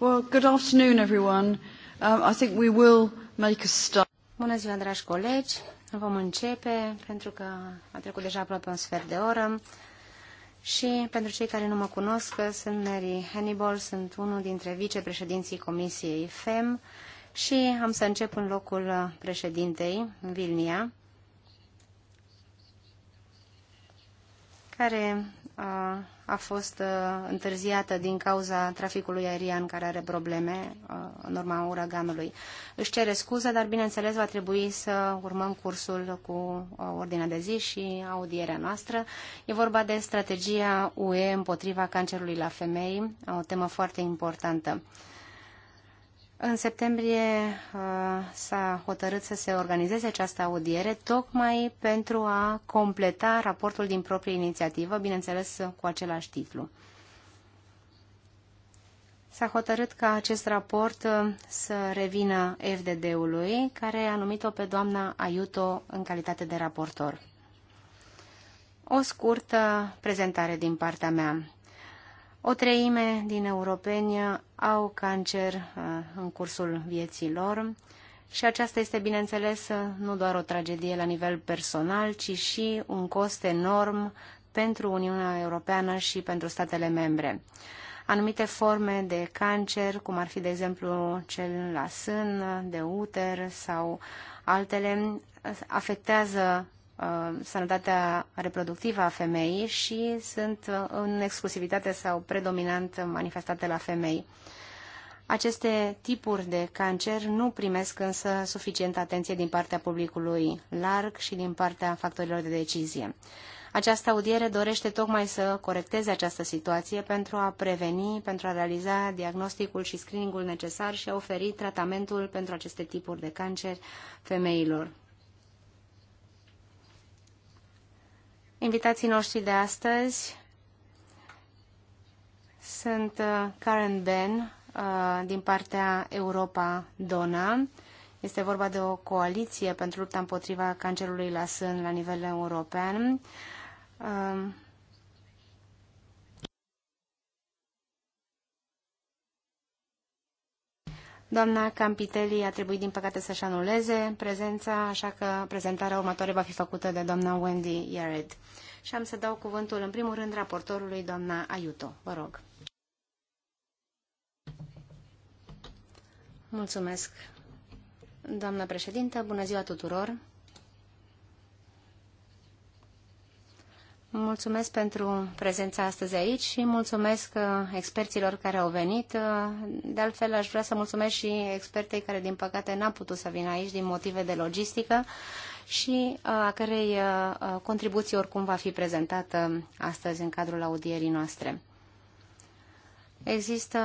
Well, good afternoon, everyone. Um, I think we will make a start. Bună ziua, dragi colegi. Vom începe pentru că a trecut deja aproape un sfert de oră. Și pentru cei care nu mă cunosc, sunt Mary Hannibal, sunt unul dintre vicepreședinții Comisiei FEM și am să încep în locul președintei, Vilnia, care a fost întârziată din cauza traficului aerian care are probleme în urma uraganului. Își cere scuză, dar bineînțeles va trebui să urmăm cursul cu ordinea de zi și audierea noastră. E vorba de strategia UE împotriva cancerului la femei, o temă foarte importantă. În septembrie uh, s-a hotărât să se organizeze această audiere tocmai pentru a completa raportul din proprie inițiativă, bineînțeles cu același titlu. S-a hotărât ca acest raport uh, să revină FDD-ului, care a numit-o pe doamna Aiuto în calitate de raportor. O scurtă prezentare din partea mea. O treime din europeni au cancer uh, în cursul vieții lor și aceasta este, bineînțeles, uh, nu doar o tragedie la nivel personal, ci și un cost enorm pentru Uniunea Europeană și pentru statele membre. Anumite forme de cancer, cum ar fi, de exemplu, cel la sân, de uter sau altele, afectează Uh, sănătatea reproductivă a femeii și sunt uh, în exclusivitate sau predominant manifestate la femei. Aceste tipuri de cancer nu primesc însă suficientă atenție din partea publicului larg și din partea factorilor de decizie. Această audiere dorește tocmai să corecteze această situație pentru a preveni, pentru a realiza diagnosticul și screeningul necesar și a oferi tratamentul pentru aceste tipuri de cancer femeilor. Invitații noștri de astăzi sunt uh, Karen Ben uh, din partea Europa Dona. Este vorba de o coaliție pentru lupta împotriva cancerului la sân la nivel european. Uh, Doamna Campitelli a trebuit, din păcate, să-și anuleze prezența, așa că prezentarea următoare va fi făcută de doamna Wendy Yared. Și am să dau cuvântul, în primul rând, raportorului doamna Ayuto, Vă rog. Mulțumesc, doamna președintă. Bună ziua tuturor. Mulțumesc pentru prezența astăzi aici și mulțumesc uh, experților care au venit. Uh, de altfel, aș vrea să mulțumesc și expertei care, din păcate, n-a putut să vină aici din motive de logistică și uh, a cărei contribuție oricum va fi prezentată astăzi în cadrul audierii noastre. Există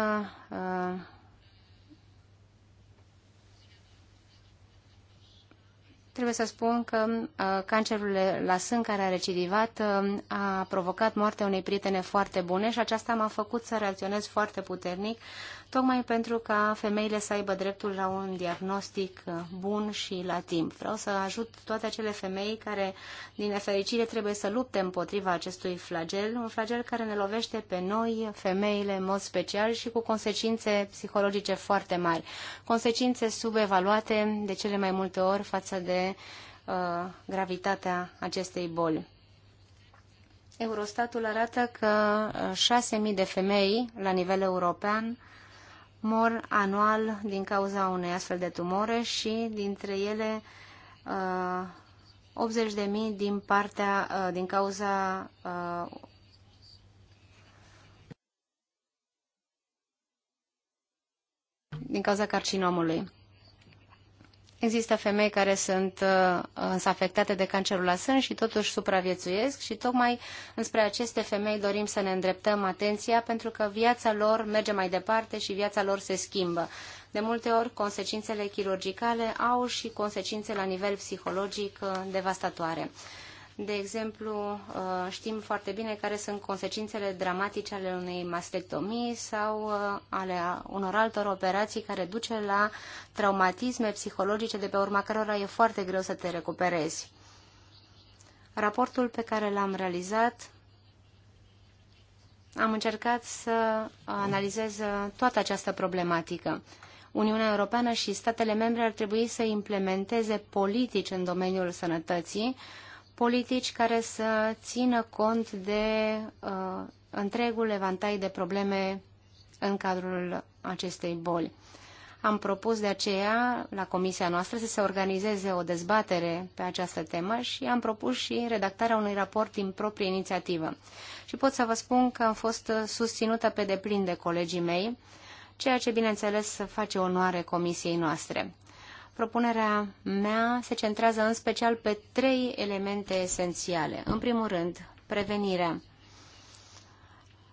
Trebuie să spun că uh, cancerul la sân care a recidivat uh, a provocat moartea unei prietene foarte bune și aceasta m-a făcut să reacționez foarte puternic tocmai pentru ca femeile să aibă dreptul la un diagnostic uh, bun și la timp. Vreau să ajut toate acele femei care, din nefericire, trebuie să lupte împotriva acestui flagel, un flagel care ne lovește pe noi, femeile, în mod special și cu consecințe psihologice foarte mari. Consecințe subevaluate de cele mai multe ori față de uh, gravitatea acestei boli. Eurostatul arată că 6.000 uh, de femei la nivel european mor anual din cauza unei astfel de tumore și dintre ele 80.000 uh, din partea, uh, din cauza uh, din cauza carcinomului. Există femei care sunt uh, însă afectate de cancerul la sân și totuși supraviețuiesc și tocmai înspre aceste femei dorim să ne îndreptăm atenția pentru că viața lor merge mai departe și viața lor se schimbă. De multe ori, consecințele chirurgicale au și consecințe la nivel psihologic uh, devastatoare. De exemplu, uh, știm foarte bine care sunt consecințele dramatice ale unei mastectomii sau uh, ale unor altor operații care duce la traumatisme psihologice de pe urma cărora e foarte greu să te recuperezi. Raportul pe care l-am realizat am încercat să analizez uh, toată această problematică. Uniunea Europeană și statele membre ar trebui să implementeze politici în domeniul sănătății, politici care să țină cont de uh, întregul evantai de probleme în cadrul acestei boli. Am propus de aceea la comisia noastră să se organizeze o dezbatere pe această temă și am propus și redactarea unui raport din proprie inițiativă. Și pot să vă spun că am fost susținută pe deplin de colegii mei, ceea ce, bineînțeles, face onoare comisiei noastre. Propunerea mea se centrează în special pe trei elemente esențiale. În primul rând, prevenirea,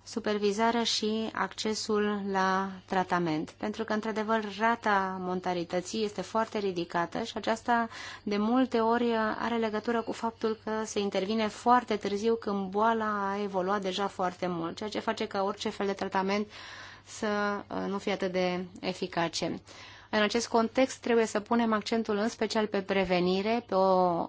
supervizarea și accesul la tratament. Pentru că, într-adevăr, rata mortalității este foarte ridicată și aceasta de multe ori are legătură cu faptul că se intervine foarte târziu când boala a evoluat deja foarte mult, ceea ce face ca orice fel de tratament să uh, nu fie atât de eficace. În acest context trebuie să punem accentul în special pe prevenire, pe o uh,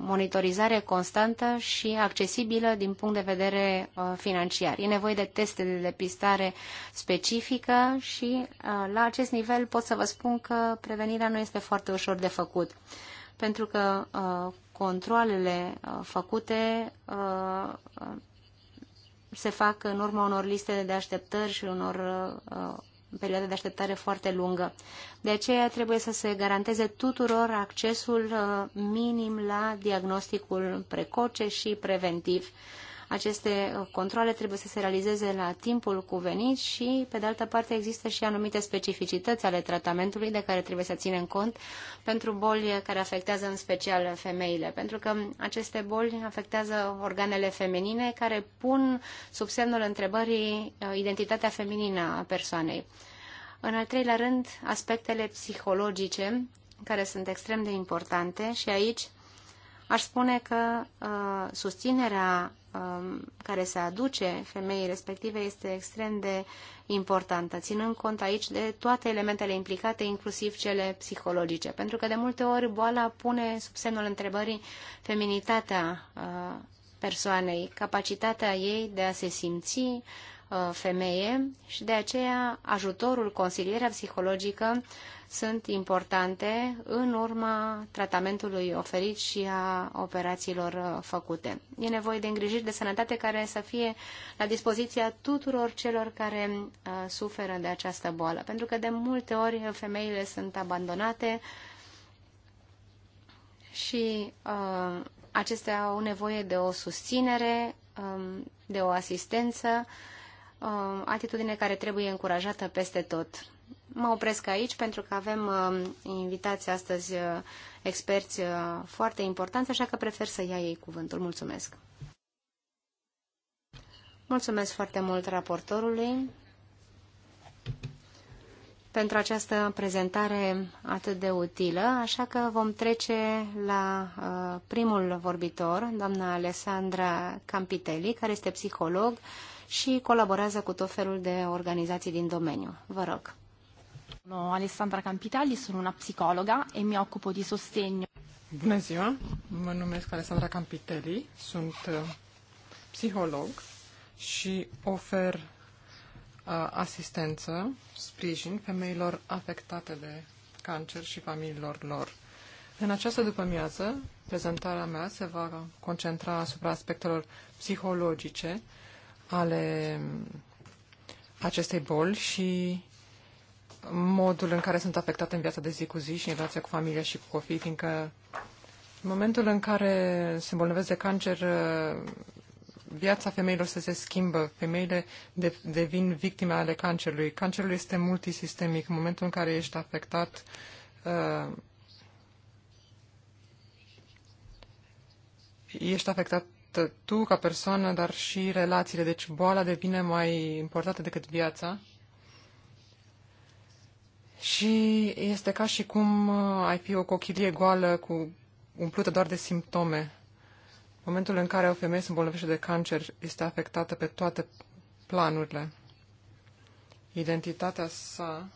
monitorizare constantă și accesibilă din punct de vedere uh, financiar. E nevoie de teste de depistare specifică și uh, la acest nivel pot să vă spun că prevenirea nu este foarte ușor de făcut pentru că uh, controlele uh, făcute uh, se fac în urma unor liste de așteptări și unor uh, perioadă de așteptare foarte lungă. De aceea trebuie să se garanteze tuturor accesul uh, minim la diagnosticul precoce și preventiv aceste uh, controle trebuie să se realizeze la timpul cuvenit și, pe de altă parte, există și anumite specificități ale tratamentului de care trebuie să ținem cont pentru boli care afectează în special femeile, pentru că aceste boli afectează organele feminine care pun sub semnul întrebării uh, identitatea feminină a persoanei. În al treilea rând, aspectele psihologice, care sunt extrem de importante și aici aș spune că uh, susținerea Um, care se aduce femeii respective este extrem de importantă, ținând cont aici de toate elementele implicate, inclusiv cele psihologice. Pentru că de multe ori boala pune sub semnul întrebării feminitatea uh, persoanei, capacitatea ei de a se simți, Uh, femeie și de aceea ajutorul, consilierea psihologică sunt importante în urma tratamentului oferit și a operațiilor uh, făcute. E nevoie de îngrijiri de sănătate care să fie la dispoziția tuturor celor care uh, suferă de această boală, pentru că de multe ori femeile sunt abandonate și acestea au nevoie de o susținere, um, de o asistență, Uh, atitudine care trebuie încurajată peste tot. Mă opresc aici pentru că avem uh, invitați astăzi uh, experți foarte importanți, așa că prefer să ia ei cuvântul. Mulțumesc! Mulțumesc foarte mult raportorului pentru această prezentare atât de utilă, așa că vom trece la uh, primul vorbitor, doamna Alessandra Campitelli, care este psiholog uh, și colaborează cu tot felul de organizații din domeniu. Vă rog. Sono Alessandra Campitali, sono una psicologa e mi occupo di sostegno. Bună ziua, mă numesc Alessandra Campitelli, sunt uh, psiholog și ofer uh, asistență, sprijin femeilor afectate de cancer și familiilor lor. În această dupămiază, prezentarea mea se va concentra asupra aspectelor psihologice ale acestei boli și modul în care sunt afectate în viața de zi cu zi și în relația cu familia și cu copii, fiindcă în momentul în care se îmbolnăvesc de cancer, viața femeilor se, se schimbă. Femeile de, devin victime ale cancerului. Cancerul este multisistemic. În momentul în care ești afectat, uh, ești afectat tu ca persoană, dar și relațiile. Deci boala devine mai importantă decât viața. Și este ca și cum uh, ai fi o cochilie goală cu umplută doar de simptome. Momentul în care o femeie se îmbolnăvește de cancer este afectată pe toate planurile. Identitatea sa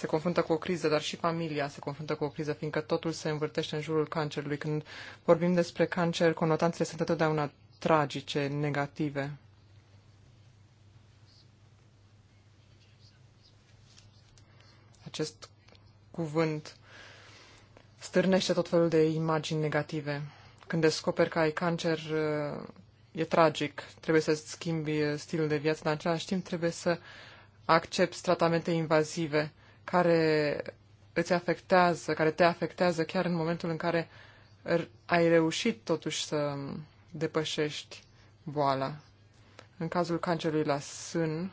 se confruntă cu o criză, dar și familia se confruntă cu o criză, fiindcă totul se învârtește în jurul cancerului. Când vorbim despre cancer, conotanțele sunt întotdeauna tragice, negative. Acest cuvânt stârnește tot felul de imagini negative. Când descoperi că ai cancer, e tragic. Trebuie să-ți schimbi stilul de viață, dar în același timp trebuie să accepti tratamente invazive care îți afectează, care te afectează chiar în momentul în care ai reușit totuși să depășești boala. În cazul cancerului la sân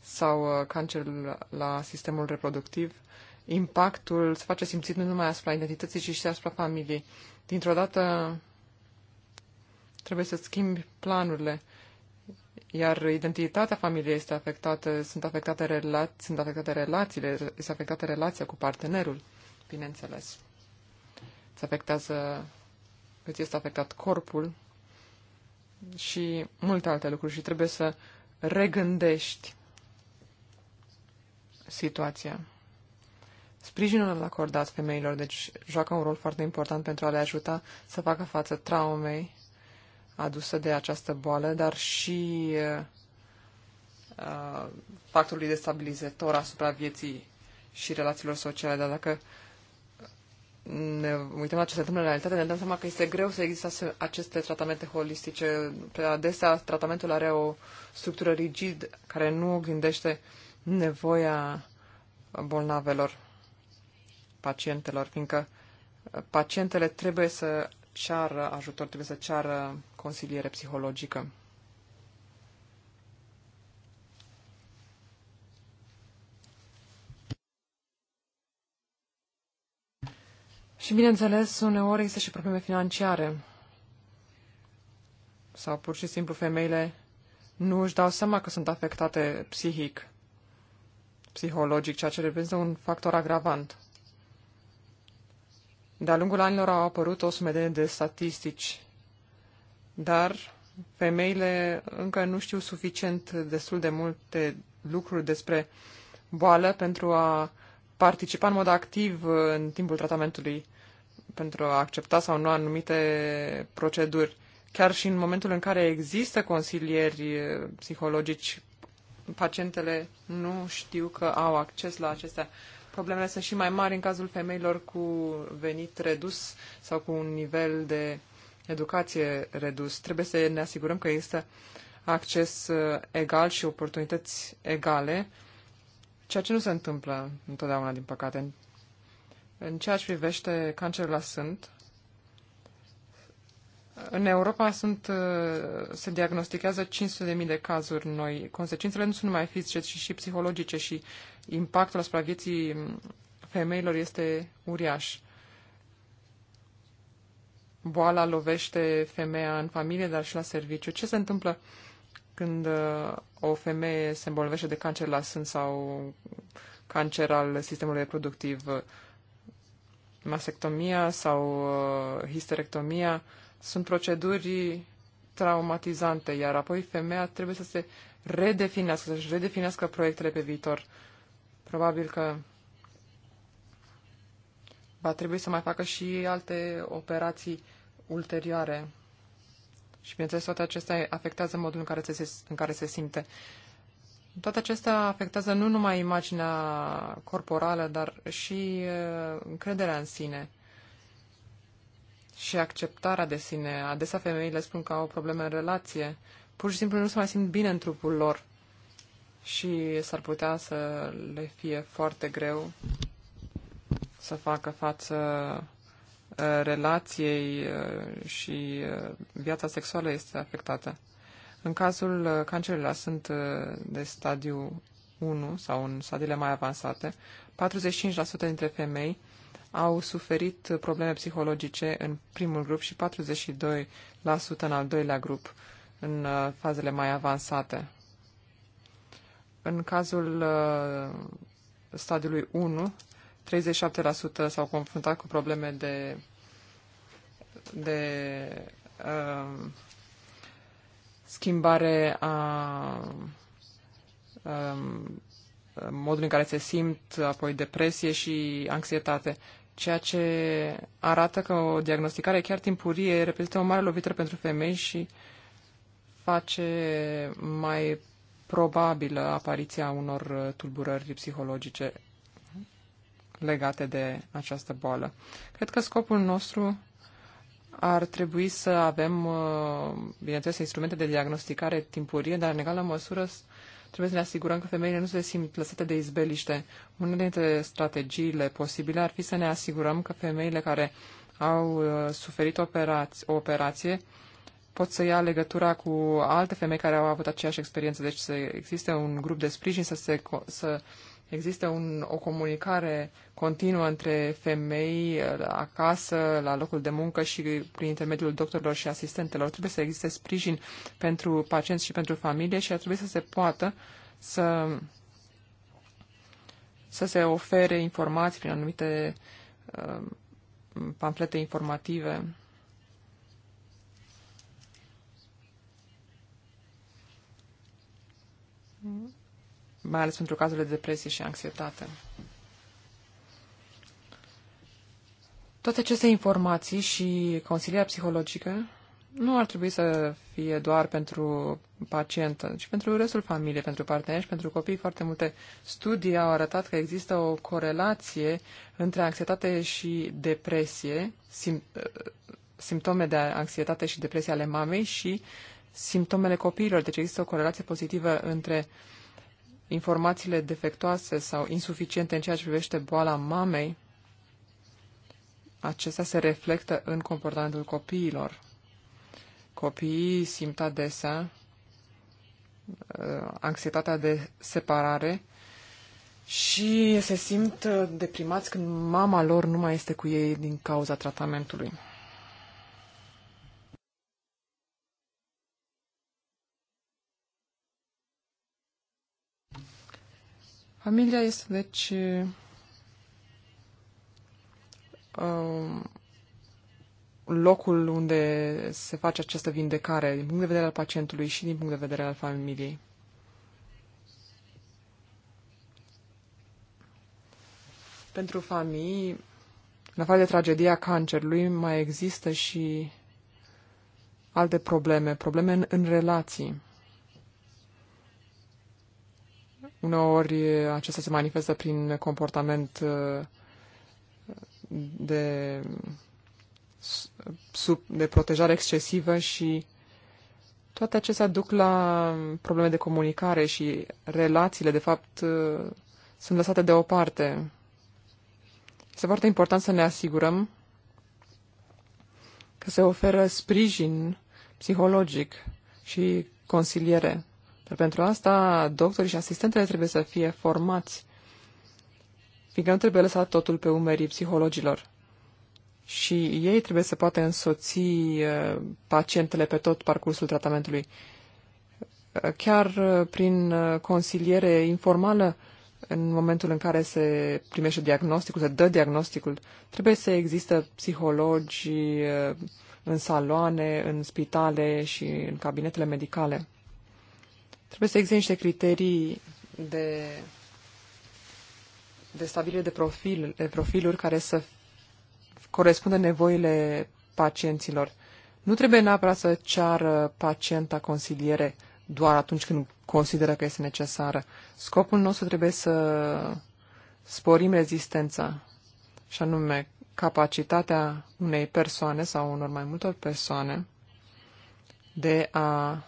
sau uh, cancerul la sistemul reproductiv, impactul se face simțit nu numai asupra identității, ci și asupra familiei. Dintr-o dată trebuie să schimbi planurile iar identitatea familiei este afectată, sunt afectate, rela- sunt afectate relațiile, este afectată relația cu partenerul, bineînțeles. Îți afectează, îți este afectat corpul și multe alte lucruri și trebuie să regândești situația. Sprijinul acordat femeilor, deci, joacă un rol foarte important pentru a le ajuta să facă față traumei adusă de această boală, dar și factorului uh, destabilizator asupra vieții și relațiilor sociale. Dar dacă ne uităm la ce se întâmplă în realitate, ne dăm seama că este greu să există aceste tratamente holistice. Adesea, tratamentul are o structură rigid care nu gândește nevoia bolnavelor, pacientelor, fiindcă pacientele trebuie să ceară ajutor, trebuie să ceară consiliere psihologică. Și bineînțeles, uneori există și probleme financiare. Sau pur și simplu femeile nu își dau seama că sunt afectate psihic, psihologic, ceea ce reprezintă un factor agravant. De-a lungul anilor au apărut o sumedenie de statistici, dar femeile încă nu știu suficient destul de multe lucruri despre boală pentru a participa în mod activ în timpul tratamentului, pentru a accepta sau nu anumite proceduri. Chiar și în momentul în care există consilieri psihologici, pacientele nu știu că au acces la acestea problemele sunt și mai mari în cazul femeilor cu venit redus sau cu un nivel de educație redus. Trebuie să ne asigurăm că există acces uh, egal și oportunități egale, ceea ce nu se întâmplă întotdeauna, din păcate. În ceea ce privește cancerul la sânt, în Europa sunt, uh, se diagnostichează 500.000 de cazuri noi. Consecințele nu sunt numai fizice, ci și psihologice și impactul asupra vieții mm, femeilor este uriaș. Boala lovește femeia în familie, dar și la serviciu. Ce se întâmplă când uh, o femeie se îmbolnăvește de cancer la sân sau cancer al sistemului reproductiv? Masectomia sau uh, histerectomia sunt proceduri traumatizante, iar apoi femeia trebuie să se redefinească, să-și redefinească proiectele pe viitor. Probabil că va trebui să mai facă și alte operații ulterioare. Și, bineînțeles, toate acestea afectează modul în care se, în care se simte. Toate acestea afectează nu numai imaginea corporală, dar și uh, încrederea în sine și acceptarea de sine. Adesea femeile spun că au probleme în relație. Pur și simplu nu se mai simt bine în trupul lor și s-ar putea să le fie foarte greu să facă față uh, relației uh, și uh, viața sexuală este afectată. În cazul cancerilor sunt de stadiu 1 sau în stadiile mai avansate, 45% dintre femei au suferit probleme psihologice în primul grup și 42% în al doilea grup, în uh, fazele mai avansate. În cazul uh, stadiului 1, 37% s-au confruntat cu probleme de, de uh, schimbare a um, modul în care se simt, apoi depresie și anxietate, ceea ce arată că o diagnosticare chiar timpurie reprezintă o mare lovitură pentru femei și face mai probabilă apariția unor tulburări psihologice legate de această boală. Cred că scopul nostru ar trebui să avem, uh, bineînțeles, instrumente de diagnosticare timpurie, dar în egală măsură Trebuie să ne asigurăm că femeile nu se simt lăsate de izbeliște. Una dintre strategiile posibile ar fi să ne asigurăm că femeile care au uh, suferit operați, o operație pot să ia legătura cu alte femei care au avut aceeași experiență. Deci să existe un grup de sprijin să se, să există un, o comunicare continuă între femei uh, acasă, la locul de muncă și prin intermediul doctorilor și asistentelor. Trebuie să existe sprijin pentru pacienți și pentru familie și ar trebui să se poată să, să se ofere informații prin anumite uh, pamflete informative. Mm-hmm mai ales pentru cazurile de depresie și anxietate. Toate aceste informații și consilierea psihologică nu ar trebui să fie doar pentru pacientă, ci pentru restul familiei, pentru parteneri și pentru copii. Foarte multe studii au arătat că există o corelație între anxietate și depresie, sim, simptome de anxietate și depresie ale mamei și simptomele copiilor. Deci există o corelație pozitivă între uh, informațiile defectoase sau insuficiente în ceea ce privește boala mamei, acestea se reflectă în comportamentul copiilor. Copiii simt adesea uh, anxietatea de separare și se simt uh, deprimați când mama lor nu mai este cu ei din cauza tratamentului. Familia este, deci, um, locul unde se face această vindecare din punct de vedere al pacientului și din punct de vedere al familiei. Pentru familii, în afară de tragedia cancerului, mai există și alte probleme, probleme în, în relații. Uneori acesta se manifestă prin comportament de, sub, de protejare excesivă și toate acestea duc la probleme de comunicare și relațiile, de fapt, sunt lăsate deoparte. Este foarte important să ne asigurăm că se oferă sprijin psihologic și consiliere dar pentru asta, doctorii și asistentele trebuie să fie formați, fiindcă nu trebuie lăsat totul pe umerii psihologilor. Și ei trebuie să poată însoți pacientele pe tot parcursul tratamentului. Chiar prin consiliere informală, în momentul în care se primește diagnosticul, se dă diagnosticul, trebuie să există psihologi în saloane, în spitale și în cabinetele medicale. Trebuie să existe niște criterii de, de stabilire de, profil, de profiluri care să corespundă nevoile pacienților. Nu trebuie neapărat să ceară pacienta consiliere doar atunci când consideră că este necesară. Scopul nostru trebuie să sporim rezistența, și anume capacitatea unei persoane sau unor mai multor persoane de a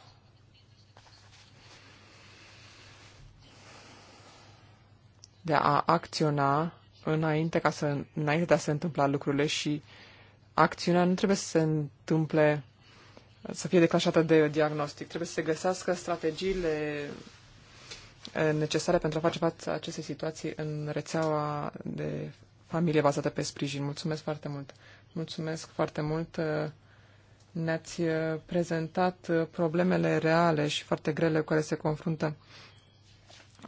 de a acționa înainte, ca să, înainte de a se întâmpla lucrurile și acțiunea nu trebuie să se întâmple, să fie declanșată de diagnostic. Trebuie să se găsească strategiile necesare pentru a face față acestei situații în rețeaua de familie bazată pe sprijin. Mulțumesc foarte mult! Mulțumesc foarte mult! Ne-ați prezentat problemele reale și foarte grele cu care se confruntă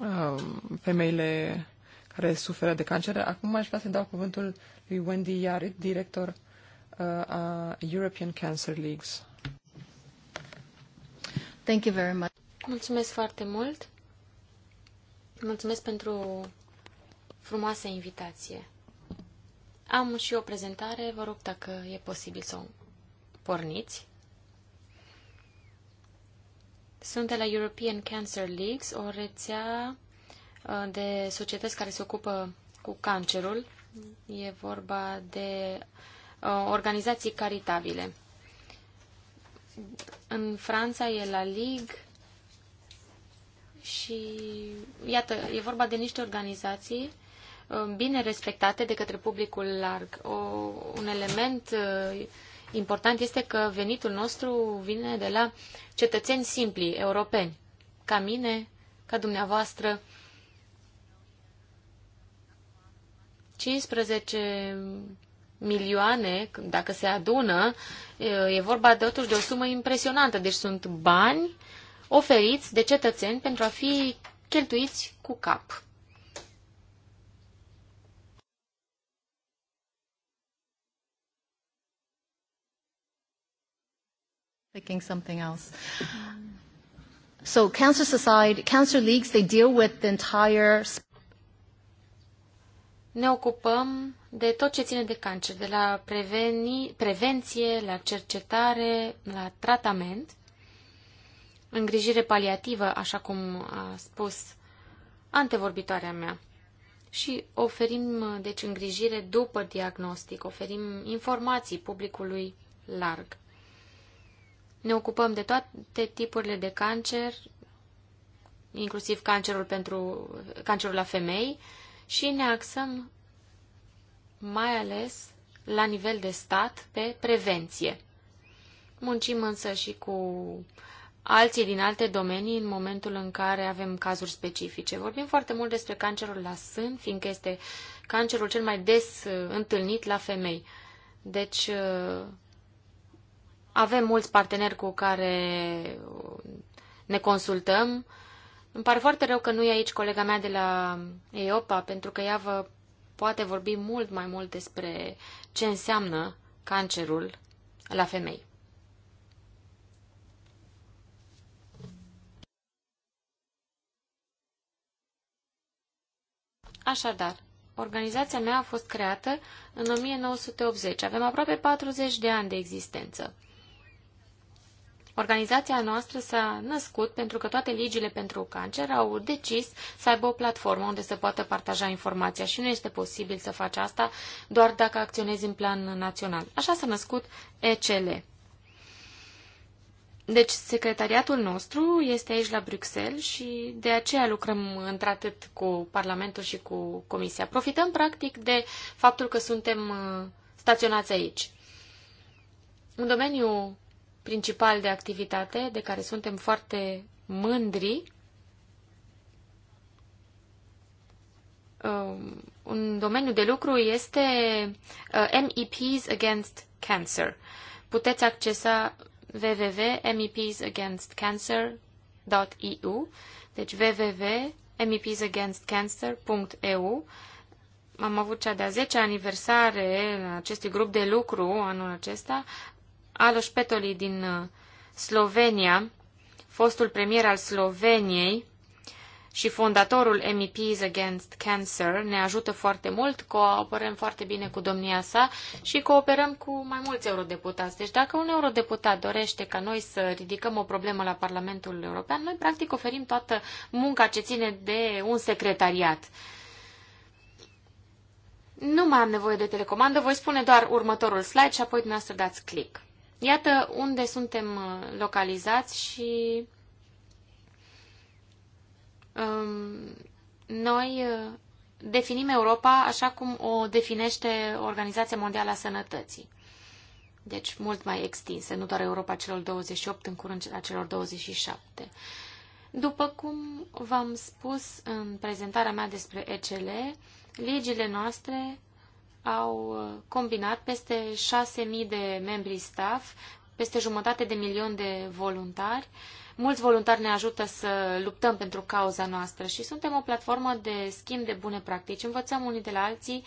Uh, femeile care suferă de cancer. Acum aș vrea să dau cuvântul lui Wendy Yarit, director uh, a European Cancer Leagues. Thank you very much. Mulțumesc foarte mult. Mulțumesc pentru frumoasă invitație. Am și o prezentare, vă rog dacă e posibil să o porniți. Sunt de la European Cancer Leagues, o rețea uh, de societăți care se ocupă cu cancerul. E vorba de uh, organizații caritabile. În Franța e la League și, iată, e vorba de niște organizații uh, bine respectate de către publicul larg. O, un element uh, important este că venitul nostru vine de la cetățeni simpli, europeni, ca mine, ca dumneavoastră. 15 milioane, dacă se adună, e vorba de, totuși de o sumă impresionantă. Deci sunt bani oferiți de cetățeni pentru a fi cheltuiți cu cap. Picking something else. So cancer society, cancer leagues, they deal with the entire... Ne ocupăm de tot ce ține de cancer, de la preveni, prevenție, la cercetare, la tratament, îngrijire paliativă, așa cum a spus antevorbitoarea mea. Și oferim, deci, îngrijire după diagnostic, oferim informații publicului larg. Ne ocupăm de toate tipurile de cancer, inclusiv cancerul, pentru, cancerul la femei și ne axăm mai ales la nivel de stat pe prevenție. Muncim însă și cu alții din alte domenii în momentul în care avem cazuri specifice. Vorbim foarte mult despre cancerul la sân, fiindcă este cancerul cel mai des uh, întâlnit la femei. Deci uh, avem mulți parteneri cu care ne consultăm. Îmi pare foarte rău că nu e aici colega mea de la EOPA, pentru că ea vă poate vorbi mult mai mult despre ce înseamnă cancerul la femei. Așadar, organizația mea a fost creată în 1980. Avem aproape 40 de ani de existență. Organizația noastră s-a născut pentru că toate ligile pentru cancer au decis să aibă o platformă unde să poată partaja informația și nu este posibil să faci asta doar dacă acționezi în plan național. Așa s-a născut ECL. Deci, secretariatul nostru este aici la Bruxelles și de aceea lucrăm într-atât cu Parlamentul și cu Comisia. Profităm, practic, de faptul că suntem uh, staționați aici. Un domeniu principal de activitate, de care suntem foarte mândri, um, un domeniu de lucru este uh, MEPs Against Cancer. Puteți accesa www.mepsagainstcancer.eu, deci www.mepsagainstcancer.eu. Am avut cea de-a 10 aniversare acestui grup de lucru anul acesta. Aloș Petoli din uh, Slovenia, fostul premier al Sloveniei și fondatorul MEPs Against Cancer, ne ajută foarte mult, cooperăm foarte bine cu domnia sa și cooperăm cu mai mulți eurodeputați. Deci dacă un eurodeputat dorește ca noi să ridicăm o problemă la Parlamentul European, noi practic oferim toată munca ce ține de un secretariat. Nu mai am nevoie de telecomandă, voi spune doar următorul slide și apoi dumneavoastră dați click. Iată unde suntem uh, localizați și um, noi uh, definim Europa așa cum o definește Organizația Mondială a Sănătății. Deci mult mai extinsă, nu doar Europa celor 28, în curând a celor 27. După cum v-am spus în prezentarea mea despre ECL, legile noastre au uh, combinat peste 6.000 de membri staff, peste jumătate de milion de voluntari. Mulți voluntari ne ajută să luptăm pentru cauza noastră și suntem o platformă de schimb de bune practici. Învățăm unii de la alții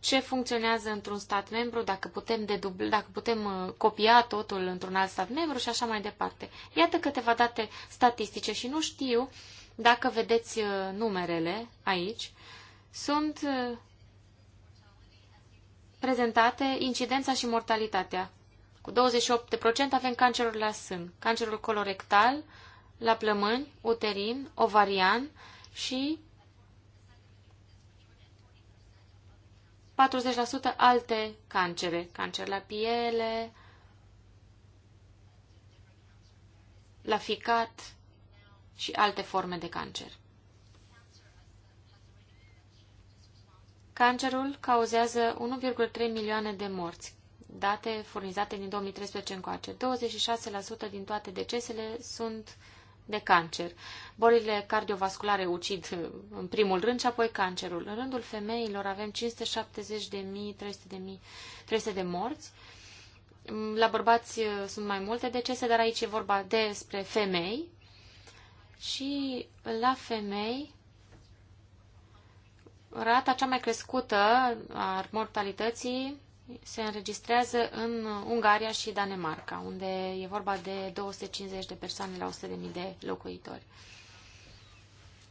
ce funcționează într-un stat membru, dacă putem, dedubl, dacă putem uh, copia totul într-un alt stat membru și așa mai departe. Iată câteva date statistice și nu știu dacă vedeți uh, numerele aici. Sunt prezentate incidența și mortalitatea. Cu 28% avem cancerul la sân, cancerul colorectal, la plămâni, uterin, ovarian și 40% alte cancere, cancer la piele, la ficat și alte forme de cancer. Cancerul cauzează 1,3 milioane de morți, date furnizate din 2013 încoace. 26% din toate decesele sunt de cancer. Bolile cardiovasculare ucid în primul rând și apoi cancerul. În rândul femeilor avem 570.000, de de de morți. La bărbați uh, sunt mai multe decese, dar aici e vorba despre femei. Și la femei Rata cea mai crescută a mortalității se înregistrează în Ungaria și Danemarca, unde e vorba de 250 de persoane la 100.000 de locuitori.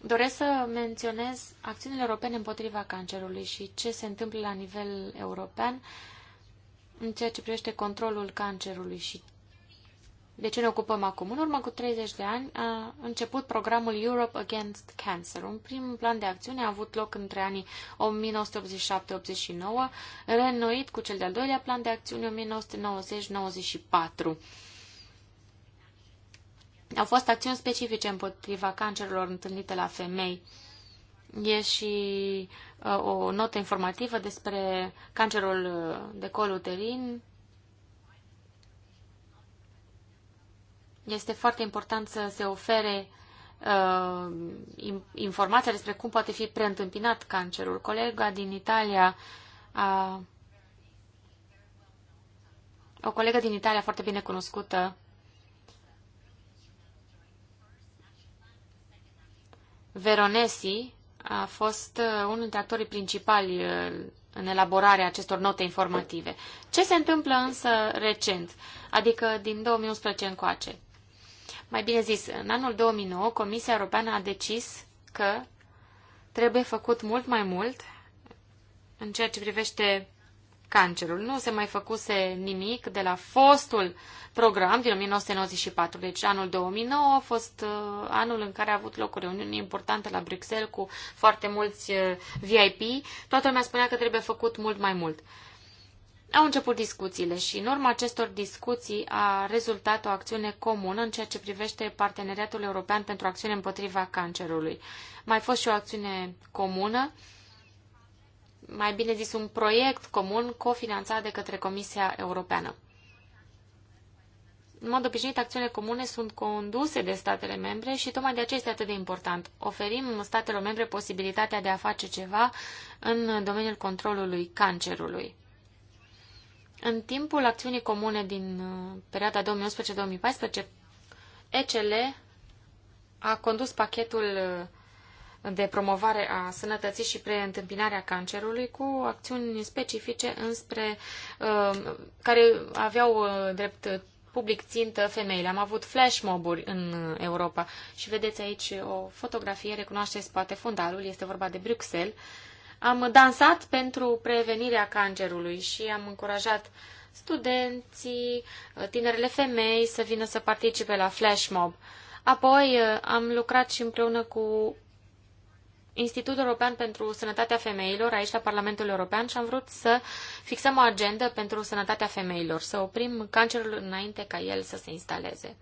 Doresc să menționez acțiunile europene împotriva cancerului și ce se întâmplă la nivel european în ceea ce privește controlul cancerului și de ce ne ocupăm acum? În urmă cu 30 de ani a început programul Europe Against Cancer. Un prim plan de acțiune a avut loc între anii 1987-89, reînnoit cu cel de-al doilea plan de acțiune 1990-94. Au fost acțiuni specifice împotriva cancerelor întâlnite la femei. E și uh, o notă informativă despre cancerul uh, de col uterin, Este foarte important să se ofere uh, informația despre cum poate fi preîntâmpinat cancerul. Colega din Italia a o colegă din Italia foarte bine cunoscută Veronesi a fost uh, unul dintre actorii principali uh, în elaborarea acestor note informative. Ce se întâmplă însă recent, adică din 2011 încoace? Mai bine zis, în anul 2009, Comisia Europeană a decis că trebuie făcut mult mai mult în ceea ce privește cancerul. Nu se mai făcuse nimic de la fostul program din 1994. Deci anul 2009 a fost uh, anul în care a avut loc o reuniune importantă la Bruxelles cu foarte mulți uh, VIP. Toată lumea spunea că trebuie făcut mult mai mult au început discuțiile și în urma acestor discuții a rezultat o acțiune comună în ceea ce privește Parteneriatul European pentru Acțiune împotriva cancerului. Mai fost și o acțiune comună, mai bine zis un proiect comun cofinanțat de către Comisia Europeană. În mod obișnuit, acțiunile comune sunt conduse de statele membre și tocmai de aceea este atât de important. Oferim statelor membre posibilitatea de a face ceva în domeniul controlului cancerului. În timpul acțiunii comune din uh, perioada 2011-2014, ECL a condus pachetul uh, de promovare a sănătății și preîntâmpinarea cancerului cu acțiuni specifice înspre uh, care aveau drept public țintă femeile. Am avut flash moburi în Europa și vedeți aici o fotografie, recunoașteți poate fundalul, este vorba de Bruxelles, am dansat pentru prevenirea cancerului și am încurajat studenții, tinerele femei să vină să participe la flash mob. Apoi uh, am lucrat și împreună cu Institutul European pentru Sănătatea Femeilor aici la Parlamentul European și am vrut să fixăm o agendă pentru sănătatea femeilor, să oprim cancerul înainte ca el să se instaleze.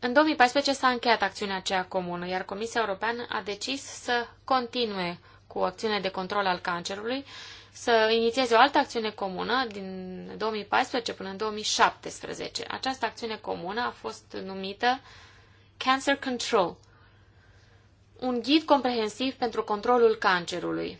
În 2014 s-a încheiat acțiunea aceea comună, iar Comisia Europeană a decis să continue cu acțiune de control al cancerului, să inițieze o altă acțiune comună din 2014 până în 2017. Această acțiune comună a fost numită Cancer Control, un ghid comprehensiv pentru controlul cancerului.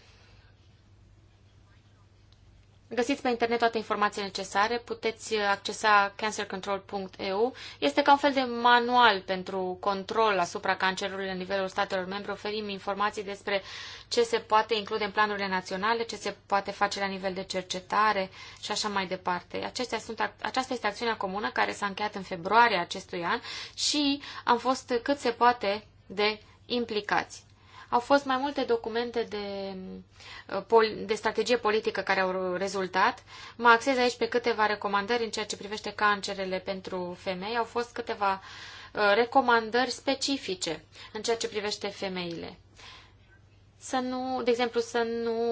Găsiți pe internet toate informațiile necesare, puteți accesa cancercontrol.eu. Este ca un fel de manual pentru control asupra cancerului la nivelul statelor membre. Oferim informații despre ce se poate include în planurile naționale, ce se poate face la nivel de cercetare și așa mai departe. Acestea sunt, aceasta este acțiunea comună care s-a încheiat în februarie acestui an și am fost cât se poate de implicați. Au fost mai multe documente de, uh, de strategie politică care au rezultat. Mă axez aici pe câteva recomandări în ceea ce privește cancerele pentru femei. Au fost câteva uh, recomandări specifice în ceea ce privește femeile să nu, de exemplu, să nu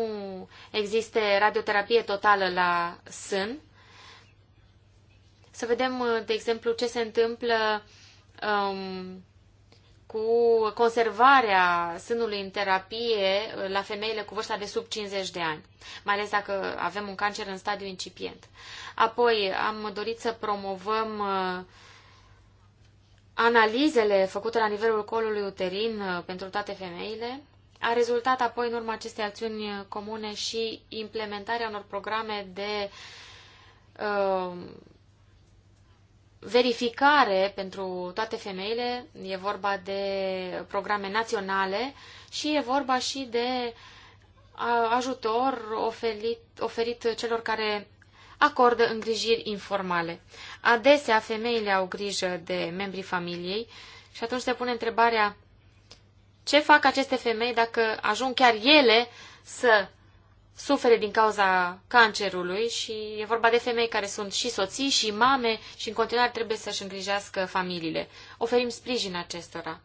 existe radioterapie totală la sân. Să vedem, uh, de exemplu, ce se întâmplă um, cu conservarea sânului în terapie la femeile cu vârsta de sub 50 de ani, mai ales dacă avem un cancer în stadiu incipient. Apoi am dorit să promovăm uh, analizele făcute la nivelul colului uterin uh, pentru toate femeile. A rezultat apoi în urma acestei acțiuni comune și implementarea unor programe de uh, verificare pentru toate femeile, e vorba de programe naționale și e vorba și de ajutor oferit, oferit celor care acordă îngrijiri informale. Adesea femeile au grijă de membrii familiei și atunci se pune întrebarea ce fac aceste femei dacă ajung chiar ele să sufere din cauza cancerului și e vorba de femei care sunt și soții și mame și în continuare trebuie să-și îngrijească familiile. Oferim sprijin acestora.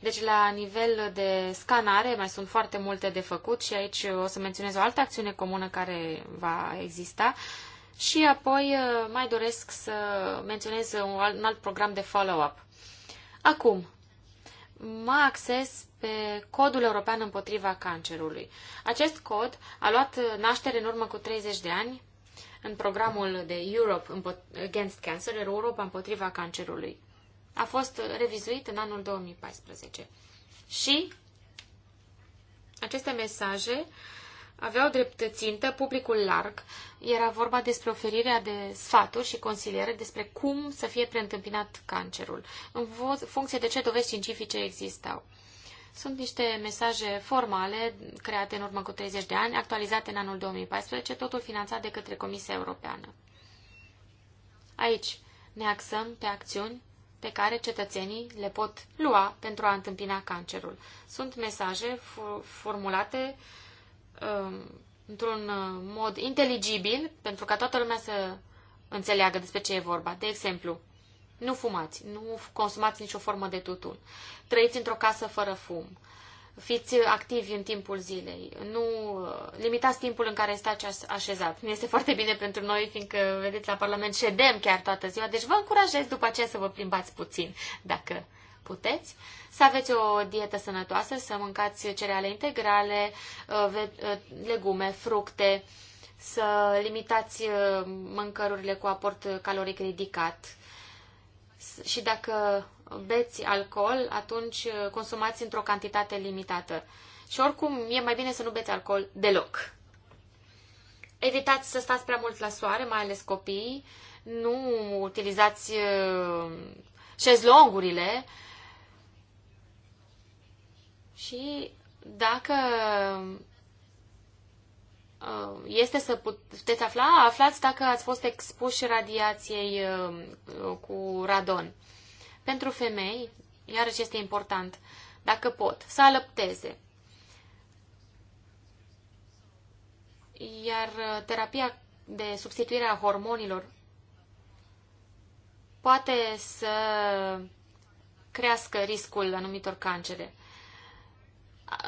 Deci la nivel de scanare mai sunt foarte multe de făcut și aici o să menționez o altă acțiune comună care va exista. Și apoi uh, mai doresc să menționez un alt program de follow-up. Acum, mă acces pe Codul European împotriva cancerului. Acest cod a luat naștere în urmă cu 30 de ani în programul de Europe Against Cancer, Europa împotriva cancerului. A fost revizuit în anul 2014. Și aceste mesaje aveau drept țintă publicul larg. Era vorba despre oferirea de sfaturi și consiliere despre cum să fie preîntâmpinat cancerul, în funcție de ce dovezi științifice existau. Sunt niște mesaje formale create în urmă cu 30 de ani, actualizate în anul 2014, totul finanțat de către Comisia Europeană. Aici ne axăm pe acțiuni pe care cetățenii le pot lua pentru a întâmpina cancerul. Sunt mesaje formulate uh, într-un mod inteligibil pentru ca toată lumea să înțeleagă despre ce e vorba. De exemplu, nu fumați, nu consumați nicio formă de tutun. Trăiți într-o casă fără fum. Fiți activi în timpul zilei. Nu uh, limitați timpul în care stați așezat. Nu este foarte bine pentru noi, fiindcă, vedeți, la Parlament ședem chiar toată ziua, deci vă încurajez după aceea să vă plimbați puțin, dacă puteți, să aveți o dietă sănătoasă, să mâncați cereale integrale, uh, uh, legume, fructe, să limitați mâncărurile cu aport caloric ridicat, și dacă beți alcool, atunci uh, consumați într-o cantitate limitată. Și oricum, e mai bine să nu beți alcool deloc. Evitați să stați prea mult la soare, mai ales copiii. Nu utilizați uh, șezlongurile. Și dacă Uh, este să puteți afla, aflați dacă ați fost expuși radiației uh, cu radon. Pentru femei, iarăși este important, dacă pot, să alăpteze. Iar uh, terapia de substituire a hormonilor poate să crească riscul anumitor cancere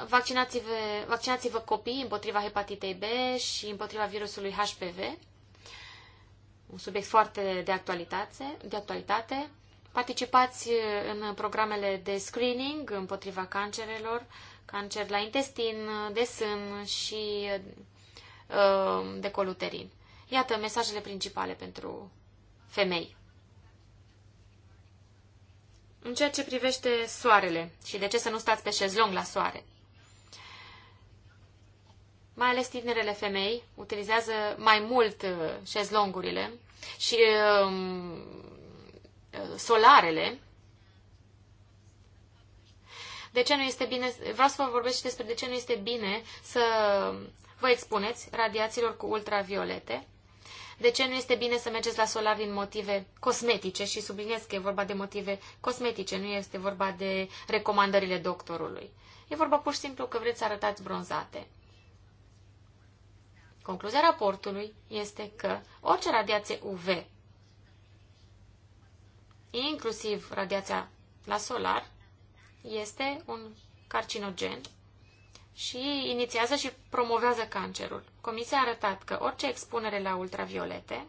vaccinați-vă, vaccinați-vă copii împotriva hepatitei B și împotriva virusului HPV, un subiect foarte de actualitate, de actualitate. Participați uh, în programele de screening împotriva cancerelor, cancer la intestin, de sân și uh, de coluterin. Iată mesajele principale pentru femei. În ceea ce privește soarele și de ce să nu stați pe șezlong la soare mai ales tinerele femei, utilizează mai mult uh, șezlongurile și um, uh, solarele. De ce nu este bine, vreau să vă vorbesc și despre de ce nu este bine să vă expuneți radiațiilor cu ultraviolete. De ce nu este bine să mergeți la solar din motive cosmetice și subliniez că e vorba de motive cosmetice, nu este vorba de recomandările doctorului. E vorba pur și simplu că vreți să arătați bronzate. Concluzia raportului este că orice radiație UV, inclusiv radiația la solar, este un carcinogen și inițiază și promovează cancerul. Comisia a arătat că orice expunere la ultraviolete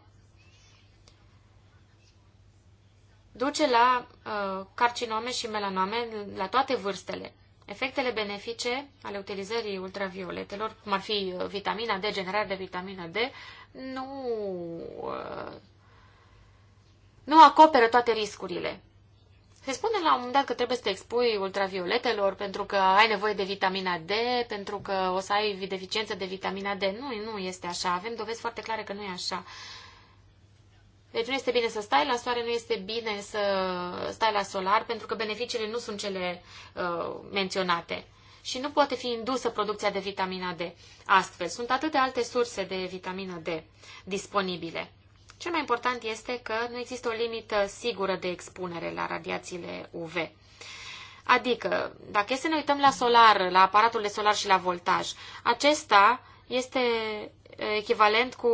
duce la uh, carcinome și melanome la toate vârstele, Efectele benefice ale utilizării ultravioletelor, cum ar fi uh, vitamina D, generarea de vitamina D, nu, uh, nu acoperă toate riscurile. Se spune la un moment dat că trebuie să te expui ultravioletelor pentru că ai nevoie de vitamina D, pentru că o să ai deficiență de vitamina D. Nu, nu este așa. Avem dovezi foarte clare că nu e așa. Deci nu este bine să stai la soare, nu este bine să stai la solar, pentru că beneficiile nu sunt cele uh, menționate. Și nu poate fi indusă producția de vitamina D. Astfel, sunt atâtea alte surse de vitamina D disponibile. Cel mai important este că nu există o limită sigură de expunere la radiațiile UV. Adică, dacă este să ne uităm la solar, la aparatul de solar și la voltaj, acesta este echivalent cu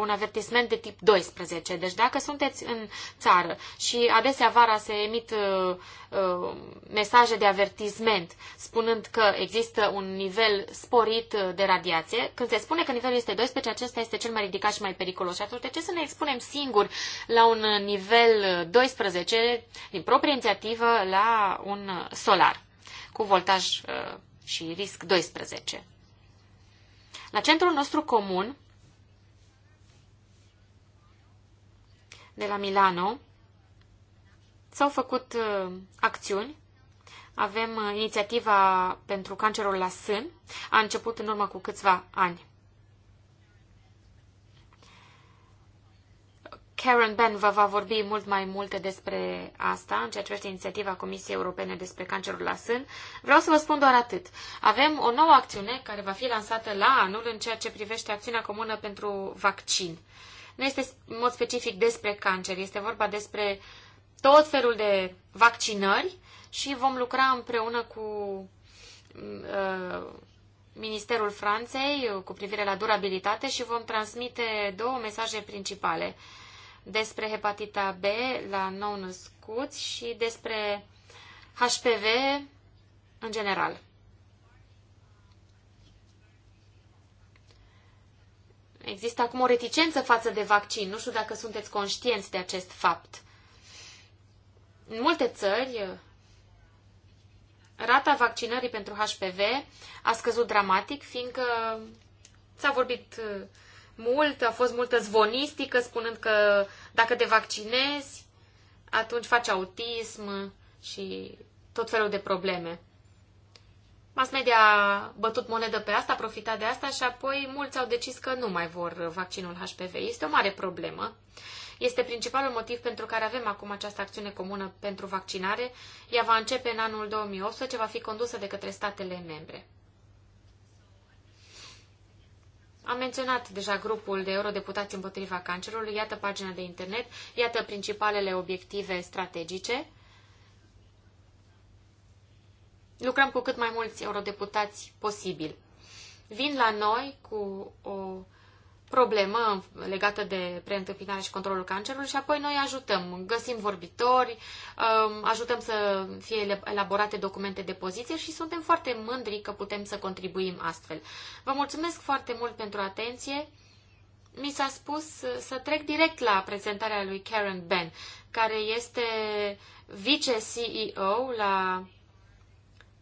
un avertisment de tip 12. Deci dacă sunteți în țară și adesea vara se emit uh, uh, mesaje de avertisment spunând că există un nivel sporit uh, de radiație, când se spune că nivelul este 12, acesta este cel mai ridicat și mai periculos. Și atunci de ce să ne expunem singuri la un nivel 12 din proprie inițiativă la un solar cu voltaj și risc 12? La centrul nostru comun de la Milano s-au făcut uh, acțiuni. Avem uh, inițiativa pentru cancerul la sân. A început în urmă cu câțiva ani. Karen Ben vă va vorbi mult mai multe despre asta, în ceea ce privește inițiativa Comisiei Europene despre cancerul la sân. Vreau să vă spun doar atât. Avem o nouă acțiune care va fi lansată la anul în ceea ce privește acțiunea comună pentru vaccin. Nu este în mod specific despre cancer, este vorba despre tot felul de vaccinări și vom lucra împreună cu uh, Ministerul Franței cu privire la durabilitate și vom transmite două mesaje principale despre hepatita B la nou-născuți și despre HPV în general. Există acum o reticență față de vaccin. Nu știu dacă sunteți conștienți de acest fapt. În multe țări, rata vaccinării pentru HPV a scăzut dramatic, fiindcă s-a vorbit mult, a fost multă zvonistică spunând că dacă te vaccinezi, atunci faci autism și tot felul de probleme. Mass media a bătut monedă pe asta, a profitat de asta și apoi mulți au decis că nu mai vor vaccinul HPV. Este o mare problemă. Este principalul motiv pentru care avem acum această acțiune comună pentru vaccinare. Ea va începe în anul 2018, ce va fi condusă de către statele membre. Am menționat deja grupul de eurodeputați împotriva cancerului, iată pagina de internet, iată principalele obiective strategice. Lucrăm cu cât mai mulți eurodeputați posibil. Vin la noi cu o problemă legată de preîntâmpinare și controlul cancerului și apoi noi ajutăm, găsim vorbitori, um, ajutăm să fie elaborate documente de poziție și suntem foarte mândri că putem să contribuim astfel. Vă mulțumesc foarte mult pentru atenție. Mi s-a spus să trec direct la prezentarea lui Karen Ben, care este vice-CEO la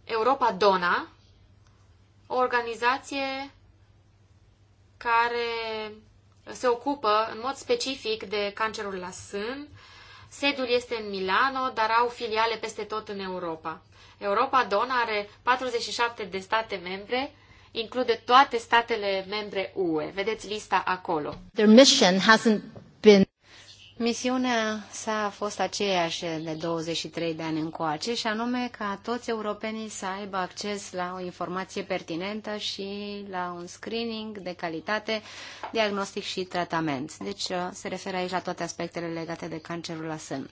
Europa Dona, o organizație care se ocupă în mod specific de cancerul la sân. Sedul este în Milano, dar au filiale peste tot în Europa. Europa Don are 47 de state membre, include toate statele membre UE. Vedeți lista acolo. Their mission hasn't Misiunea sa a fost aceeași de 23 de ani încoace și anume ca toți europenii să aibă acces la o informație pertinentă și la un screening de calitate, diagnostic și tratament. Deci uh, se referă aici la toate aspectele legate de cancerul la sân.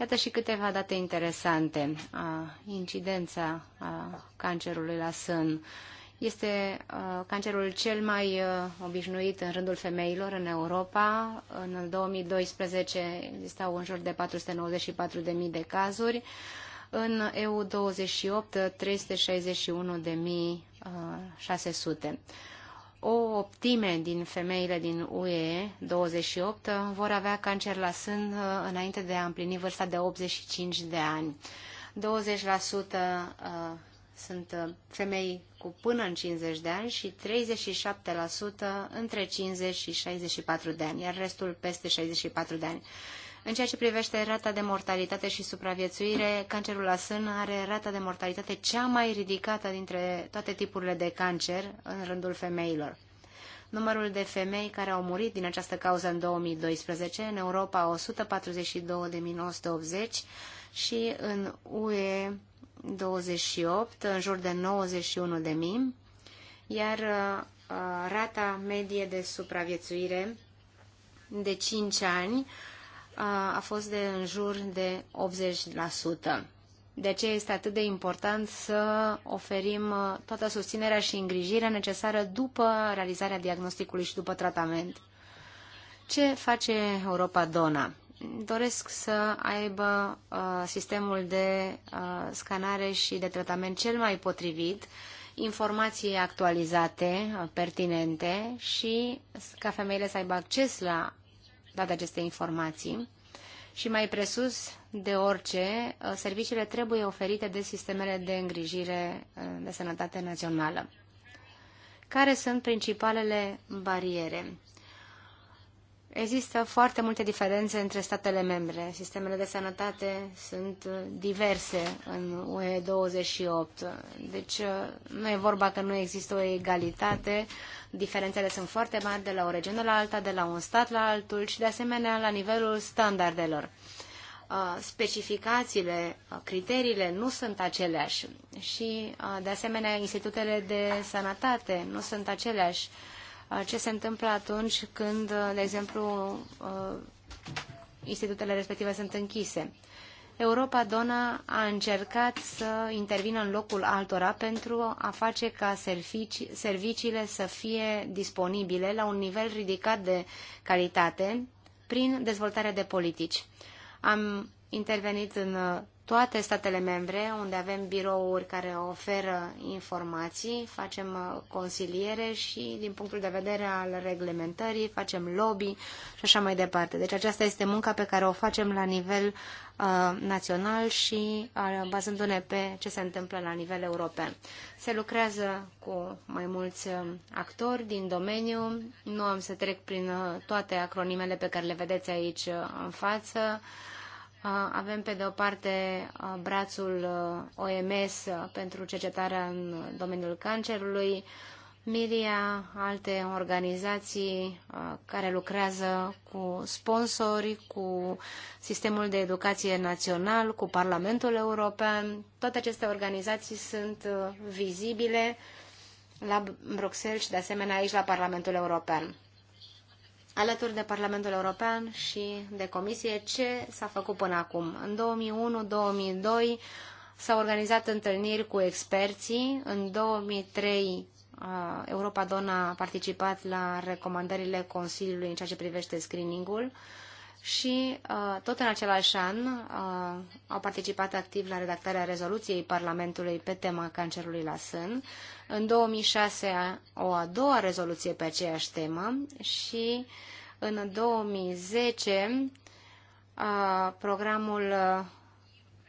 Iată și câteva date interesante. A, incidența a cancerului la sân este uh, cancerul cel mai uh, obișnuit în rândul femeilor în Europa. În 2012 existau în jur de 494.000 de cazuri. În EU28, 361.600. Uh, o optime din femeile din UE 28 vor avea cancer la sân înainte de a împlini vârsta de 85 de ani. 20% sunt uh, femei cu până în 50 de ani și 37% între 50 și 64 de ani, iar restul peste 64 de ani. În ceea ce privește rata de mortalitate și supraviețuire, cancerul la sân are rata de mortalitate cea mai ridicată dintre toate tipurile de cancer în rândul femeilor. Numărul de femei care au murit din această cauză în 2012, în Europa 142.980 și în UE 28, în jur de 91 de mii, iar uh, rata medie de supraviețuire de 5 ani uh, a fost de în jur de 80%. De aceea este atât de important să oferim uh, toată susținerea și îngrijirea necesară după realizarea diagnosticului și după tratament. Ce face Europa Dona? doresc să aibă uh, sistemul de uh, scanare și de tratament cel mai potrivit, informații actualizate, uh, pertinente și ca femeile să aibă acces la toate aceste informații. Și mai presus de orice, uh, serviciile trebuie oferite de sistemele de îngrijire uh, de sănătate națională. Care sunt principalele bariere? Există foarte multe diferențe între statele membre. Sistemele de sănătate sunt diverse în UE28. Deci uh, nu e vorba că nu există o egalitate. Diferențele sunt foarte mari de la o regiune la alta, de la un stat la altul și de asemenea la nivelul standardelor. Uh, specificațiile, uh, criteriile nu sunt aceleași și de asemenea institutele de sănătate nu sunt aceleași Uh, ce se întâmplă atunci când, uh, de exemplu, uh, institutele respective sunt închise. Europa Dona a încercat să intervină în locul altora pentru a face ca servici, serviciile să fie disponibile la un nivel ridicat de calitate prin dezvoltarea de politici. Am intervenit în toate statele membre, unde avem birouri care oferă informații, facem uh, consiliere și, din punctul de vedere al reglementării, facem lobby și așa mai departe. Deci aceasta este munca pe care o facem la nivel uh, național și uh, bazându-ne pe ce se întâmplă la nivel european. Se lucrează cu mai mulți uh, actori din domeniu. Nu am să trec prin uh, toate acronimele pe care le vedeți aici în față. Uh, avem pe de o parte brațul OMS pentru cercetarea în domeniul cancerului, Miria, alte organizații care lucrează cu sponsori, cu sistemul de educație național, cu Parlamentul European. Toate aceste organizații sunt vizibile la Bruxelles și de asemenea aici la Parlamentul European alături de Parlamentul European și de Comisie ce s-a făcut până acum. În 2001-2002 s-au organizat întâlniri cu experții, în 2003 uh, Europa Dona a participat la recomandările Consiliului în ceea ce privește screeningul. ul și uh, tot în același an uh, au participat activ la redactarea rezoluției Parlamentului pe tema cancerului la sân. În 2006 o a doua rezoluție pe aceeași temă și în 2010 uh, programul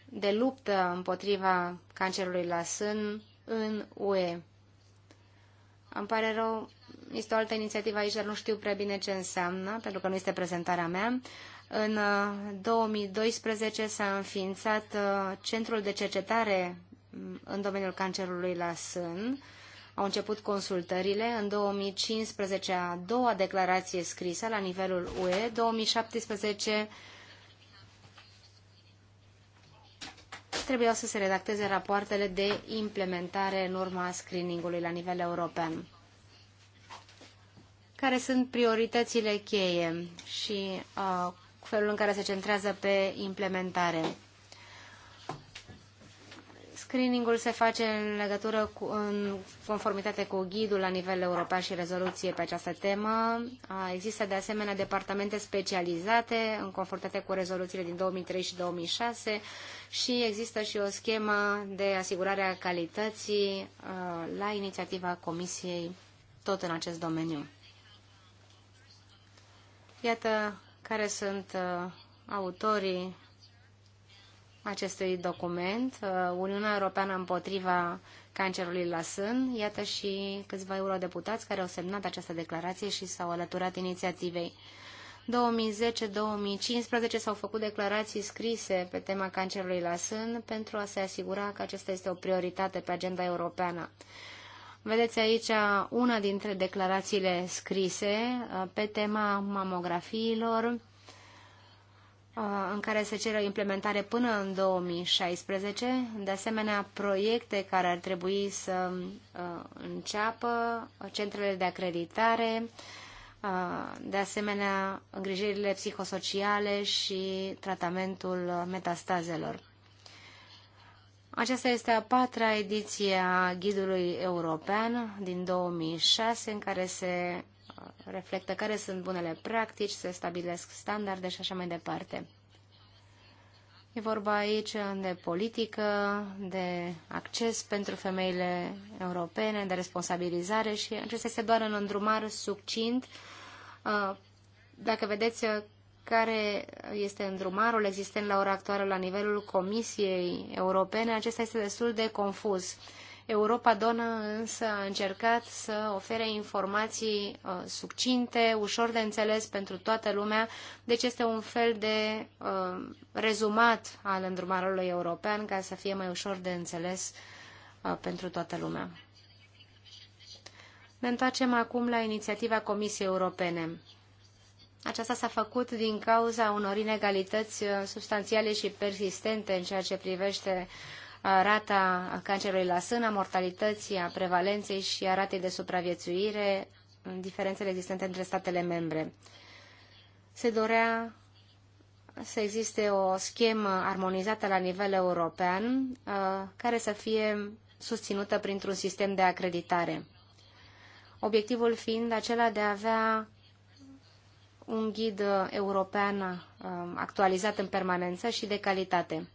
de luptă împotriva cancerului la sân în UE. Îmi pare rău, este o altă inițiativă aici, dar nu știu prea bine ce înseamnă, pentru că nu este prezentarea mea. În 2012 uh, s-a înființat uh, Centrul de Cercetare mm, în domeniul cancerului la sân. Au început consultările. În 2015 a doua declarație scrisă la nivelul UE. 2017 trebuiau să se redacteze rapoartele de implementare în urma screeningului la nivel european care sunt prioritățile cheie și uh, felul în care se centrează pe implementare. Screeningul se face în legătură cu, în conformitate cu ghidul la nivel european și rezoluție pe această temă. Există de asemenea departamente specializate în conformitate cu rezoluțiile din 2003 și 2006 și există și o schemă de asigurare a calității uh, la inițiativa Comisiei tot în acest domeniu. Iată care sunt uh, autorii acestui document, uh, Uniunea Europeană împotriva cancerului la sân. Iată și câțiva eurodeputați care au semnat această declarație și s-au alăturat inițiativei. 2010-2015 s-au făcut declarații scrise pe tema cancerului la sân pentru a se asigura că acesta este o prioritate pe agenda europeană. Vedeți aici una dintre declarațiile scrise uh, pe tema mamografiilor, uh, în care se cere o implementare până în 2016, de asemenea proiecte care ar trebui să uh, înceapă, centrele de acreditare, de asemenea îngrijirile psihosociale și tratamentul metastazelor. Aceasta este a patra ediție a Ghidului European din 2006, în care se uh, reflectă care sunt bunele practici, se stabilesc standarde și așa mai departe. E vorba aici de politică, de acces pentru femeile europene, de responsabilizare și acesta este doar un îndrumar succint. Uh, dacă vedeți care este în drumarul existent la ora actuală la nivelul Comisiei Europene, acesta este destul de confuz. Europa Donă însă a încercat să ofere informații uh, succinte, ușor de înțeles pentru toată lumea, deci este un fel de uh, rezumat al îndrumarului european ca să fie mai ușor de înțeles uh, pentru toată lumea. Ne întoarcem acum la inițiativa Comisiei Europene. Aceasta s-a făcut din cauza unor inegalități uh, substanțiale și persistente în ceea ce privește uh, rata cancerului la sân, a mortalității, a prevalenței și a ratei de supraviețuire, diferențele existente între statele membre. Se dorea să existe o schemă armonizată la nivel european uh, care să fie susținută printr-un sistem de acreditare. Obiectivul fiind acela de a avea un ghid uh, european uh, actualizat în permanență și de calitate.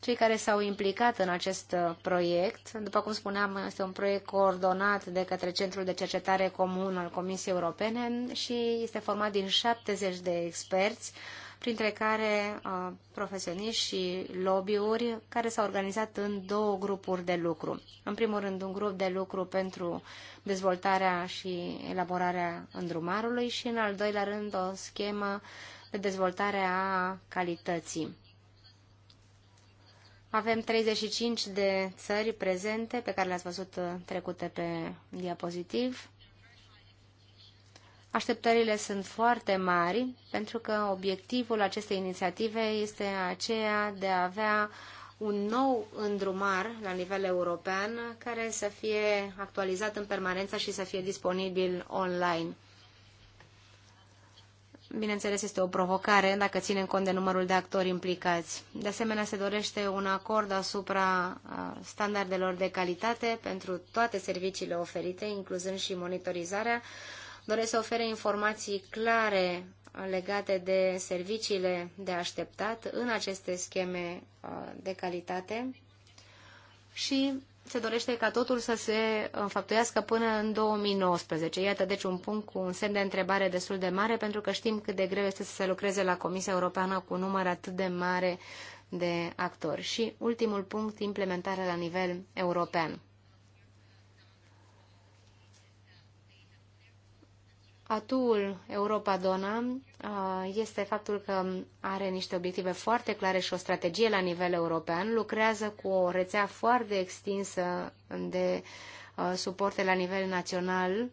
Cei care s-au implicat în acest uh, proiect, după cum spuneam, este un proiect coordonat de către Centrul de Cercetare Comun al Comisiei Europene și este format din 70 de experți printre care uh, profesioniști și lobby-uri care s-au organizat în două grupuri de lucru. În primul rând, un grup de lucru pentru dezvoltarea și elaborarea îndrumarului și, în al doilea rând, o schemă de dezvoltare a calității. Avem 35 de țări prezente pe care le-ați văzut uh, trecute pe diapozitiv. Așteptările sunt foarte mari pentru că obiectivul acestei inițiative este aceea de a avea un nou îndrumar la nivel european care să fie actualizat în permanență și să fie disponibil online. Bineînțeles, este o provocare dacă ținem cont de numărul de actori implicați. De asemenea, se dorește un acord asupra standardelor de calitate pentru toate serviciile oferite, incluzând și monitorizarea, doresc să ofere informații clare legate de serviciile de așteptat în aceste scheme uh, de calitate și se dorește ca totul să se înfăptuiască până în 2019. Iată, deci, un punct cu un semn de întrebare destul de mare, pentru că știm cât de greu este să se lucreze la Comisia Europeană cu un număr atât de mare de actori. Și ultimul punct, implementarea la nivel european. Atul Europa Dona este faptul că are niște obiective foarte clare și o strategie la nivel european, lucrează cu o rețea foarte extinsă de suporte la nivel național,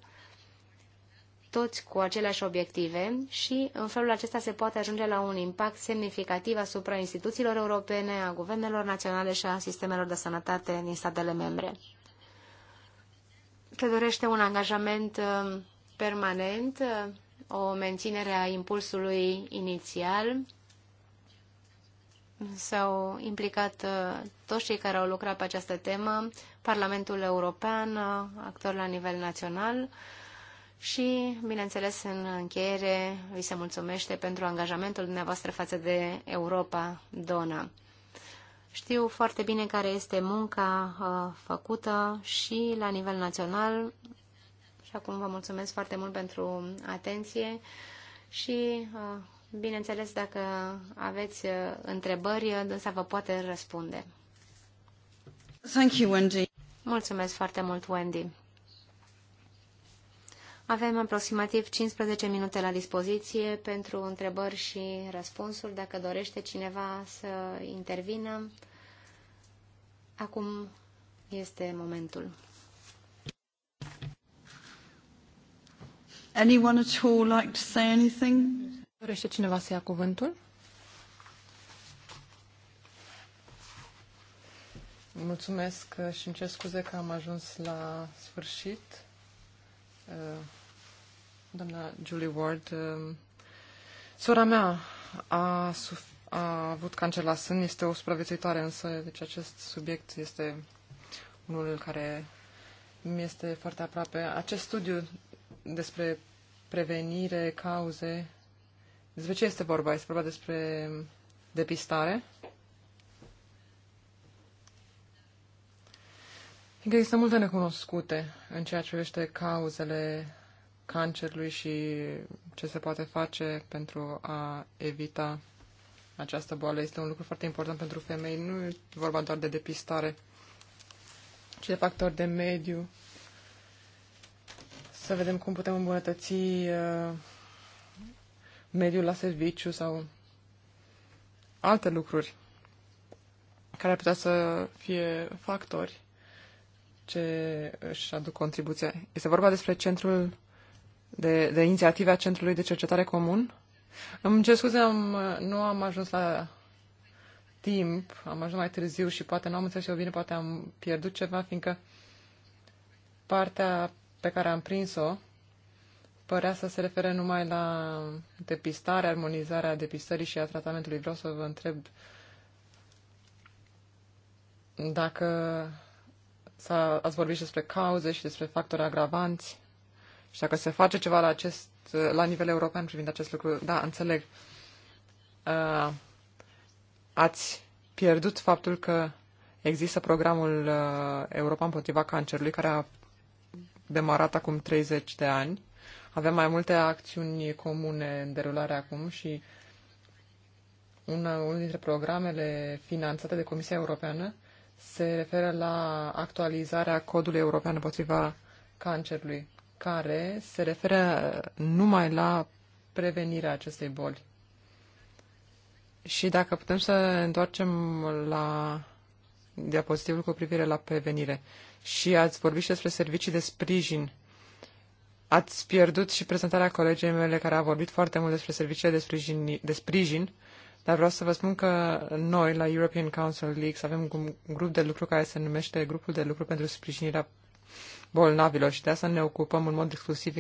toți cu aceleași obiective și în felul acesta se poate ajunge la un impact semnificativ asupra instituțiilor europene, a guvernelor naționale și a sistemelor de sănătate din statele membre. Se dorește un angajament permanent, o menținere a impulsului inițial. S-au implicat uh, toți cei care au lucrat pe această temă, Parlamentul European, uh, actor la nivel național și, bineînțeles, în încheiere, vi se mulțumește pentru angajamentul dumneavoastră față de Europa Dona. Știu foarte bine care este munca uh, făcută și la nivel național Acum vă mulțumesc foarte mult pentru atenție și, uh, bineînțeles, dacă aveți uh, întrebări, uh, dânsa vă poate răspunde. Thank you, Wendy. Mulțumesc foarte mult, Wendy. Avem aproximativ 15 minute la dispoziție pentru întrebări și răspunsuri. Dacă dorește cineva să intervină, acum este momentul. Anyone at all like to say anything? Dorește cineva să ia cuvântul? Mulțumesc uh, și îmi cer scuze că am ajuns la sfârșit. Uh, doamna Julie Ward, uh, sora mea a, a avut cancer la sân, este o supraviețuitoare, însă deci acest subiect este unul care mi este foarte aproape. Acest studiu despre prevenire, cauze. Despre ce este vorba? Este vorba despre depistare? Fiindcă există multe necunoscute în ceea ce privește cauzele cancerului și ce se poate face pentru a evita această boală. Este un lucru foarte important pentru femei. Nu e vorba doar de depistare, ci de factori de mediu, să vedem cum putem îmbunătăți uh, mediul la serviciu sau alte lucruri care ar putea să fie factori ce își aduc contribuția. Este vorba despre centrul de, de inițiative a Centrului de Cercetare Comun. Îmi cer scuze, am, nu am ajuns la timp, am ajuns mai târziu și poate nu am înțeles eu bine, poate am pierdut ceva, fiindcă partea pe care am prins-o părea să se refere numai la depistare, armonizarea depistării și a tratamentului. Vreau să vă întreb dacă s-a, ați vorbit și despre cauze și despre factori agravanți și dacă se face ceva la, acest, la nivel european privind acest lucru. Da, înțeleg. Uh, ați pierdut faptul că există programul uh, Europa împotriva cancerului care a demarat acum 30 de ani. Avem mai multe acțiuni comune în derulare acum și una, unul dintre programele finanțate de Comisia Europeană se referă la actualizarea codului european împotriva cancerului, care se referă numai la prevenirea acestei boli. Și dacă putem să întoarcem la diapozitivul cu privire la prevenire și ați vorbit și despre servicii de sprijin. Ați pierdut și prezentarea colegei mele care a vorbit foarte mult despre serviciile de sprijin, de sprijin dar vreau să vă spun că noi, la European Council League avem un grup de lucru care se numește Grupul de lucru pentru sprijinirea bolnavilor și de asta ne ocupăm în mod exclusiv.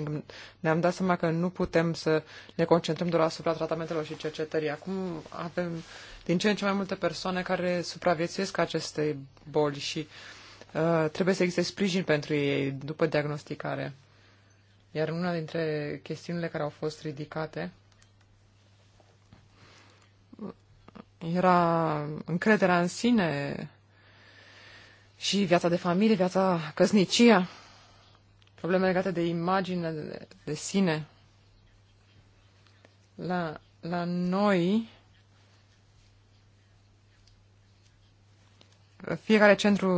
Ne-am dat seama că nu putem să ne concentrăm doar asupra tratamentelor și cercetării. Acum avem din ce în ce mai multe persoane care supraviețuiesc acestei boli și uh, Uh, trebuie să existe sprijin pentru ei după diagnosticare. Iar una dintre chestiunile care au fost ridicate era încrederea în sine și viața de familie, viața căsnicia, probleme legate de imagine, de, sine. La, la noi, fiecare centru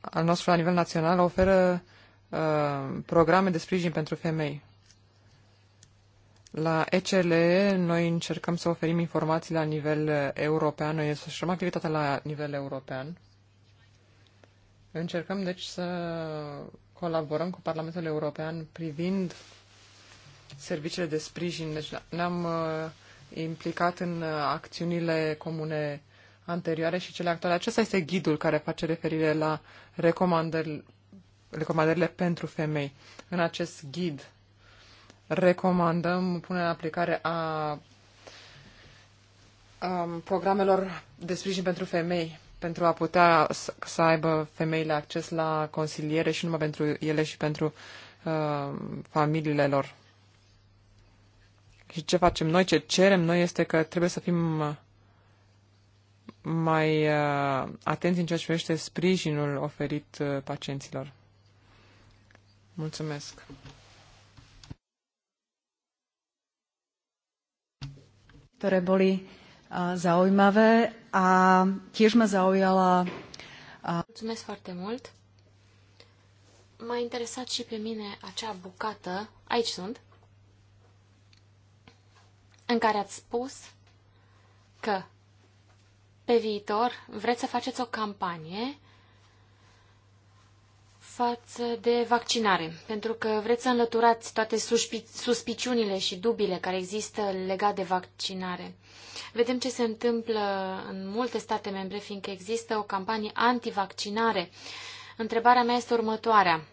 al nostru la nivel național oferă uh, programe de sprijin pentru femei. La ECLE noi încercăm să oferim informații la nivel uh, european, noi desfășurăm activitatea la nivel european. Încercăm deci să colaborăm cu Parlamentul European privind serviciile de sprijin. Deci ne-am uh, implicat în uh, acțiunile comune anterioare și cele actuale. Acesta este ghidul care face referire la recomandări, recomandările pentru femei. În acest ghid recomandăm punerea în aplicare a a programelor de sprijin pentru femei, pentru a putea să, să aibă femeile acces la consiliere și numai pentru ele și pentru uh, familiile lor. Și ce facem noi, ce cerem noi este că trebuie să fim mai uh, atenți în ceea ce privește sprijinul oferit uh, pacienților. Mulțumesc! ktoré boli uh, zaujímavé a tiež ma zaujala... Mulțumesc foarte mult! M-a interesat și pe mine acea bucată, aici sunt, în care ați spus că pe viitor vreți să faceți o campanie față de vaccinare, pentru că vreți să înlăturați toate suspiciunile și dubile care există legate de vaccinare. Vedem ce se întâmplă în multe state membre, fiindcă există o campanie antivaccinare. Întrebarea mea este următoarea.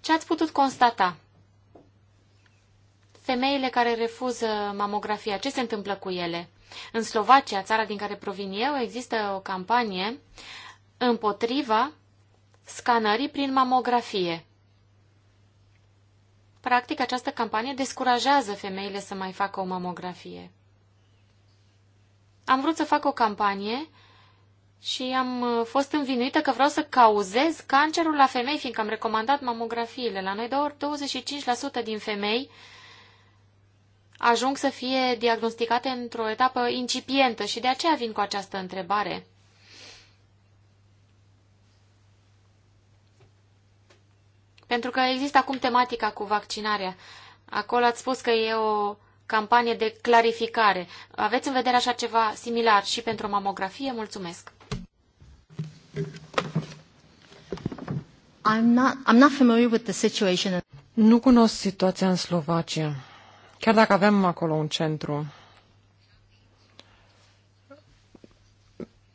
Ce ați putut constata femeile care refuză mamografia. Ce se întâmplă cu ele? În Slovacia, țara din care provin eu, există o campanie împotriva scanării prin mamografie. Practic, această campanie descurajează femeile să mai facă o mamografie. Am vrut să fac o campanie și am uh, fost învinuită că vreau să cauzez cancerul la femei, fiindcă am recomandat mamografiile. La noi doar 25% din femei ajung să fie diagnosticate într-o etapă incipientă și de aceea vin cu această întrebare. Pentru că există acum tematica cu vaccinarea. Acolo ați spus că e o campanie de clarificare. Aveți în vedere așa ceva similar și pentru mamografie? Mulțumesc! I'm not, I'm not familiar with the situation. Nu cunosc situația în Slovacia. Chiar dacă avem acolo un centru,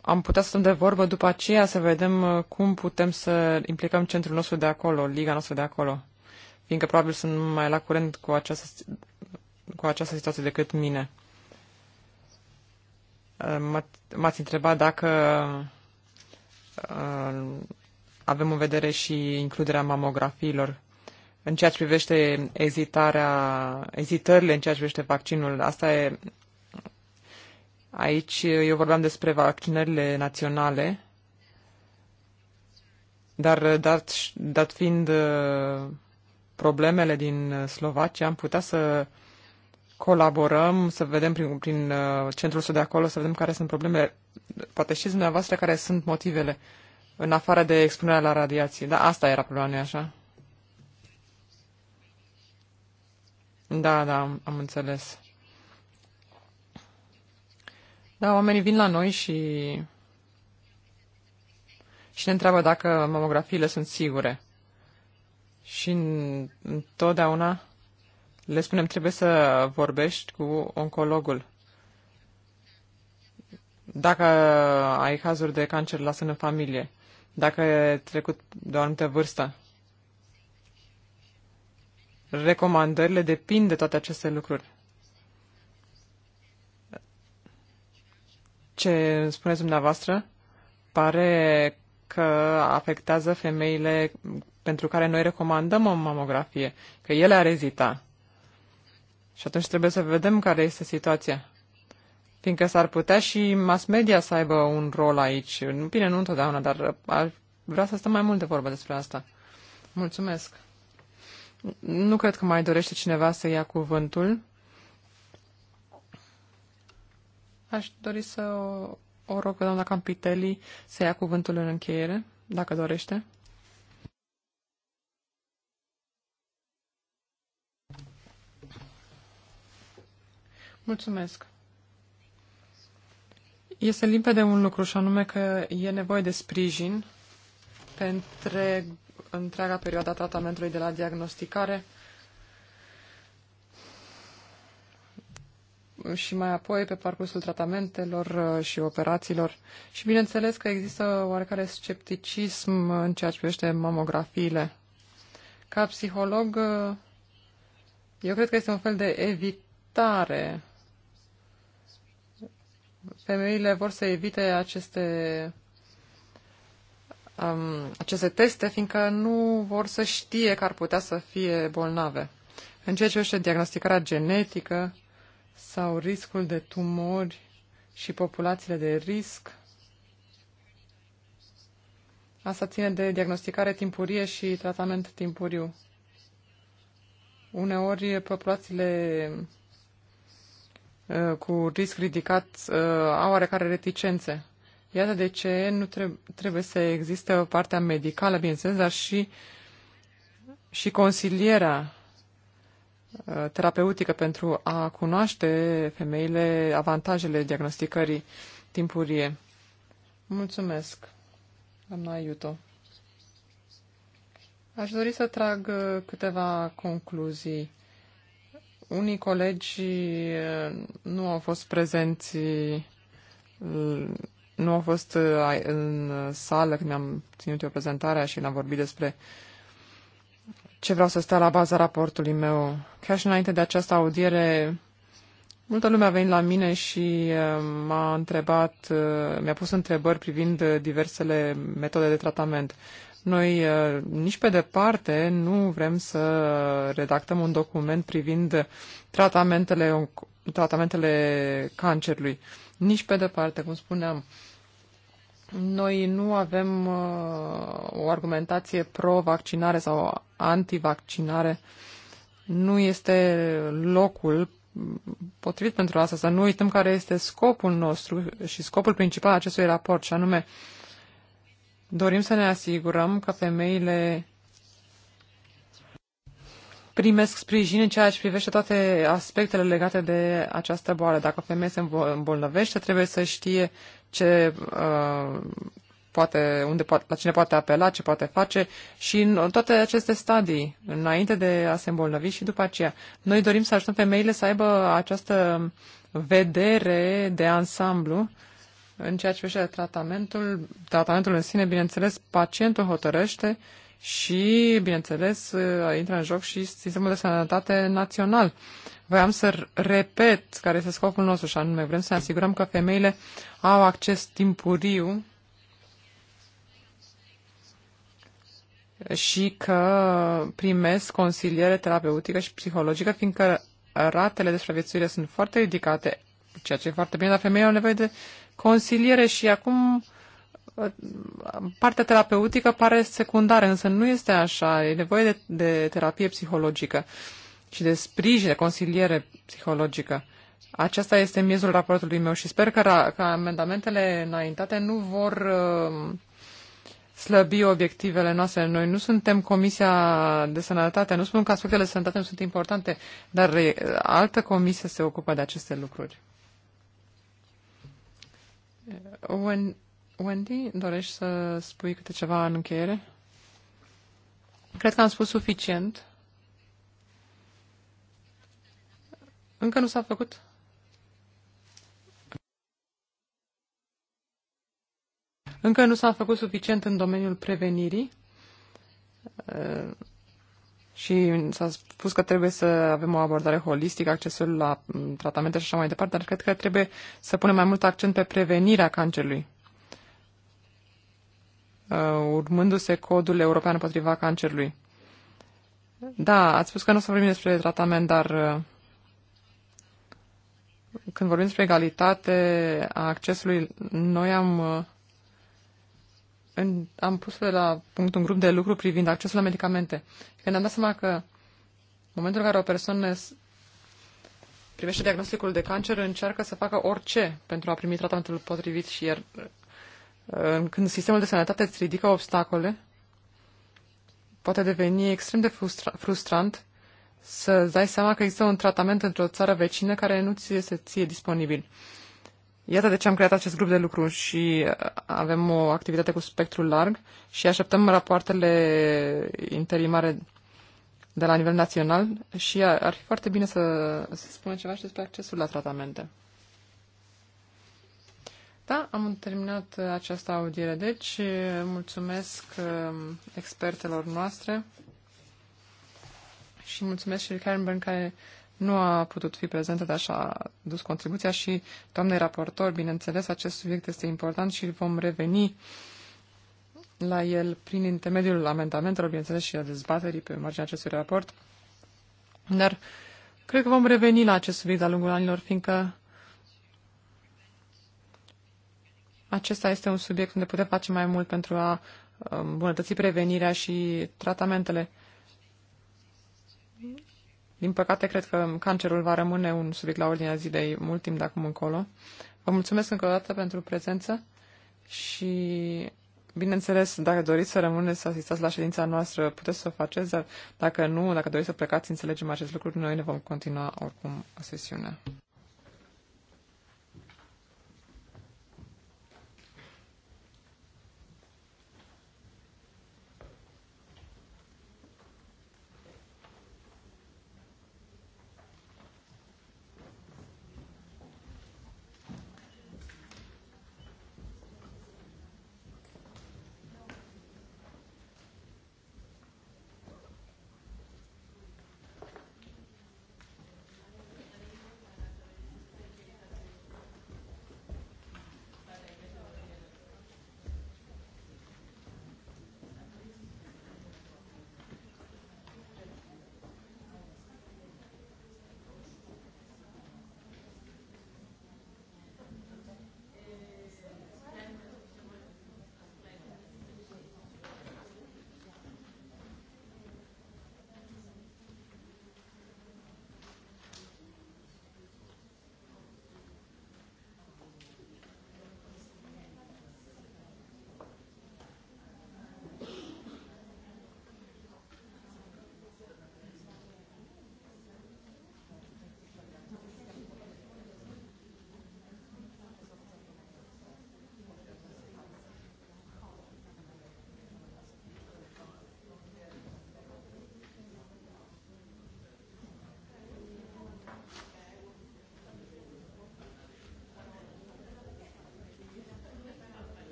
am putea să stăm de vorbă după aceea să vedem uh, cum putem să implicăm centrul nostru de acolo, liga noastră de acolo. Fiindcă probabil sunt mai la curent cu această, cu această situație decât mine. Uh, m-ați întrebat dacă uh, avem în vedere și includerea mamografiilor în ceea ce privește ezitarea, ezitările în ceea ce privește vaccinul. Asta e, aici eu vorbeam despre vaccinările naționale, dar dat, dat fiind uh, problemele din Slovacia, am putea să colaborăm, să vedem prin, prin uh, centrul său de acolo, să vedem care sunt problemele. Poate știți dumneavoastră care sunt motivele, în afară de expunerea la radiații. Da, asta era problema, nu așa? Da, da, am înțeles. Da, oamenii vin la noi și și ne întreabă dacă mamografiile sunt sigure. Și întotdeauna le spunem, trebuie să vorbești cu oncologul. Dacă ai cazuri de cancer la sân în familie, dacă e trecut de o anumită vârstă, recomandările depind de toate aceste lucruri. Ce spuneți dumneavoastră? Pare că afectează femeile pentru care noi recomandăm o mamografie, că ele ar ezita. Și atunci trebuie să vedem care este situația. Fiindcă s-ar putea și mass media să aibă un rol aici. Bine, nu întotdeauna, dar ar vrea să stăm mai mult de vorbă despre asta. Mulțumesc! Nu cred că mai dorește cineva să ia cuvântul. Aș dori să o, o rog pe doamna Campitelli să ia cuvântul în încheiere, dacă dorește. Mulțumesc. Este limpede un lucru și anume că e nevoie de sprijin pentru întreaga perioadă a tratamentului de la diagnosticare și mai apoi pe parcursul tratamentelor uh, și operațiilor. Și bineînțeles că există oarecare scepticism în ceea ce privește mamografiile. Ca psiholog, uh, eu cred că este un fel de evitare. Femeile vor să evite aceste um, aceste teste, fiindcă nu vor să știe că ar putea să fie bolnave. În ceea ce este diagnosticarea genetică sau riscul de tumori și populațiile de risc, asta ține de diagnosticare timpurie și tratament timpuriu. Uneori, populațiile uh, cu risc ridicat uh, au oarecare reticențe Iată de ce nu trebuie, trebuie să existe o partea medicală, bineînțeles, dar și, și consilierea uh, terapeutică pentru a cunoaște femeile avantajele diagnosticării timpurie. Mulțumesc, doamna Iuto. Aș dori să trag uh, câteva concluzii. Unii colegi uh, nu au fost prezenți nu a fost uh, în sală când mi-am ținut eu prezentarea și l-am vorbit despre ce vreau să stea la baza raportului meu. Chiar și înainte de această audiere, multă lume a venit la mine și uh, m-a întrebat, uh, mi-a pus întrebări privind diversele metode de tratament. Noi nici pe departe nu vrem să redactăm un document privind tratamentele, tratamentele cancerului. Nici pe departe, cum spuneam. Noi nu avem uh, o argumentație pro-vaccinare sau antivaccinare. Nu este locul potrivit pentru asta, să nu uităm care este scopul nostru și scopul principal acestui raport, și anume dorim să ne asigurăm că femeile primesc sprijin în ceea ce privește toate aspectele legate de această boală. Dacă o femeie se îmbolnăvește, trebuie să știe ce uh, poate, unde poate, la cine poate apela, ce poate face și în toate aceste stadii, înainte de a se îmbolnăvi și după aceea. Noi dorim să ajutăm femeile să aibă această vedere de ansamblu în ceea ce privește tratamentul, tratamentul în sine, bineînțeles, pacientul hotărăște uh, și, bineînțeles, uh, intră în joc și sistemul de sănătate național. Vreau să repet care este scopul nostru și anume vrem să ne asigurăm că femeile au acces timpuriu și că primesc consiliere terapeutică și psihologică, fiindcă ratele de supraviețuire sunt foarte ridicate, ceea ce e foarte bine, dar femeile au nevoie de consiliere și acum partea terapeutică pare secundară, însă nu este așa. E nevoie de, de terapie psihologică și de sprijin, de consiliere psihologică. Aceasta este miezul raportului meu și sper că, că amendamentele înaintate nu vor uh, slăbi obiectivele noastre. Noi nu suntem Comisia de Sănătate, nu spun că aspectele de sănătate nu sunt importante, dar uh, altă comisie se ocupă de aceste lucruri. Uh, when Wendy, dorești să spui câte ceva în încheiere? Cred că am spus suficient. Încă nu s-a făcut? Încă nu s-a făcut suficient în domeniul prevenirii uh, și s-a spus că trebuie să avem o abordare holistică, accesul la mm, tratamente și așa mai departe, dar cred că trebuie să punem mai mult accent pe prevenirea cancerului. Uh, urmându-se codul european împotriva cancerului. Da, ați spus că nu o să vorbim despre tratament, dar uh, când vorbim despre egalitate a accesului, noi am, uh, am pus de la punct un grup de lucru privind accesul la medicamente. Când am dat seama că în momentul în care o persoană primește diagnosticul de cancer, încearcă să facă orice pentru a primi tratamentul potrivit și iar când sistemul de sănătate îți ridică obstacole, poate deveni extrem de frustra- frustrant să dai seama că există un tratament într-o țară vecină care nu ți este ție disponibil. Iată de ce am creat acest grup de lucru și uh, avem o activitate cu spectru larg și așteptăm rapoartele interimare de la nivel național și ar fi foarte bine să, să spunem ceva și despre accesul la tratamente. Da, am terminat această audiere, deci mulțumesc um, expertelor noastre și mulțumesc și Karen care nu a putut fi prezentă, dar și-a dus contribuția și doamnei raportor, bineînțeles, acest subiect este important și vom reveni la el prin intermediul amendamentelor, bineînțeles, și a dezbaterii pe marginea acestui raport. Dar cred că vom reveni la acest subiect de-a lungul anilor, fiindcă acesta este un subiect unde putem face mai mult pentru a um, îmbunătăți prevenirea și tratamentele. Din păcate, cred că cancerul va rămâne un subiect la ordinea zilei mult timp de acum încolo. Vă mulțumesc încă o dată pentru prezență și, bineînțeles, dacă doriți să rămâneți să asistați la ședința noastră, puteți să o faceți, dar dacă nu, dacă doriți să plecați, înțelegem acest lucru, noi ne vom continua oricum sesiunea.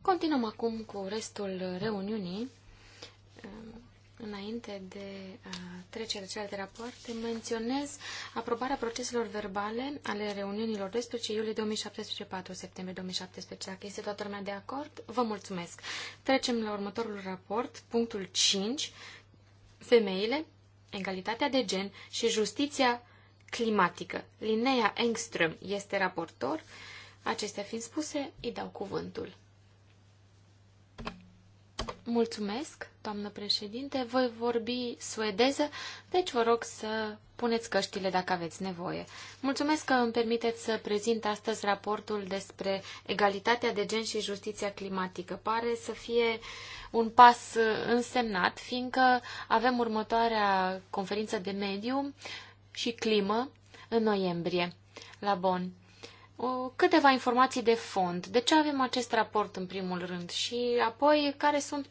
Continuăm acum cu restul reuniunii. Ehm, înainte de a trece la celelalte rapoarte, menționez aprobarea proceselor verbale ale reuniunilor 12 iulie 2017, 4 septembrie 2017. Dacă este toată lumea de acord, vă mulțumesc. Trecem la următorul raport, punctul 5, femeile, egalitatea de gen și justiția climatică. Linea Engström este raportor. Uh, Acestea fiind spuse, îi dau cuvântul. Mulțumesc, doamnă președinte. Voi vorbi suedeză, deci vă rog să puneți căștile dacă aveți nevoie. Mulțumesc că îmi permiteți să prezint astăzi raportul despre egalitatea de gen și justiția climatică. Pare să fie un pas însemnat, fiindcă avem următoarea conferință de mediu și climă în noiembrie la Bonn câteva informații de fond. De ce avem acest raport în primul rând? Și apoi care sunt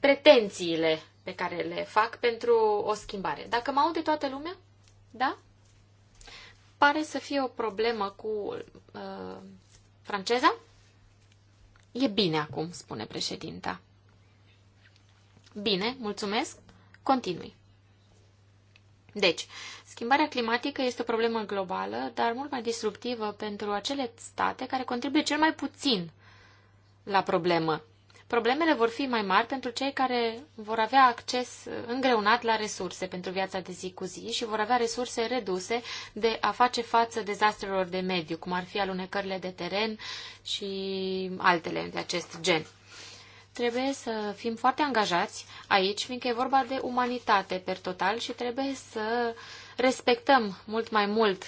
pretențiile pe care le fac pentru o schimbare. Dacă mă aude toată lumea? Da? Pare să fie o problemă cu uh, franceza? E bine acum, spune președinta. Bine, mulțumesc. Continui. Deci, Schimbarea climatică este o problemă globală, dar mult mai disruptivă pentru acele state care contribuie cel mai puțin la problemă. Problemele vor fi mai mari pentru cei care vor avea acces îngreunat la resurse pentru viața de zi cu zi și vor avea resurse reduse de a face față dezastrelor de mediu, cum ar fi alunecările de teren și altele de acest gen trebuie să fim foarte angajați aici, fiindcă e vorba de umanitate per total și trebuie să respectăm mult mai mult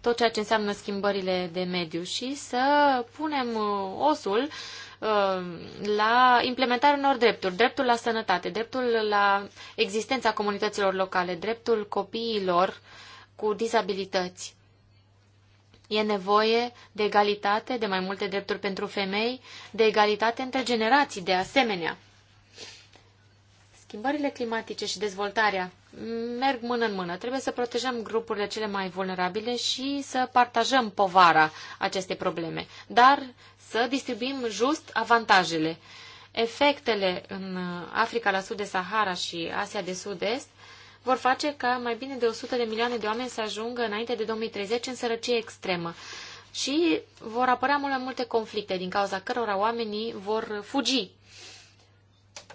tot ceea ce înseamnă schimbările de mediu și să punem uh, osul uh, la implementarea unor drepturi, dreptul la sănătate, dreptul la existența comunităților locale, dreptul copiilor cu dizabilități. E nevoie de egalitate, de mai multe drepturi pentru femei, de egalitate între generații, de asemenea. Schimbările climatice și dezvoltarea merg mână în mână. Trebuie să protejăm grupurile cele mai vulnerabile și să partajăm povara acestei probleme, dar să distribuim just avantajele. Efectele în Africa la sud de Sahara și Asia de sud-est vor face ca mai bine de 100 de milioane de oameni să ajungă înainte de 2030 în sărăcie extremă și vor apărea mult mai multe conflicte din cauza cărora oamenii vor fugi.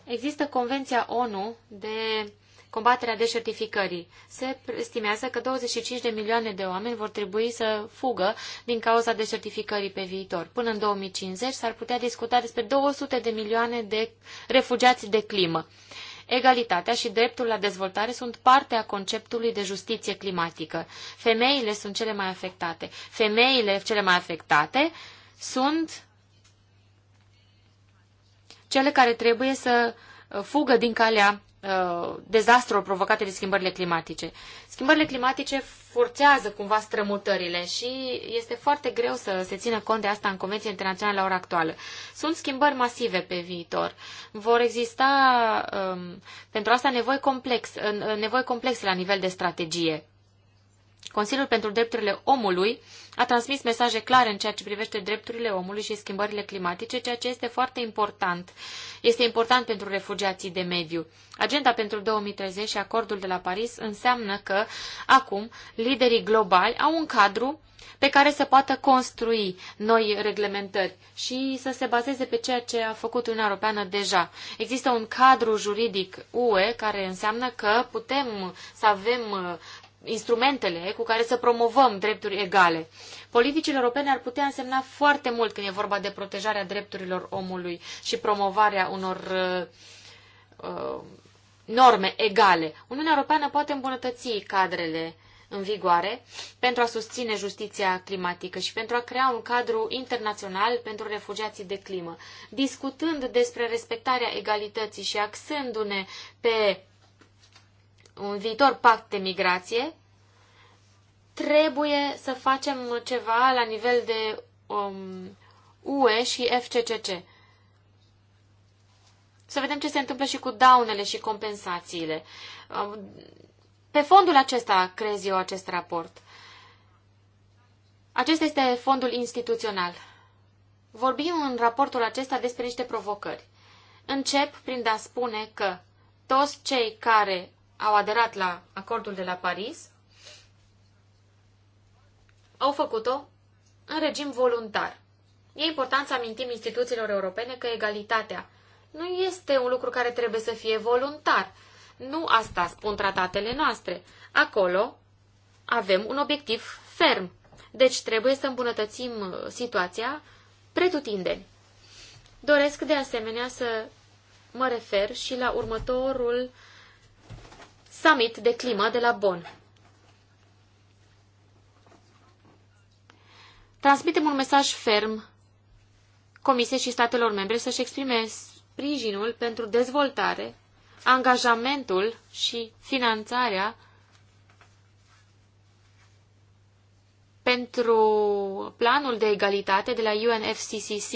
Există Convenția ONU de combaterea deșertificării. Se estimează că 25 de milioane de oameni vor trebui să fugă din cauza deșertificării pe viitor. Până în 2050 s-ar putea discuta despre 200 de milioane de refugiați de climă. Egalitatea și dreptul la dezvoltare sunt parte a conceptului de justiție climatică. Femeile sunt cele mai afectate. Femeile cele mai afectate sunt cele care trebuie să fugă din calea Uh, dezastrul provocate de schimbările climatice. Schimbările climatice forțează cumva strămutările și este foarte greu să se țină cont de asta în Convenția Internațională la ora actuală. Sunt schimbări masive pe viitor. Vor exista um, pentru asta nevoi, complex, nevoi complexe la nivel de strategie. Consiliul pentru Drepturile Omului a transmis mesaje clare în ceea ce privește drepturile omului și schimbările climatice, ceea ce este foarte important. Este important pentru refugiații de mediu. Agenda pentru 2030 și acordul de la Paris înseamnă că acum liderii globali au un cadru pe care să poată construi noi reglementări și să se bazeze pe ceea ce a făcut Uniunea Europeană deja. Există un cadru juridic UE care înseamnă că putem să avem instrumentele cu care să promovăm drepturi egale. Politicile europene ar putea însemna foarte mult când e vorba de protejarea drepturilor omului și promovarea unor uh, uh, norme egale. Uniunea Europeană poate îmbunătăți cadrele în vigoare pentru a susține justiția climatică și pentru a crea un cadru internațional pentru refugiații de climă. Discutând despre respectarea egalității și axându-ne pe un viitor pact de migrație, trebuie să facem ceva la nivel de um, UE și FCCC. Să vedem ce se întâmplă și cu daunele și compensațiile. Um, pe fondul acesta crez eu acest raport. Acesta este fondul instituțional. Vorbim în raportul acesta despre niște provocări. Încep prin a spune că toți cei care au aderat la acordul de la Paris au făcut-o în regim voluntar. E important să amintim instituțiilor europene că egalitatea nu este un lucru care trebuie să fie voluntar. Nu asta spun tratatele noastre. Acolo avem un obiectiv ferm. Deci trebuie să îmbunătățim uh, situația pretutindeni. Doresc de asemenea să mă refer și la următorul uh, summit de climă de la Bonn. Transmitem un mesaj ferm Comisiei și statelor membre să-și exprime sprijinul pentru dezvoltare, angajamentul și finanțarea pentru planul de egalitate de la UNFCCC.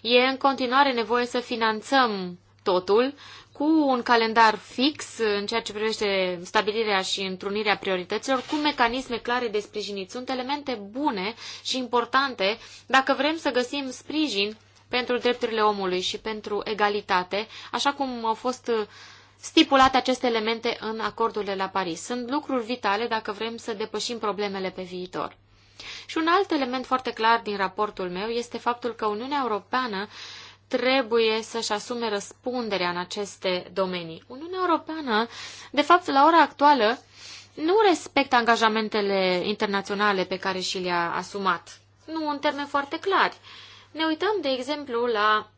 E în continuare nevoie să finanțăm totul cu un calendar fix în ceea ce privește stabilirea și întrunirea priorităților, cu mecanisme clare de sprijinit. Sunt elemente bune și importante dacă vrem să găsim sprijin pentru drepturile omului și pentru egalitate, așa cum au fost stipulate aceste elemente în acordurile la Paris. Sunt lucruri vitale dacă vrem să depășim problemele pe viitor. Și un alt element foarte clar din raportul meu este faptul că Uniunea Europeană trebuie să-și asume răspunderea în aceste domenii. Uniunea Europeană, de fapt, la ora actuală, nu respectă angajamentele internaționale pe care și le-a asumat. Nu în termeni foarte clari. Ne uităm, de exemplu, la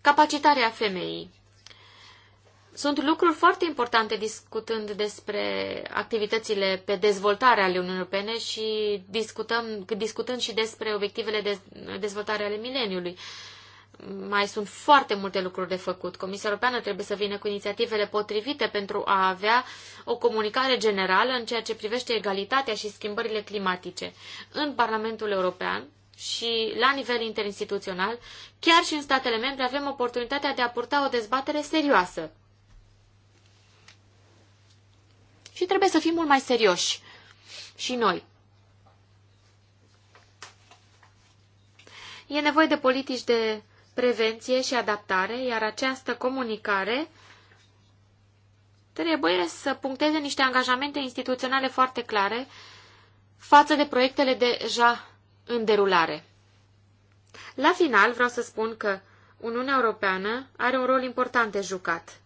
capacitarea femeii. Sunt lucruri foarte importante discutând despre activitățile pe dezvoltare ale Uniunii Europene și discutăm, discutând și despre obiectivele de dezvoltare ale mileniului. Mai sunt foarte multe lucruri de făcut. Comisia Europeană trebuie să vină cu inițiativele potrivite pentru a avea o comunicare generală în ceea ce privește egalitatea și schimbările climatice. În Parlamentul European, și la nivel interinstituțional, chiar și în statele membre avem oportunitatea de a purta o dezbatere serioasă. Și trebuie să fim mult mai serioși și noi. E nevoie de politici de prevenție și adaptare, iar această comunicare trebuie să puncteze niște angajamente instituționale foarte clare față de proiectele deja în derulare. La final vreau să spun că Uniunea Europeană are un rol important de jucat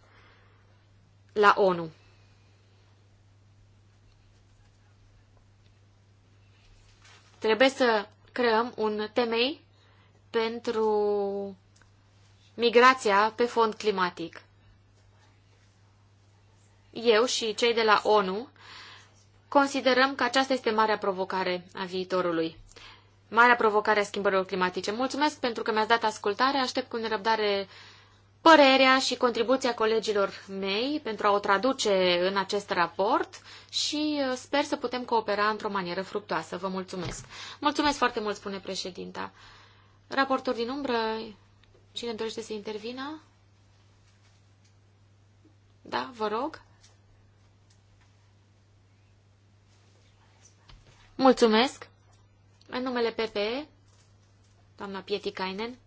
la ONU. Trebuie să creăm un temei pentru migrația pe fond climatic. Eu și cei de la ONU considerăm că aceasta este marea provocare a viitorului. Marea provocare a schimbărilor climatice. Mulțumesc pentru că mi-ați dat ascultare. Aștept cu nerăbdare părerea și contribuția colegilor mei pentru a o traduce în acest raport și uh, sper să putem coopera într-o manieră fructoasă. Vă mulțumesc. Mulțumesc foarte mult, spune președinta. Raportor din umbră, cine dorește să intervină? Da, vă rog. Mulțumesc. În numele PPE, doamna Pietikainen.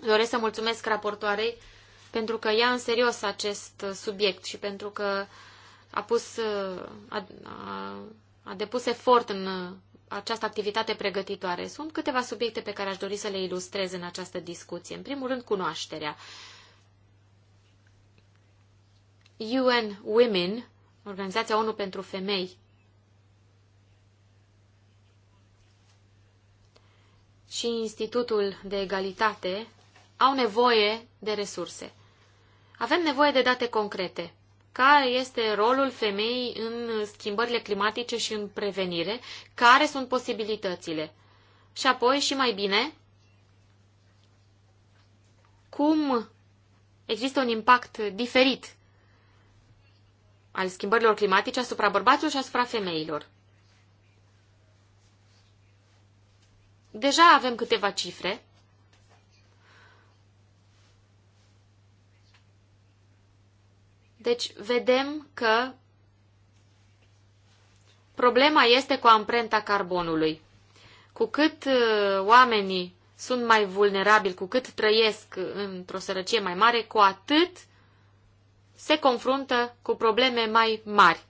Doresc să mulțumesc raportoarei pentru că ia în serios acest uh, subiect și pentru că a, pus, uh, a, a, a depus efort în uh, această activitate pregătitoare. Sunt câteva subiecte pe care aș dori să le ilustrez în această discuție. În primul rând, cunoașterea. UN Women, Organizația ONU pentru Femei, și Institutul de Egalitate au nevoie de resurse. Avem nevoie de date concrete. Care este rolul femeii în schimbările climatice și în prevenire? Care sunt posibilitățile? Și apoi, și mai bine, cum există un impact diferit al schimbărilor climatice asupra bărbaților și asupra femeilor. Deja avem câteva cifre Deci vedem că problema este cu amprenta carbonului. Cu cât uh, oamenii sunt mai vulnerabili, cu cât trăiesc într-o sărăcie mai mare, cu atât se confruntă cu probleme mai mari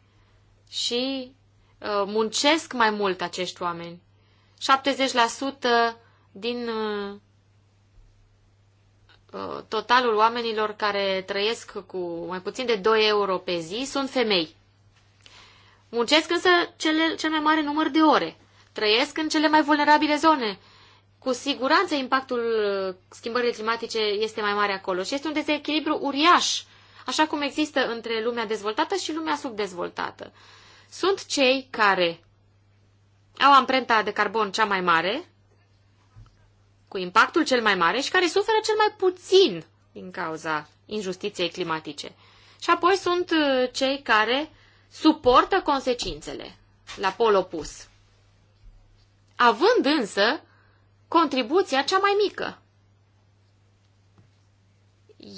și uh, muncesc mai mult acești oameni. 70% din uh, Uh, totalul oamenilor care trăiesc cu mai puțin de 2 euro pe zi sunt femei. Muncesc însă cele, cel mai mare număr de ore. Trăiesc în cele mai vulnerabile zone. Cu siguranță impactul uh, schimbărilor climatice este mai mare acolo și este un dezechilibru uriaș, așa cum există între lumea dezvoltată și lumea subdezvoltată. Sunt cei care au amprenta de carbon cea mai mare, cu impactul cel mai mare și care suferă cel mai puțin din cauza injustiției climatice. Și apoi sunt uh, cei care suportă consecințele la pol opus, având însă contribuția cea mai mică.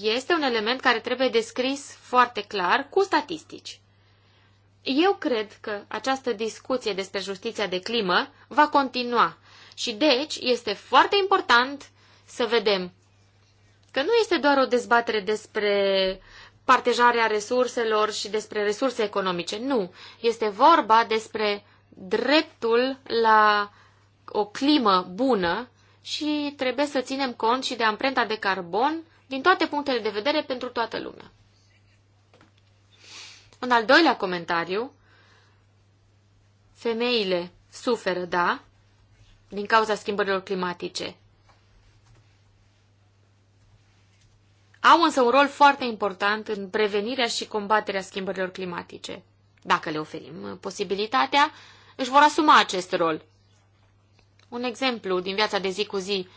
Este un element care trebuie descris foarte clar cu statistici. Eu cred că această discuție despre justiția de climă va continua și deci este foarte important să vedem că nu este doar o dezbatere despre partejarea resurselor și despre resurse economice. Nu. Este vorba despre dreptul la o climă bună și trebuie să ținem cont și de amprenta de carbon din toate punctele de vedere pentru toată lumea. Un al doilea comentariu. Femeile suferă, da, din cauza schimbărilor climatice. Au însă un rol foarte important în prevenirea și combaterea schimbărilor climatice. Dacă le oferim posibilitatea, își vor asuma acest rol. Un exemplu din viața de zi cu zi,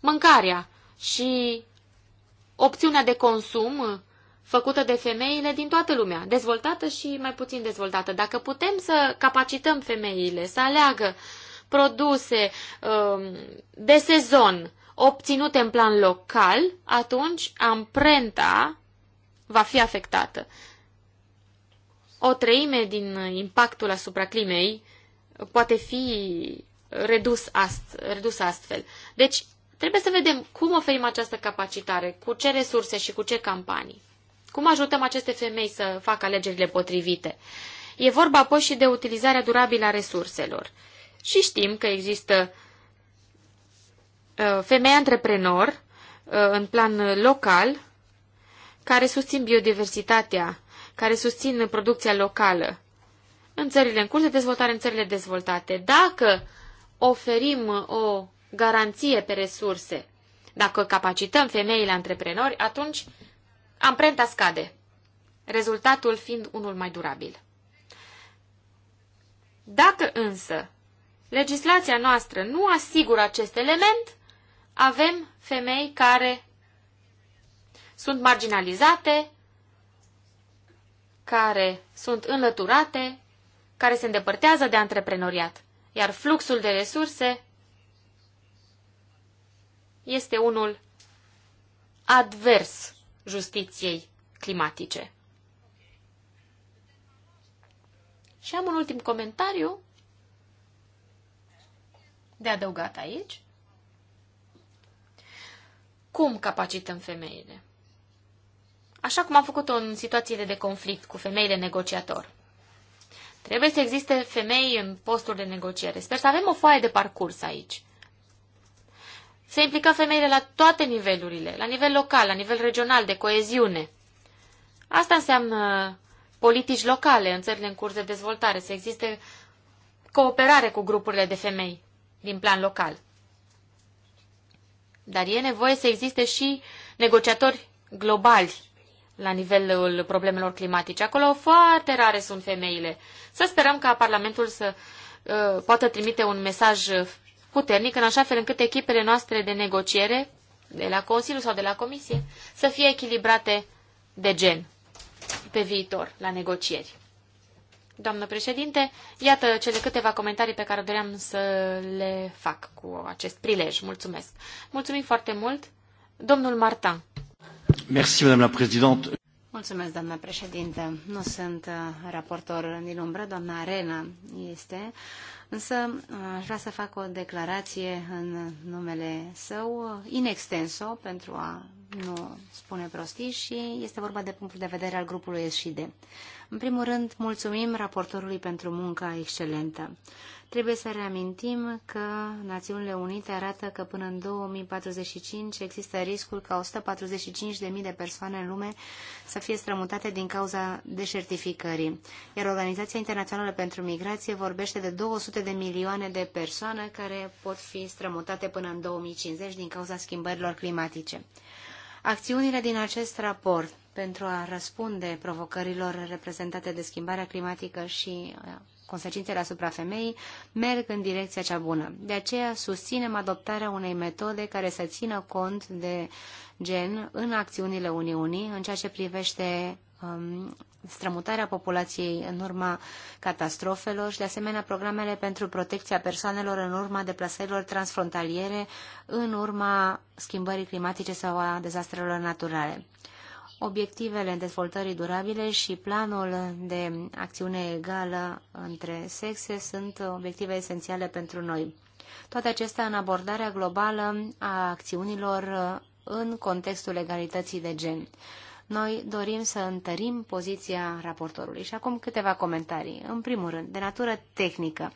mâncarea și opțiunea de consum făcută de femeile din toată lumea, dezvoltată și mai puțin dezvoltată. Dacă putem să capacităm femeile să aleagă uh, produse um, de sezon obținute în plan local, atunci amprenta va fi afectată. O treime din impactul asupra climei poate fi redus, ast, redus astfel. Deci, trebuie să vedem cum oferim această capacitare, cu ce resurse și cu ce campanii. Cum ajutăm aceste femei să facă alegerile potrivite? E vorba apoi și de utilizarea durabilă a resurselor. Și știm că există uh, femei antreprenor uh, în plan local care susțin biodiversitatea, care susțin producția locală în țările în curs de dezvoltare, în țările dezvoltate. Dacă oferim uh, o garanție pe resurse, dacă capacităm femeile antreprenori, atunci amprenta scade, rezultatul fiind unul mai durabil. Dacă însă legislația noastră nu asigură acest element, avem femei care sunt marginalizate, care sunt înlăturate, care se îndepărtează de antreprenoriat, iar fluxul de resurse este unul advers justiției climatice. Și am un ultim comentariu de adăugat aici? Cum capacităm femeile? Așa cum am făcut-o în situațiile de conflict cu femeile negociator. Trebuie să existe femei în postul de negociere. Sper să avem o foaie de parcurs aici. Se implică femeile la toate nivelurile, la nivel local, la nivel regional, de coeziune. Asta înseamnă politici locale în țările în curs de dezvoltare, să existe cooperare cu grupurile de femei din plan local. Dar e nevoie să existe și negociatori globali la nivelul problemelor climatice. Acolo foarte rare sunt femeile. Să sperăm ca Parlamentul să uh, poată trimite un mesaj puternic, în așa fel încât echipele noastre de negociere, de la Consiliu sau de la Comisie, să fie echilibrate de gen pe viitor la negocieri. Doamnă președinte, iată cele câteva comentarii pe care doream să le fac cu acest prilej. Mulțumesc. Mulțumim foarte mult. Domnul Martin. Merci, doamnă la présidente. Mulțumesc, doamnă președinte. Nu sunt uh, raportor din umbră, doamna Arena este, însă uh, aș vrea să fac o declarație în numele său, uh, in extenso, pentru a nu spune prostii și este vorba de punctul de vedere al grupului SID. În primul rând, mulțumim raportorului pentru munca excelentă. Trebuie să reamintim că Națiunile Unite arată că până în 2045 există riscul ca 145.000 de persoane în lume să fie strămutate din cauza deșertificării. Iar Organizația Internațională pentru Migrație vorbește de 200 de milioane de persoane care pot fi strămutate până în 2050 din cauza schimbărilor climatice. Acțiunile din acest raport pentru a răspunde provocărilor reprezentate de schimbarea climatică și uh, consecințele asupra femeii merg în direcția cea bună. De aceea susținem adoptarea unei metode care să țină cont de gen în acțiunile Uniunii în ceea ce privește um, strămutarea populației în urma catastrofelor și, de asemenea, programele pentru protecția persoanelor în urma deplasărilor transfrontaliere, în urma schimbării climatice sau a dezastrelor naturale. Obiectivele dezvoltării durabile și planul de acțiune egală între sexe sunt obiective esențiale pentru noi. Toate acestea în abordarea globală a acțiunilor în contextul egalității de gen. Noi dorim să întărim poziția raportorului. Și acum câteva comentarii. În primul rând, de natură tehnică.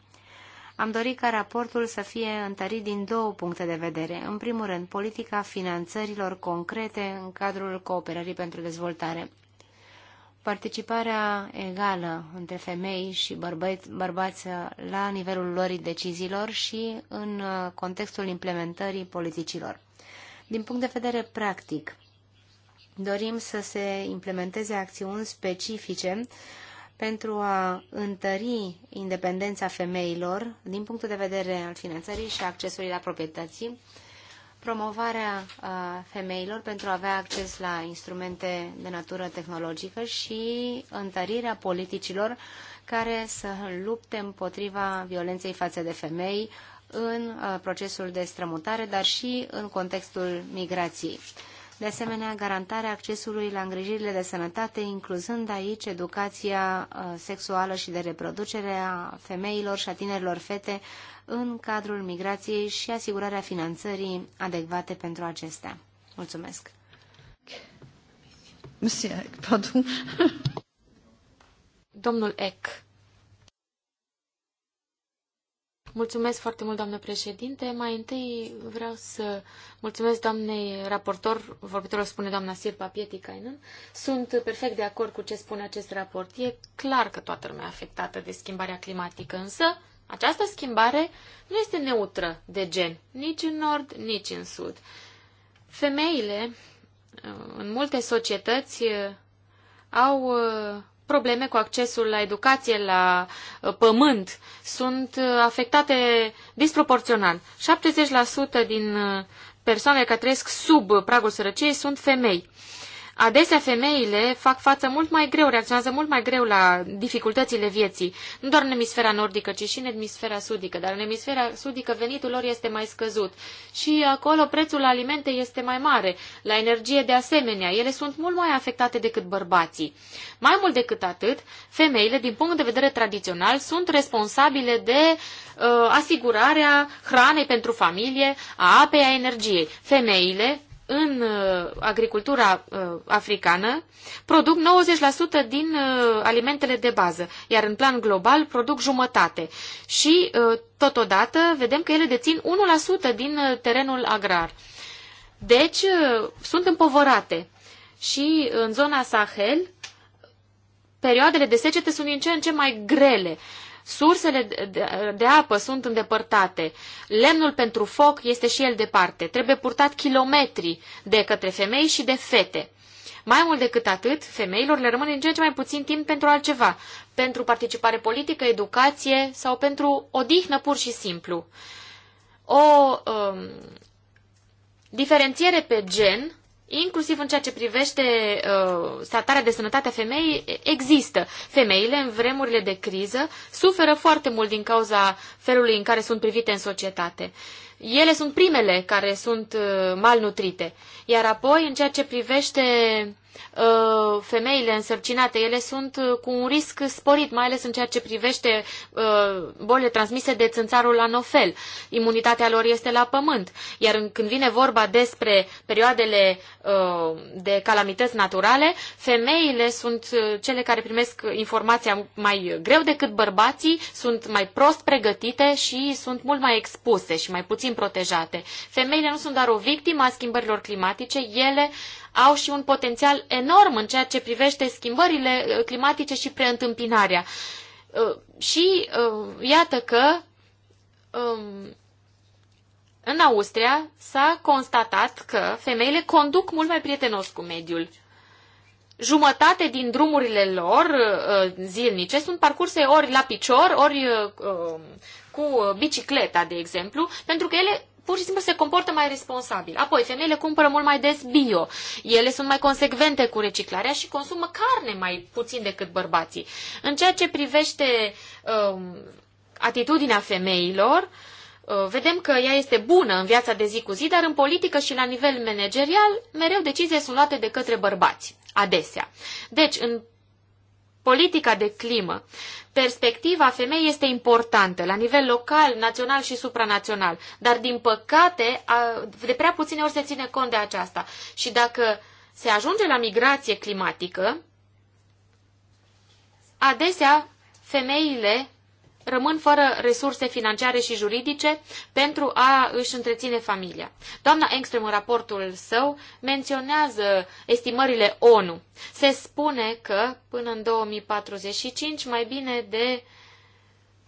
Am dorit ca raportul să fie întărit din două puncte de vedere. În primul rând, politica finanțărilor concrete în cadrul cooperării pentru dezvoltare. Participarea egală între femei și bărbați, bărbați la nivelul lor deciziilor și în contextul implementării politicilor. Din punct de vedere practic, Dorim să se implementeze acțiuni specifice pentru a întări independența femeilor din punctul de vedere al finanțării și accesului la proprietății, promovarea femeilor pentru a avea acces la instrumente de natură tehnologică și întărirea politicilor care să lupte împotriva violenței față de femei în procesul de strămutare, dar și în contextul migrației. De asemenea, garantarea accesului la îngrijirile de sănătate, incluzând aici educația uh, sexuală și de reproducere a femeilor și a tinerilor fete în cadrul migrației și asigurarea finanțării adecvate pentru acestea. Mulțumesc! Monsieur, pardon. Domnul Eck. Mulțumesc foarte mult, doamnă președinte. Mai întâi vreau să mulțumesc doamnei raportor, vorbitorul spune doamna Sirpa Pietikainen. Sunt perfect de acord cu ce spune acest raport. E clar că toată lumea e afectată de schimbarea climatică, însă această schimbare nu este neutră de gen, nici în nord, nici în sud. Femeile în multe societăți au probleme cu accesul la educație, la uh, pământ, sunt uh, afectate disproporțional. 70% din uh, persoanele care trăiesc sub pragul sărăciei sunt femei. Adesea femeile fac față mult mai greu, reacționează mult mai greu la dificultățile vieții, nu doar în emisfera nordică, ci și în emisfera sudică, dar în emisfera sudică venitul lor este mai scăzut și acolo prețul la alimente este mai mare, la energie de asemenea, ele sunt mult mai afectate decât bărbații. Mai mult decât atât, femeile, din punct de vedere tradițional, sunt responsabile de uh, asigurarea hranei pentru familie, a apei, a energiei. Femeile în uh, agricultura uh, africană produc 90% din uh, alimentele de bază, iar în plan global produc jumătate. Și totodată vedem că ele dețin 1% din terenul agrar. Deci sunt împovărate. Și în zona Sahel, perioadele de secete sunt din ce în ce mai grele sursele de apă sunt îndepărtate, lemnul pentru foc este și el departe, trebuie purtat kilometri de către femei și de fete. Mai mult decât atât, femeilor le rămâne în ce mai puțin timp pentru altceva, pentru participare politică, educație sau pentru odihnă pur și simplu. O um, diferențiere pe gen inclusiv în ceea ce privește uh, statarea de sănătate a femeii, există. Femeile, în vremurile de criză, suferă foarte mult din cauza felului în care sunt privite în societate. Uh, ele sunt primele care sunt uh, malnutrite. Iar apoi, în ceea ce privește uh, femeile însărcinate, ele sunt uh, cu un risc sporit, mai ales în ceea ce privește bolile transmise de țânțarul anofel. Imunitatea lor este la pământ. Iar când vine vorba despre perioadele de calamități naturale, femeile sunt cele care primesc informația mai greu decât bărbații, sunt mai prost pregătite și sunt mult mai expuse și mai puțin puțin protejate. Femeile nu sunt doar o victimă a schimbărilor climatice, ele au și un potențial enorm în ceea ce privește schimbările uh, climatice și preîntâmpinarea. Uh, și uh, iată că um, în Austria s-a constatat că femeile conduc mult mai prietenos cu mediul. Jumătate din drumurile lor zilnice sunt parcurse ori la picior, ori um, cu uh, bicicleta, de exemplu, pentru că ele pur și simplu se comportă mai responsabil. Apoi, femeile cumpără mult mai des bio, ele sunt mai consecvente cu reciclarea și consumă carne mai puțin decât bărbații. În ceea ce privește um, atitudinea femeilor, uh, Vedem că ea este bună în viața de zi cu zi, dar în politică și la nivel managerial, mereu deciziile sunt luate de către bărbați, adesea. Deci, în politica de climă. Perspectiva femeii este importantă la nivel local, național și supranațional, dar din păcate de prea puține ori se ține cont de aceasta. Și dacă se ajunge la migrație climatică, adesea femeile rămân fără resurse financiare și juridice pentru a își întreține familia. Doamna Engström, în raportul său, menționează estimările ONU. Se spune că până în 2045 mai bine de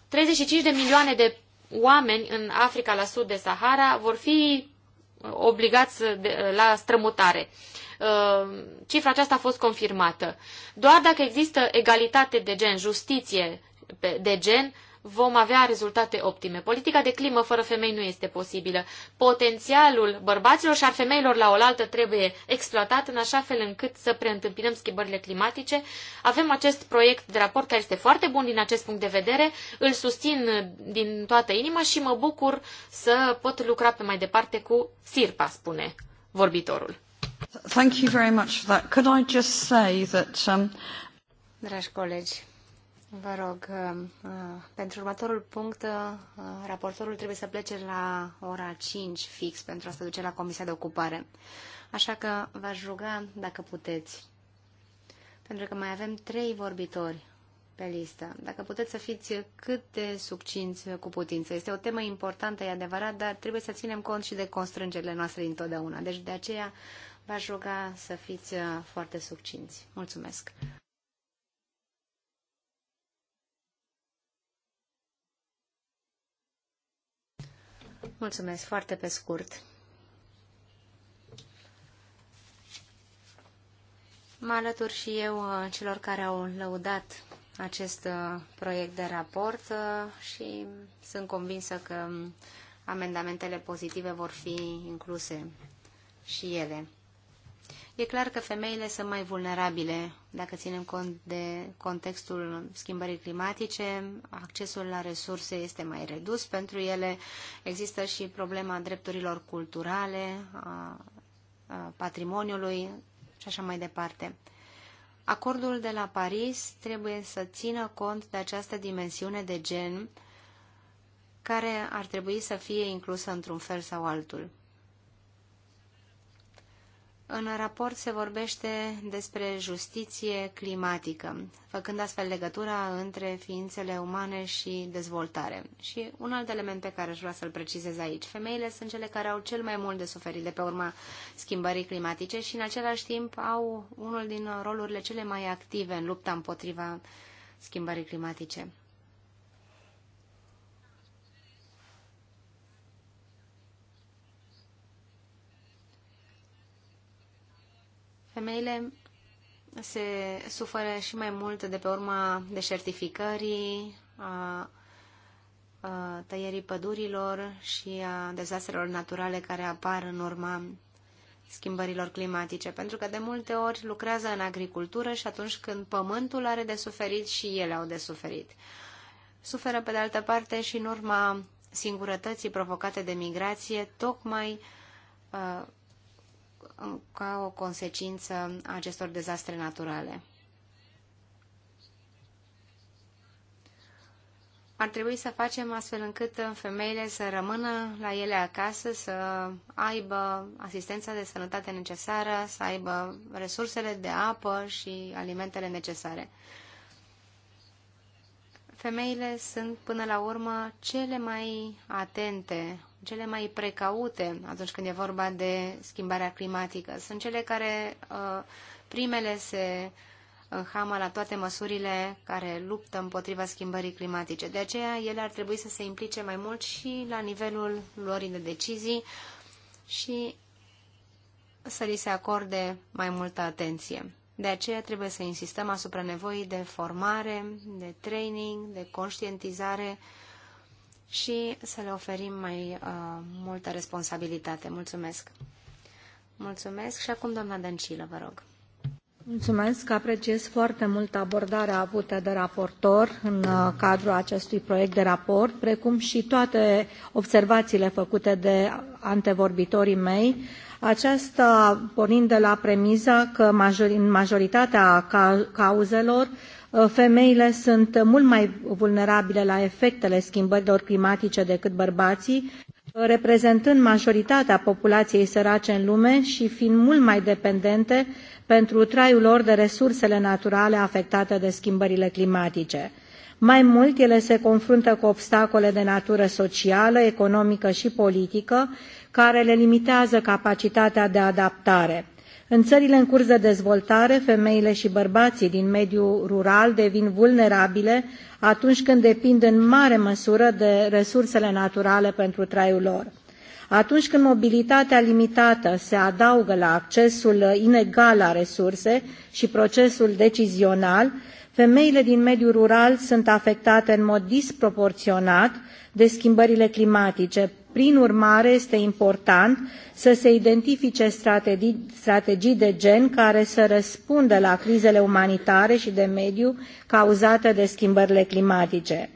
35 de milioane de oameni în Africa la sud de Sahara vor fi uh, obligați uh, la strămutare. Uh, cifra aceasta a fost confirmată. Doar dacă există egalitate de gen, justiție, de gen, vom avea rezultate optime. Politica de climă fără femei nu este posibilă. Potențialul bărbaților și al femeilor la oaltă trebuie exploatat în așa fel încât să preîntâmpinăm schimbările climatice. Avem acest proiect de raport care este foarte bun din acest punct de vedere, îl susțin din toată inima și mă bucur să pot lucra pe mai departe cu SIRPA, spune vorbitorul. Thank you very much for that. Could I just say that um... Dragi colegi, Vă rog, uh, uh, pentru următorul punct, uh, raportorul trebuie să plece la ora 5 fix pentru a se duce la Comisia de Ocupare. Așa că v-aș ruga dacă puteți, pentru că mai avem trei vorbitori pe listă. Dacă puteți să fiți cât de succinți cu putință. Este o temă importantă, e adevărat, dar trebuie să ținem cont și de constrângerile noastre întotdeauna. Deci de aceea v-aș ruga să fiți foarte succinți. Mulțumesc! Mulțumesc foarte pe scurt. Mă alătur și eu uh, celor care au lăudat acest uh, proiect de raport uh, și sunt convinsă că um, amendamentele pozitive vor fi incluse și ele. E clar că femeile sunt mai vulnerabile dacă ținem cont de contextul schimbării climatice, accesul la resurse este mai redus pentru ele, există și problema drepturilor culturale, a, a patrimoniului și așa mai departe. Acordul de la Paris trebuie să țină cont de această dimensiune de gen care ar trebui să fie inclusă într-un fel sau altul. În raport se vorbește despre justiție climatică, făcând astfel legătura între ființele umane și dezvoltare. Și un alt element pe care aș vrea să-l precizez aici. Femeile sunt cele care au cel mai mult de suferit de pe urma schimbării climatice și în același timp au unul din rolurile cele mai active în lupta împotriva schimbării climatice. Femeile se suferă și mai mult de pe urma deșertificării, a tăierii pădurilor și a dezastrelor naturale care apar în urma schimbărilor climatice, pentru că de multe ori lucrează în agricultură și atunci când pământul are de suferit și ele au de suferit. Suferă pe de altă parte și în urma singurătății provocate de migrație, tocmai uh, ca o consecință a acestor dezastre naturale. Ar trebui să facem astfel încât femeile să rămână la ele acasă, să aibă asistența de sănătate necesară, să aibă resursele de apă și alimentele necesare. Femeile sunt până la urmă cele mai atente cele mai precaute atunci când e vorba de schimbarea climatică. Sunt cele care uh, primele se înhamă la toate măsurile care luptă împotriva schimbării climatice. De aceea, ele ar trebui să se implice mai mult și la nivelul luării de decizii și să li se acorde mai multă atenție. De aceea trebuie să insistăm asupra nevoii de formare, de training, de conștientizare și să le oferim mai uh, multă responsabilitate. Mulțumesc! Mulțumesc și acum doamna Dăncilă, vă rog. Mulțumesc, apreciez foarte mult abordarea avută de raportor în uh, cadrul acestui proiect de raport, precum și toate observațiile făcute de antevorbitorii mei, aceasta pornind de la premiza că major, în majoritatea cauzelor Uh, femeile sunt mult mai vulnerabile la efectele schimbărilor climatice decât bărbații, uh, reprezentând majoritatea populației sărace în lume și fiind mult mai dependente pentru traiul lor de resursele naturale afectate de schimbările climatice. Mai mult, ele se confruntă cu obstacole de natură socială, economică și politică, care le limitează capacitatea de adaptare. În țările în curs de dezvoltare, femeile și bărbații din mediul rural devin vulnerabile atunci când depind în mare măsură de resursele naturale pentru traiul lor. Atunci când mobilitatea limitată se adaugă la accesul inegal la resurse și procesul decizional, femeile din mediul rural sunt afectate în mod disproporționat de schimbările climatice, prin urmare, este important să se identifice strategii, strategii de gen care să răspundă la crizele umanitare și de mediu cauzate de schimbările climatice.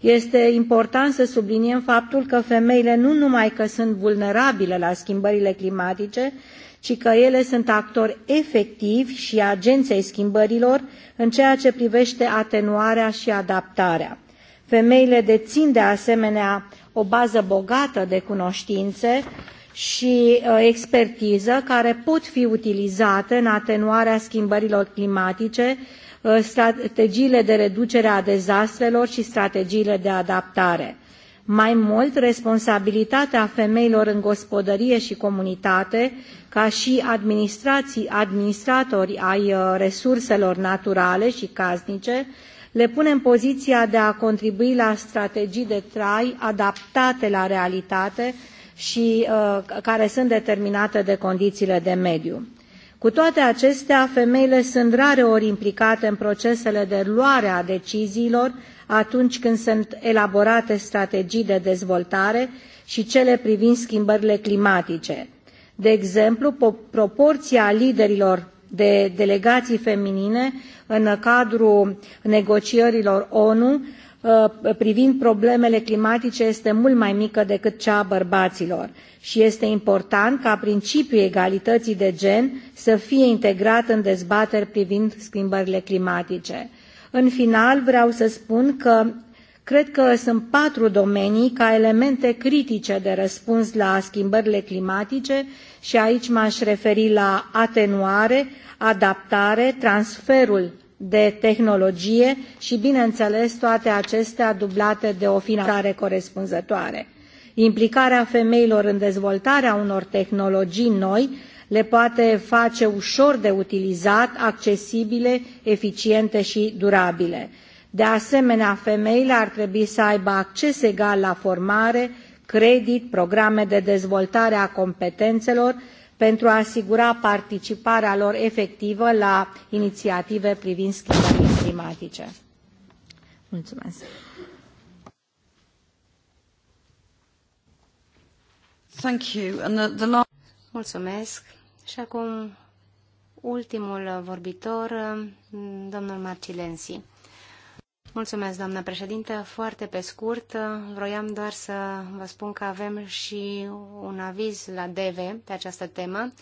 Este important să subliniem faptul că femeile nu numai că sunt vulnerabile la schimbările climatice, ci că ele sunt actori efectivi și agenței schimbărilor în ceea ce privește atenuarea și adaptarea. Femeile dețin de asemenea o bază bogată de cunoștințe și uh, expertiză care pot fi utilizate în atenuarea schimbărilor climatice, uh, strategiile de reducere a dezastrelor și strategiile de adaptare. Mai mult, responsabilitatea femeilor în gospodărie și comunitate, ca și administrații, administratori ai uh, resurselor naturale și casnice, le pune în poziția de a contribui la strategii de trai adaptate la realitate și uh, care sunt determinate de condițiile de mediu. Cu toate acestea, femeile sunt rareori implicate în procesele de luare a deciziilor atunci când sunt elaborate strategii de dezvoltare și cele privind schimbările climatice. De exemplu, proporția liderilor de delegații feminine în cadrul negocierilor ONU uh, privind problemele climatice este mult mai mică decât cea a bărbaților și este important ca principiul egalității de gen să fie integrat în dezbateri privind schimbările climatice. În final, vreau să spun că Cred că sunt patru domenii ca elemente critice de răspuns la schimbările climatice și aici m-aș referi la atenuare, adaptare, transferul de tehnologie și, bineînțeles, toate acestea dublate de o finanțare corespunzătoare. Implicarea femeilor în dezvoltarea unor tehnologii noi le poate face ușor de utilizat, accesibile, eficiente și durabile. De asemenea, femeile ar trebui să aibă acces egal la formare, credit, programe de dezvoltare a competențelor pentru a asigura participarea lor efectivă la inițiative privind schimbările climatice. Mulțumesc. Thank you. And the, the last... Mulțumesc. Și acum ultimul vorbitor, domnul Marcilensi. Mulțumesc, doamnă președintă. Foarte pe scurt, vroiam doar să vă spun că avem și un aviz la DV pe această temă.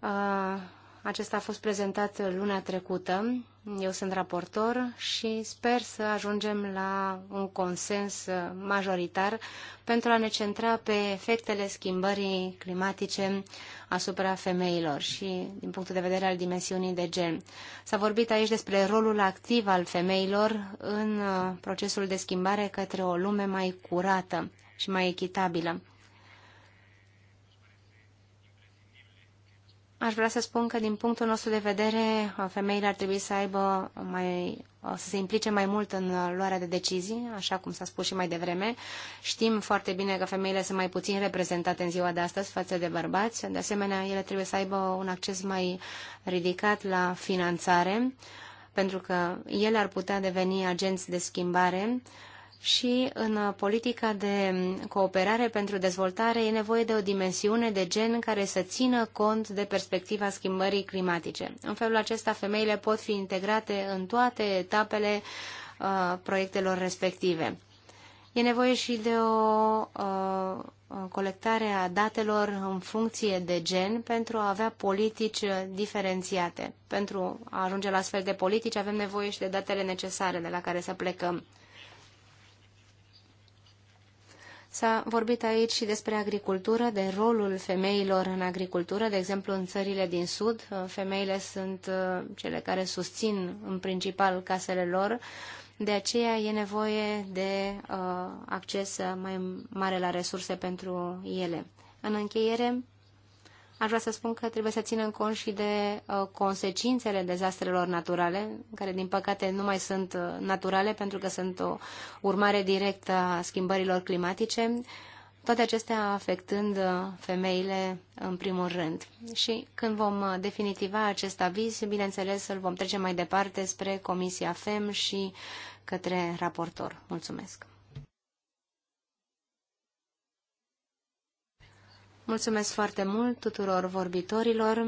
Uh, acesta a fost prezentat luna trecută eu sunt raportor și sper să ajungem la un consens majoritar pentru a ne centra pe efectele schimbării climatice asupra femeilor și din punctul de vedere al dimensiunii de gen. S-a vorbit aici despre rolul activ al femeilor în uh, procesul de schimbare către o lume mai curată și mai echitabilă. Aș vrea să spun că, din punctul nostru de vedere, femeile ar trebui să aibă mai, să se implice mai mult în luarea de decizii, așa cum s-a spus și mai devreme. Știm foarte bine că femeile sunt mai puțin reprezentate în ziua de astăzi față de bărbați. De asemenea, ele trebuie să aibă un acces mai ridicat la finanțare, pentru că ele ar putea deveni agenți de schimbare și în politica de cooperare pentru dezvoltare e nevoie de o dimensiune de gen care să țină cont de perspectiva schimbării climatice. În felul acesta, femeile pot fi integrate în toate etapele uh, proiectelor respective. E nevoie și de o uh, colectare a datelor în funcție de gen pentru a avea politici diferențiate. Pentru a ajunge la astfel de politici avem nevoie și de datele necesare de la care să plecăm. S-a vorbit aici și despre agricultură, de rolul femeilor în agricultură. De exemplu, în țările din Sud, uh, femeile sunt uh, cele care susțin în principal casele lor. De aceea e nevoie de uh, acces mai mare la resurse pentru ele. În încheiere, Aș vrea să spun că trebuie să ținem cont și de uh, consecințele dezastrelor naturale, care din păcate nu mai sunt uh, naturale pentru că sunt o urmare directă a schimbărilor climatice, toate acestea afectând uh, femeile în primul rând. Și când vom uh, definitiva acest aviz, bineînțeles, îl vom trece mai departe spre Comisia FEM și către raportor. Mulțumesc! Mulțumesc foarte mult tuturor vorbitorilor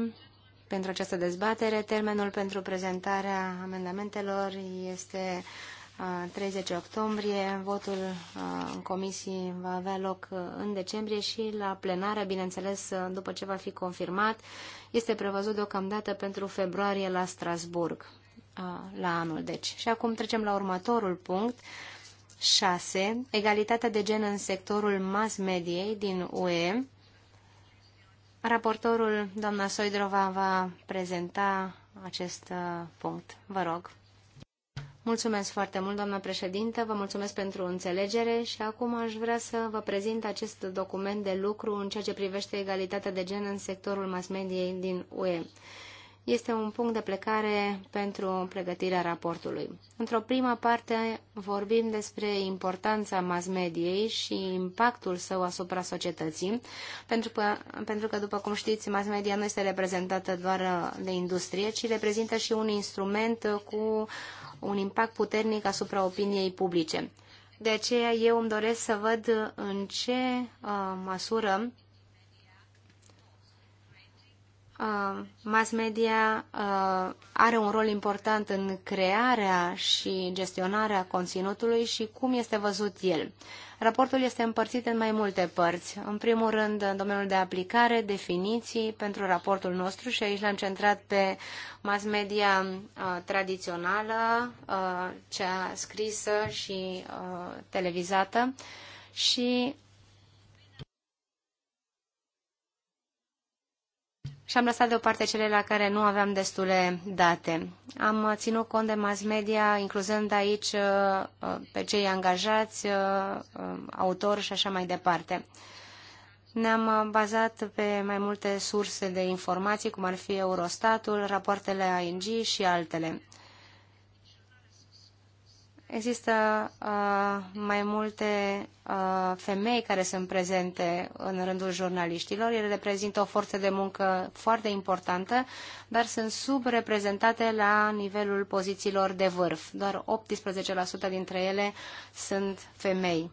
pentru această dezbatere. Termenul pentru prezentarea amendamentelor este 30 octombrie. Votul în comisii va avea loc în decembrie și la plenară, bineînțeles, după ce va fi confirmat, este prevăzut deocamdată pentru februarie la Strasburg, la anul deci. Și acum trecem la următorul punct. 6. Egalitatea de gen în sectorul mass mediei din UE Raportorul, doamna Soidrova, va prezenta acest uh, punct. Vă rog. Mulțumesc foarte mult, doamna președintă, vă mulțumesc pentru înțelegere și acum aș vrea să vă prezint acest document de lucru în ceea ce privește egalitatea de gen în sectorul mass-mediei din UE este un punct de plecare pentru pregătirea raportului. Într-o prima parte vorbim despre importanța mass-mediei și impactul său asupra societății, pentru că, pentru că după cum știți, mass-media nu este reprezentată doar de industrie, ci reprezintă și un instrument cu un impact puternic asupra opiniei publice. De aceea eu îmi doresc să văd în ce uh, măsură Uh, mass media uh, are un rol important în crearea și gestionarea conținutului și cum este văzut el. Raportul este împărțit în mai multe părți. În primul rând, în domeniul de aplicare, definiții pentru raportul nostru și aici l-am centrat pe mass media uh, tradițională, uh, cea scrisă și uh, televizată și și am lăsat deoparte cele la care nu aveam destule date. Am uh, ținut cont de mass media, incluzând aici uh, uh, pe cei angajați, autori și așa mai departe. Ne-am bazat pe mai multe surse de informații, cum ar fi Eurostatul, rapoartele ANG și altele. Există uh, mai multe uh, femei care sunt prezente în rândul jurnaliștilor. Ele reprezintă o forță de muncă foarte importantă, dar sunt subreprezentate la nivelul pozițiilor de vârf. Doar 18% dintre ele sunt femei.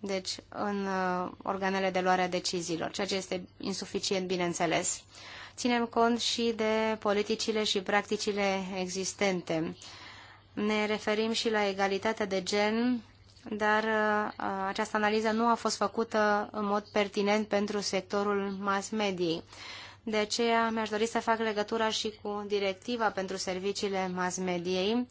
Deci, în uh, organele de luare a deciziilor, ceea ce este insuficient, bineînțeles. Ținem cont și de politicile și practicile existente. Uh, ne referim și la egalitatea de gen, dar uh, această analiză nu a fost făcută în mod pertinent pentru sectorul mass mediei. De aceea mi-aș dori să fac legătura și cu directiva pentru serviciile mass mediei,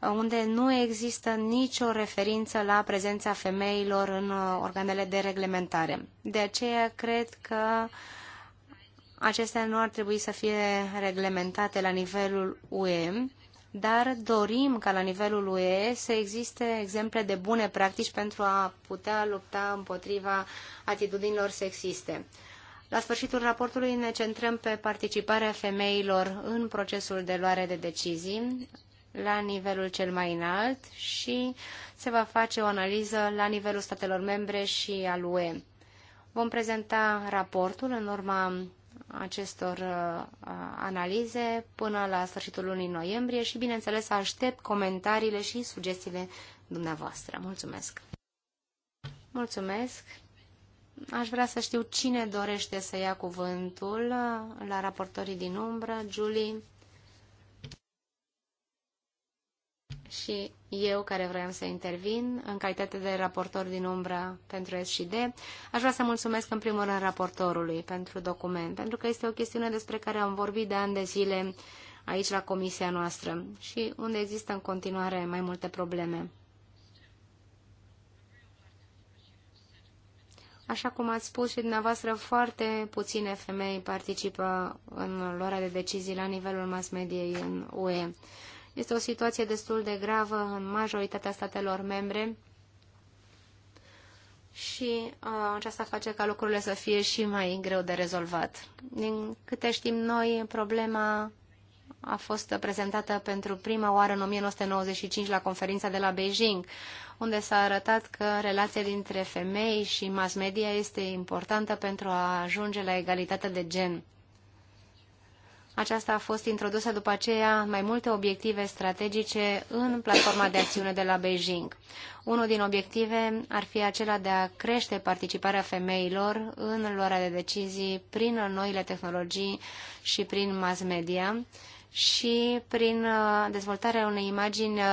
unde nu există nicio referință la prezența femeilor în uh, organele de reglementare. De aceea cred că acestea nu ar trebui să fie reglementate la nivelul UE, dar dorim ca la nivelul UE să existe exemple de bune practici pentru a putea lupta împotriva atitudinilor sexiste. La sfârșitul raportului ne centrăm pe participarea femeilor în procesul de luare de decizii la nivelul cel mai înalt și se va face o analiză la nivelul statelor membre și al UE. Vom prezenta raportul în urma acestor uh, analize până la sfârșitul lunii noiembrie și, bineînțeles, aștept comentariile și sugestiile dumneavoastră. Mulțumesc! Mulțumesc! Aș vrea să știu cine dorește să ia cuvântul uh, la raportorii din umbră. Julie? și eu care vreau să intervin în calitate de raportor din umbra pentru SD. Aș vrea să mulțumesc în primul rând raportorului pentru document, pentru că este o chestiune despre care am vorbit de ani de zile aici la comisia noastră și unde există în continuare mai multe probleme. Așa cum ați spus și dumneavoastră, foarte puține femei participă în luarea de decizii la nivelul mass mediei în UE. Este o situație destul de gravă în majoritatea statelor membre și uh, aceasta face ca lucrurile să fie și mai greu de rezolvat. Din câte știm noi, problema a fost prezentată pentru prima oară în 1995 la conferința de la Beijing, unde s-a arătat că relația dintre femei și mass media este importantă pentru a ajunge la egalitatea de gen. Aceasta a fost introdusă după aceea mai multe obiective strategice în platforma de acțiune de la Beijing. Unul din obiective ar fi acela de a crește participarea femeilor în luarea de decizii prin noile tehnologii și prin mass media și prin uh, dezvoltarea unei imagini uh,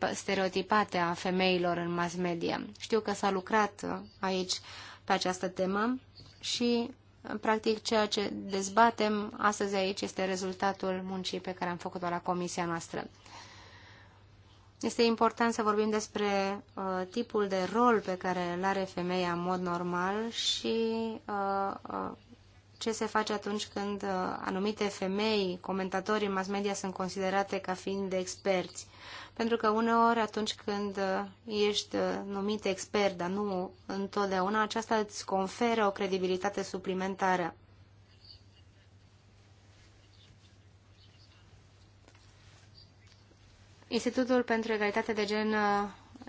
nestereotipate a femeilor în mass media. Știu că s-a lucrat uh, aici pe această temă și Practic, ceea ce dezbatem astăzi aici este rezultatul muncii pe care am făcut-o la comisia noastră. Este important să vorbim despre uh, tipul de rol pe care îl are femeia în mod normal și uh, uh, ce se face atunci când uh, anumite femei, comentatorii mass media, sunt considerate ca fiind de experți. Pentru că uneori, atunci când uh, ești uh, numit expert, dar nu întotdeauna, aceasta îți conferă o credibilitate suplimentară. Institutul pentru Egalitate de Gen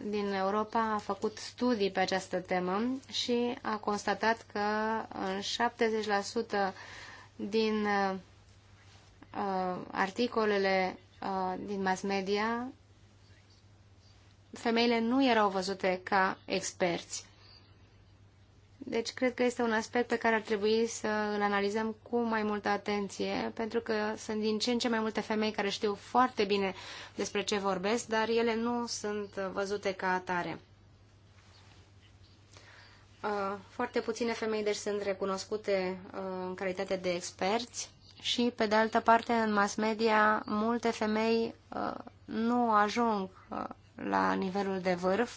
din Europa a făcut studii pe această temă și a constatat că în 70% din uh, articolele uh, din mass media, femeile nu erau văzute ca experți. Deci cred că este un aspect pe care ar trebui să îl analizăm cu mai multă atenție, pentru că sunt din ce în ce mai multe femei care știu foarte bine despre ce vorbesc, dar ele nu sunt văzute ca atare. Uh, foarte puține femei deci sunt recunoscute uh, în calitate de experți și, pe de altă parte, în mass media, multe femei uh, nu ajung la nivelul de vârf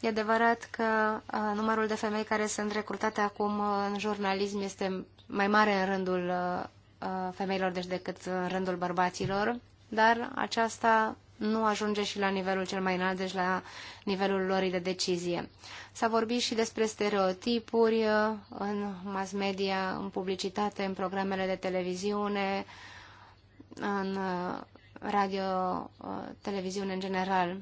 E adevărat că uh, numărul de femei care sunt recrutate acum uh, în jurnalism este mai mare în rândul uh, femeilor deci decât în rândul bărbaților, dar aceasta nu ajunge și la nivelul cel mai înalt, deci la nivelul lor de decizie. S-a vorbit și despre stereotipuri în mass media, în publicitate, în programele de televiziune, în radio, televiziune în general.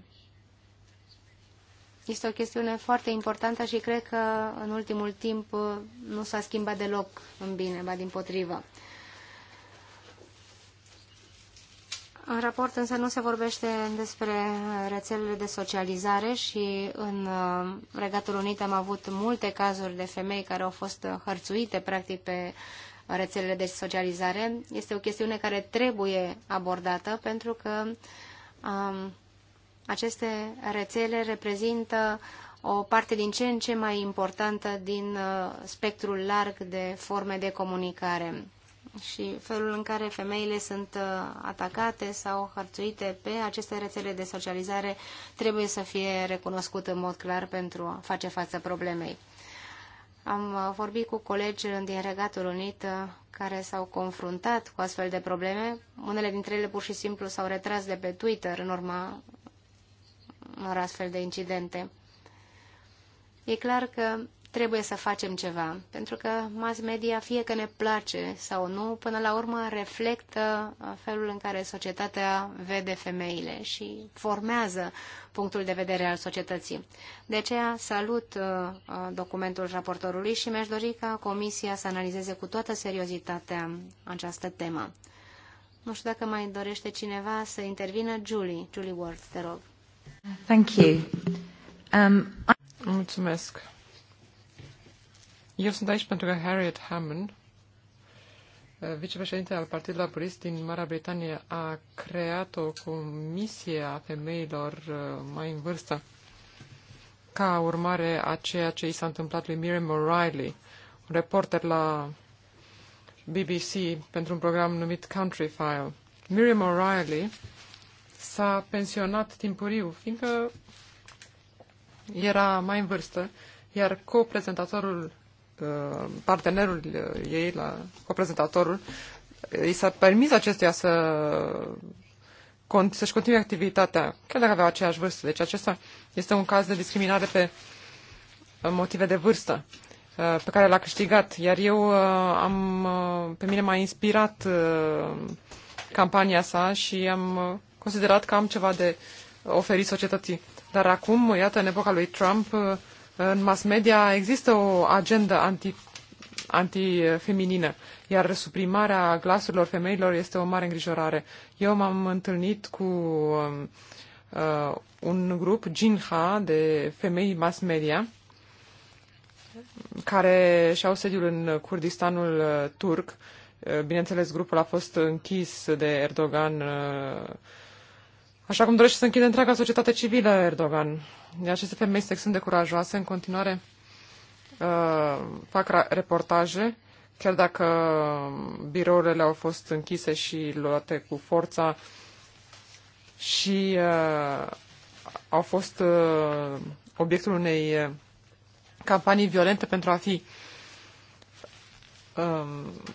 Este o chestiune foarte importantă și cred că în ultimul timp uh, nu s-a schimbat deloc în bine, ba din potrivă. În raport însă nu se vorbește despre rețelele de socializare și în uh, Regatul Unit am avut multe cazuri de femei care au fost hărțuite practic pe rețelele de socializare. Este o chestiune care trebuie abordată pentru că um, aceste rețele reprezintă o parte din ce în ce mai importantă din uh, spectrul larg de forme de comunicare și felul în care femeile sunt uh, atacate sau hărțuite pe aceste rețele de socializare trebuie să fie recunoscut în mod clar pentru a face față problemei. Am uh, vorbit cu colegi din Regatul Unit care s-au confruntat cu astfel de probleme. Unele dintre ele pur și simplu s-au retras de pe Twitter în urma unor astfel de incidente. E clar că trebuie să facem ceva, pentru că mass media, fie că ne place sau nu, până la urmă reflectă felul în care societatea vede femeile și formează punctul de vedere al societății. De aceea salut uh, uh, documentul raportorului și mi-aș dori ca Comisia să analizeze cu toată seriozitatea această temă. Nu știu dacă mai dorește cineva să intervină. Julie, Julie Ward, te rog. Um, Eu sunt aici pentru că Harriet Hammond, uh, vicepreședinte al Partidului Laborist din Marea Britanie, a creat o comisie a femeilor uh, mai în vârstă ca urmare a ceea ce i s-a întâmplat lui Miriam O'Reilly, un reporter la BBC pentru un program numit Country File. Miriam O'Reilly s-a pensionat timpuriu, fiindcă era mai în vârstă, iar coprezentatorul, uh, partenerul uh, ei, la coprezentatorul, uh, i s-a permis acestuia să să-și continue activitatea, chiar dacă aveau aceeași vârstă. Deci acesta este un caz de discriminare pe motive de vârstă pe care l-a câștigat. Iar eu am, pe mine m-a inspirat campania sa și am considerat că am ceva de uh, oferit societății. Dar acum, iată, în epoca lui Trump, uh, în mass media există o agendă anti, antifeminină, iar suprimarea glasurilor femeilor este o mare îngrijorare. Eu m-am întâlnit cu um, uh, un grup, Jinha, de femei mass media, care și-au sediul în Kurdistanul uh, turc. Bineînțeles, grupul a fost închis de Erdogan uh, Așa cum dorește să închide întreaga societate civilă, Erdogan. Aceste femei sunt de curajoase, în continuare uh, fac reportaje, chiar dacă birourile au fost închise și luate cu forța și uh, au fost uh, obiectul unei uh, campanii violente pentru a fi uh,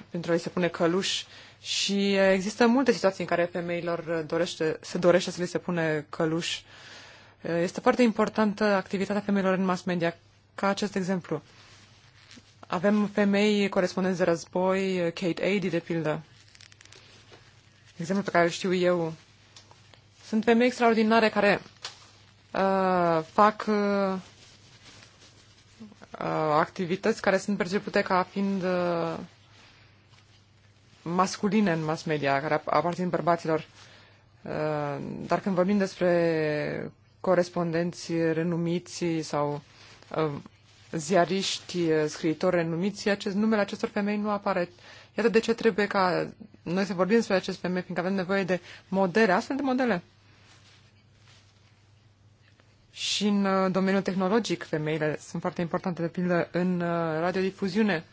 pentru a-i se pune căluși uh, și există multe situații în care femeilor dorește, se dorește să li se pune căluș. Este foarte importantă activitatea femeilor în mass media, ca acest exemplu. Avem femei corespondenți de război, Kate Aidy, de pildă. Exemplu pe care îl știu eu. Sunt femei extraordinare care uh, fac uh, uh activități care sunt percepute ca fiind uh, masculine în mass media, care aparțin bărbaților. Uh, dar când vorbim despre corespondenți renumiți sau uh, ziariști, uh, scriitori renumiți, acest, numele acestor femei nu apare. Iată de ce trebuie ca noi să vorbim despre aceste femei, fiindcă avem nevoie de modele, astfel de modele. Și în domeniul tehnologic, femeile sunt foarte importante, de pildă, în radiodifuziune.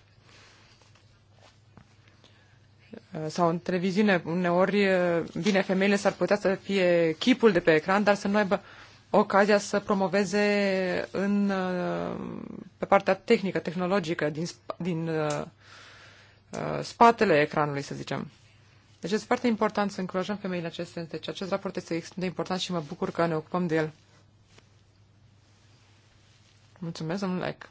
Uh, sau în televiziune, uneori, uh, bine, femeile s-ar putea să fie chipul de pe ecran, dar să nu aibă ocazia să promoveze în, uh, pe partea tehnică, tehnologică, din, din spatele ecranului, să zicem. Deci este foarte important să încurajăm femeile în acest sens. Deci acest raport este extrem de important și mă bucur că ne ocupăm de el. Mulțumesc, un like.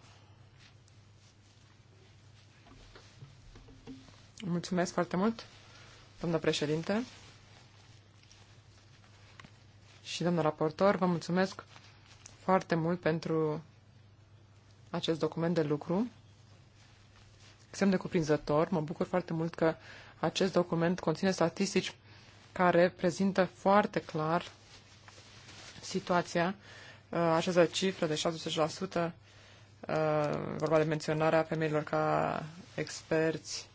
Mulțumesc foarte mult, doamna președinte. Și doamnă raportor, vă mulțumesc foarte mult pentru acest document de lucru. Semn de cuprinzător. Mă bucur foarte mult că acest document conține statistici care prezintă foarte clar situația. Uh, Această cifră de 60%, uh, vorba de menționarea femeilor ca experți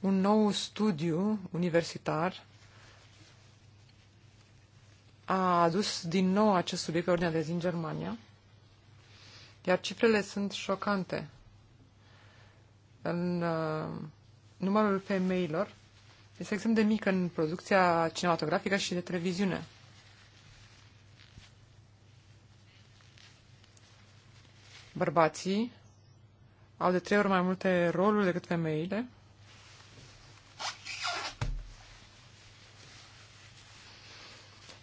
un nou studiu universitar a adus din nou acest subiect pe ordinea de zi în Germania, iar cifrele sunt șocante. În uh, numărul femeilor este extrem de mic în producția cinematografică și de televiziune. Bărbații au de trei ori mai multe roluri decât femeile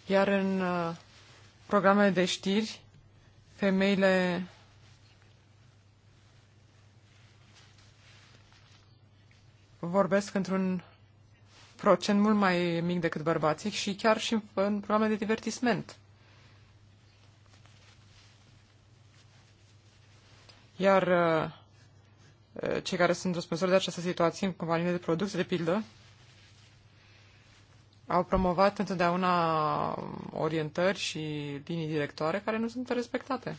Iar în uh, programele de știri, femeile vorbesc într-un procent mult mai mic decât bărbații și chiar și în programe de divertisment. Iar uh, cei care sunt răspunsori de această situație în companiile de producție, de pildă, au promovat întotdeauna orientări și linii directoare care nu sunt respectate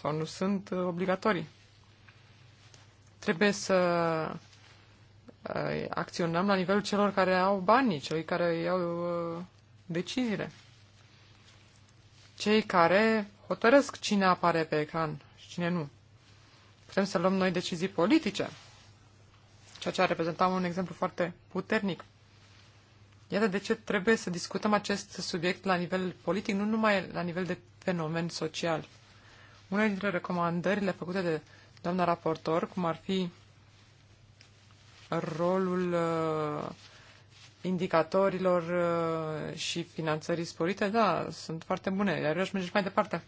sau nu sunt obligatorii. Trebuie să eh, acționăm la nivelul celor care au banii, cei care iau eh, deciziile. Cei care hotărăsc cine apare pe ecran și cine nu. Putem să luăm noi decizii politice, ceea ce ar reprezenta un exemplu foarte puternic Iată de ce trebuie să discutăm acest subiect la nivel politic, nu numai la nivel de fenomen social. Una dintre recomandările făcute de doamna raportor, cum ar fi rolul uh, indicatorilor uh, și finanțării sporite, da, sunt foarte bune, iar eu aș merge mai departe.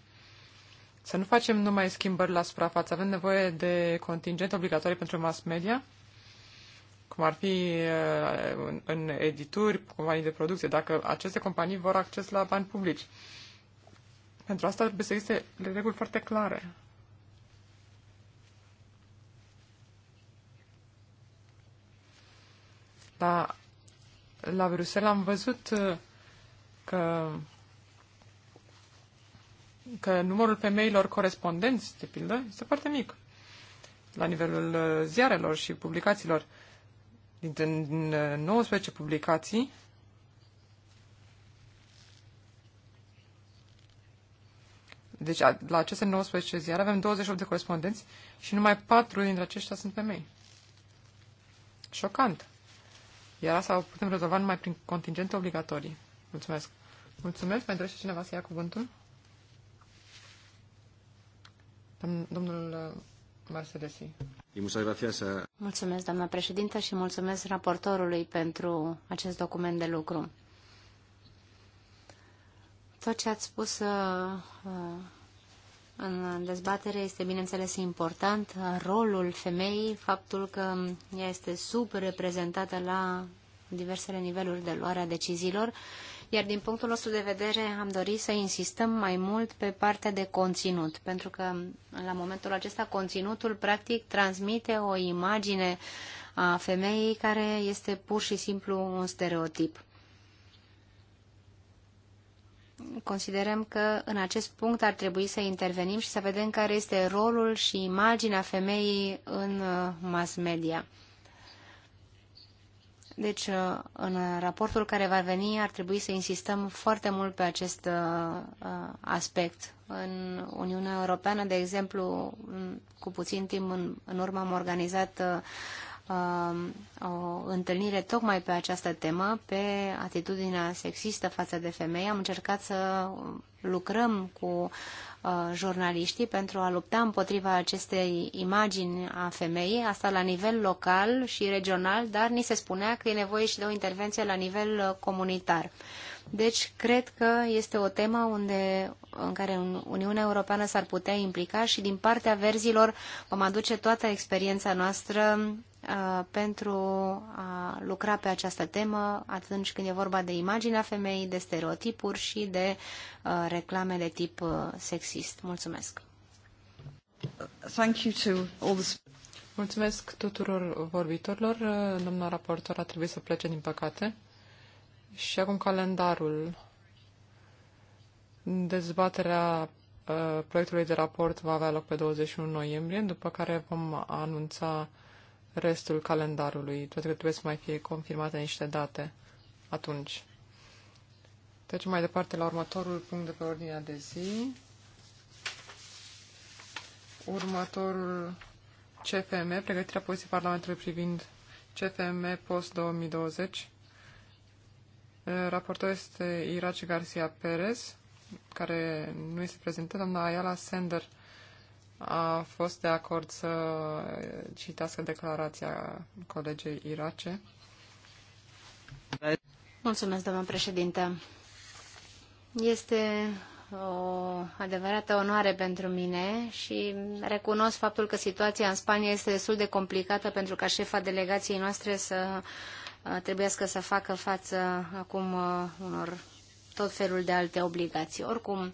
Să nu facem numai schimbări la suprafață, avem nevoie de contingente obligatorii pentru mass media, cum ar fi uh, în edituri, companii de producție, dacă aceste companii vor acces la bani publici. Pentru asta trebuie să existe reguli foarte clare. La, la Bruxelles am văzut uh, că, că numărul femeilor corespondenți, de pildă, este foarte mic la nivelul uh, ziarelor și publicațiilor dintre 19 uh, publicații, Deci la aceste 19 ziare avem 28 de corespondenți și numai 4 dintre aceștia sunt femei. Șocant. Iar asta o putem rezolva numai prin contingente obligatorii. Mulțumesc. Mulțumesc. Mai dorește cineva să ia cuvântul? Domnul uh, Mulțumesc, doamna președintă, și mulțumesc raportorului pentru acest document de lucru. Tot ce ați spus uh, în dezbatere este, bineînțeles, important. Rolul femeii, faptul că ea este subreprezentată la diversele niveluri de luare a deciziilor iar din punctul nostru de vedere am dorit să insistăm mai mult pe partea de conținut, pentru că la momentul acesta conținutul practic transmite o imagine a femeii care este pur și simplu un stereotip considerăm că în acest punct ar trebui să intervenim și să vedem care este rolul și imaginea femeii în uh, mass media. Deci, uh, în raportul care va veni, ar trebui să insistăm foarte mult pe acest uh, uh, aspect. În Uniunea Europeană, de exemplu, cu puțin timp în, în urmă am organizat Um, o întâlnire tocmai pe această temă, pe atitudinea sexistă față de femei. Am încercat să lucrăm cu uh, jurnaliștii pentru a lupta împotriva acestei imagini a femeii, asta la nivel local și regional, dar ni se spunea că e nevoie și de o intervenție la nivel uh, comunitar. Deci, cred că este o temă unde, în care Uniunea Europeană s-ar putea implica și din partea verzilor vom aduce toată experiența noastră Uh, pentru a lucra pe această temă atunci când e vorba de imaginea femeii, de stereotipuri și de uh, reclame de tip uh, sexist. Mulțumesc! Thank you to all the... Mulțumesc tuturor vorbitorilor. Domnul raportor a trebuit să plece, din păcate. Și acum calendarul. Dezbaterea proiectului de raport va avea loc pe 21 noiembrie, după care vom anunța restul calendarului, toate că trebuie să mai fie confirmate niște date atunci. Trecem mai departe la următorul punct de pe ordinea de zi. Următorul CFM, pregătirea poziției Parlamentului privind CFM post-2020. Raportor este Irace Garcia Perez, care nu este prezentă, doamna Ayala Sender a fost de acord să citească declarația colegei Irace. Mulțumesc, domnule președinte. Este o adevărată onoare pentru mine și recunosc faptul că situația în Spania este destul de complicată pentru ca șefa delegației noastre să uh, trebuiască să facă față acum uh, unor tot felul de alte obligații. Oricum,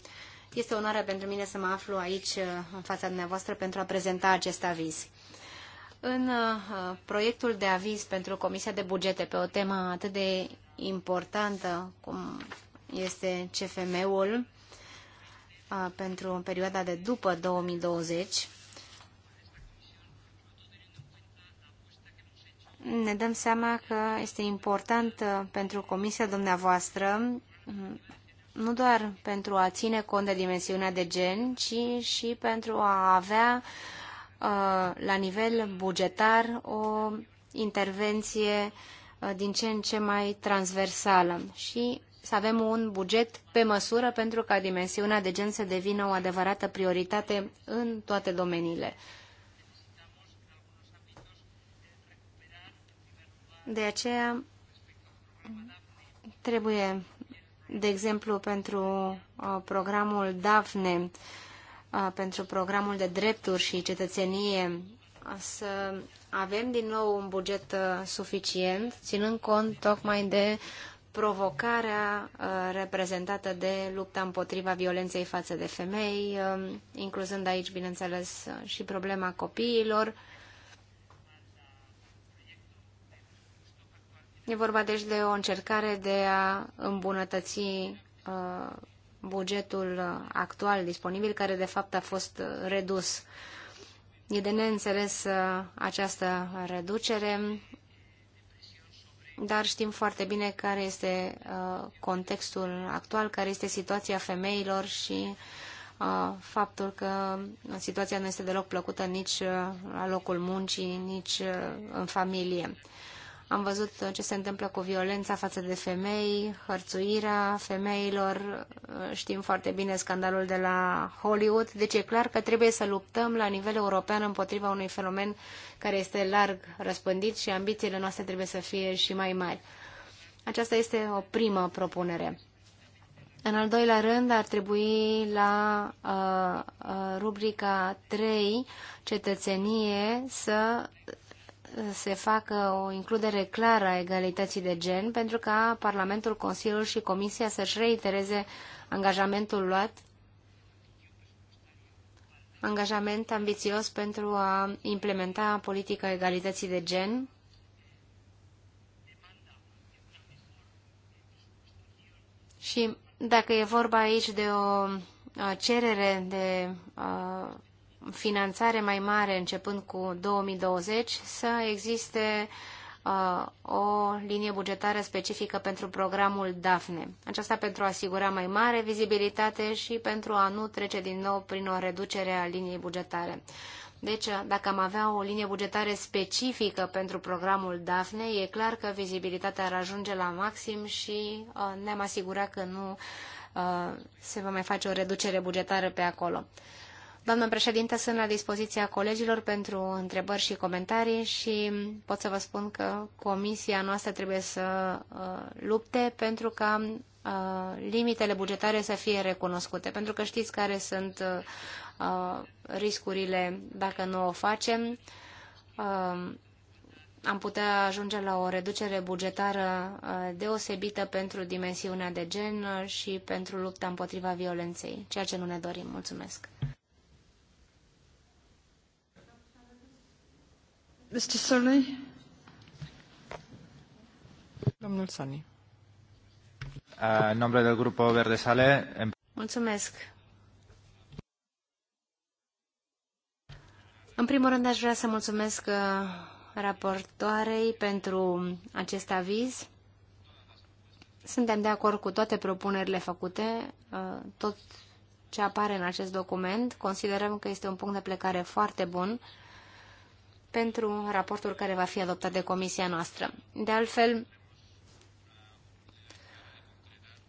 este onoare pentru mine să mă aflu aici uh, în fața dumneavoastră pentru a prezenta acest aviz. În uh, proiectul de aviz pentru Comisia de Bugete pe o temă atât de importantă cum este CFM-ul uh, pentru perioada de după 2020, ne dăm seama că este important pentru Comisia dumneavoastră nu doar pentru a ține cont de dimensiunea de gen, ci și pentru a avea uh, la nivel bugetar o intervenție uh, din ce în ce mai transversală și să avem un buget pe măsură pentru ca dimensiunea de gen să devină o adevărată prioritate în toate domeniile. De aceea trebuie de exemplu, pentru uh, programul DAFNE, uh, pentru programul de drepturi și cetățenie, uh, să avem din nou un buget suficient, ținând cont tocmai de provocarea reprezentată de lupta împotriva violenței față de femei, incluzând aici, bineînțeles, și problema copiilor, E vorba deci de o încercare de a îmbunătăți uh, bugetul uh, actual disponibil, care de fapt a fost uh, redus. E de neînțeles uh, această reducere, dar știm foarte bine care este contextul actual, care este situația femeilor și faptul că situația nu este deloc plăcută nici la locul muncii, nici în familie. Am văzut uh, ce se întâmplă cu violența față de femei, hărțuirea femeilor, uh, știm foarte bine scandalul de la Hollywood, deci e clar că trebuie să luptăm la nivel european împotriva unui fenomen care este larg răspândit și ambițiile noastre trebuie să fie și mai mari. Aceasta este o primă propunere. În al doilea rând, ar trebui la uh, uh rubrica 3, cetățenie, să se facă o includere clară a egalității de gen pentru ca Parlamentul, Consiliul și Comisia să-și reitereze angajamentul luat, angajament ambițios pentru a implementa politica egalității de gen și dacă e vorba aici de o cerere de uh, finanțare mai mare începând cu 2020, să existe uh, o linie bugetară specifică pentru programul DAFNE. Aceasta pentru a asigura mai mare vizibilitate și pentru a nu trece din nou prin o reducere a liniei bugetare. Deci, dacă am avea o linie bugetară specifică pentru programul DAFNE, e clar că vizibilitatea ar ajunge la maxim și uh, ne-am asigurat că nu uh, se va mai face o reducere bugetară pe acolo. Doamnă președinte, sunt la dispoziția colegilor pentru întrebări și comentarii și pot să vă spun că comisia noastră trebuie să uh, lupte pentru ca uh, limitele bugetare să fie recunoscute, pentru că știți care sunt uh, riscurile dacă nu o facem. Am putea ajunge la o reducere bugetară deosebită pentru dimensiunea de gen și pentru lupta împotriva violenței, ceea ce nu ne dorim. Mulțumesc! În nombre del Grupo Verde Sale. Mulțumesc. În primul rând aș vrea să mulțumesc uh, raportoarei pentru acest aviz. Suntem de acord cu toate propunerile făcute, uh, tot ce apare în acest document. Considerăm că este un punct de plecare foarte bun pentru raportul care va fi adoptat de comisia noastră. De altfel,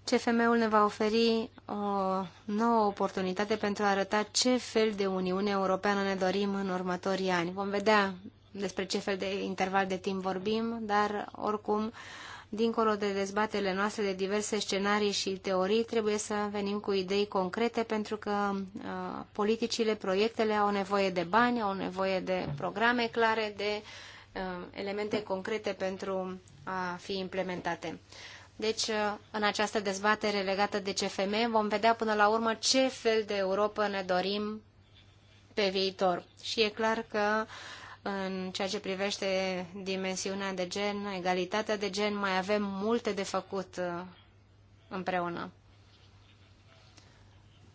CFM-ul ne va oferi o uh, nouă oportunitate pentru a arăta ce fel de Uniune Europeană ne dorim în următorii ani. Vom vedea despre ce fel de interval de timp vorbim, dar oricum dincolo de dezbatele noastre de diverse scenarii și teorii, trebuie să venim cu idei concrete pentru că uh, politicile, proiectele au nevoie de bani, au nevoie de programe clare, de uh, elemente concrete pentru a fi implementate. Deci, uh, în această dezbatere legată de CFM, vom vedea până la urmă ce fel de Europa ne dorim pe viitor. Și e clar că uh, în ceea ce privește dimensiunea de gen, egalitatea de gen, mai avem multe de făcut uh, împreună.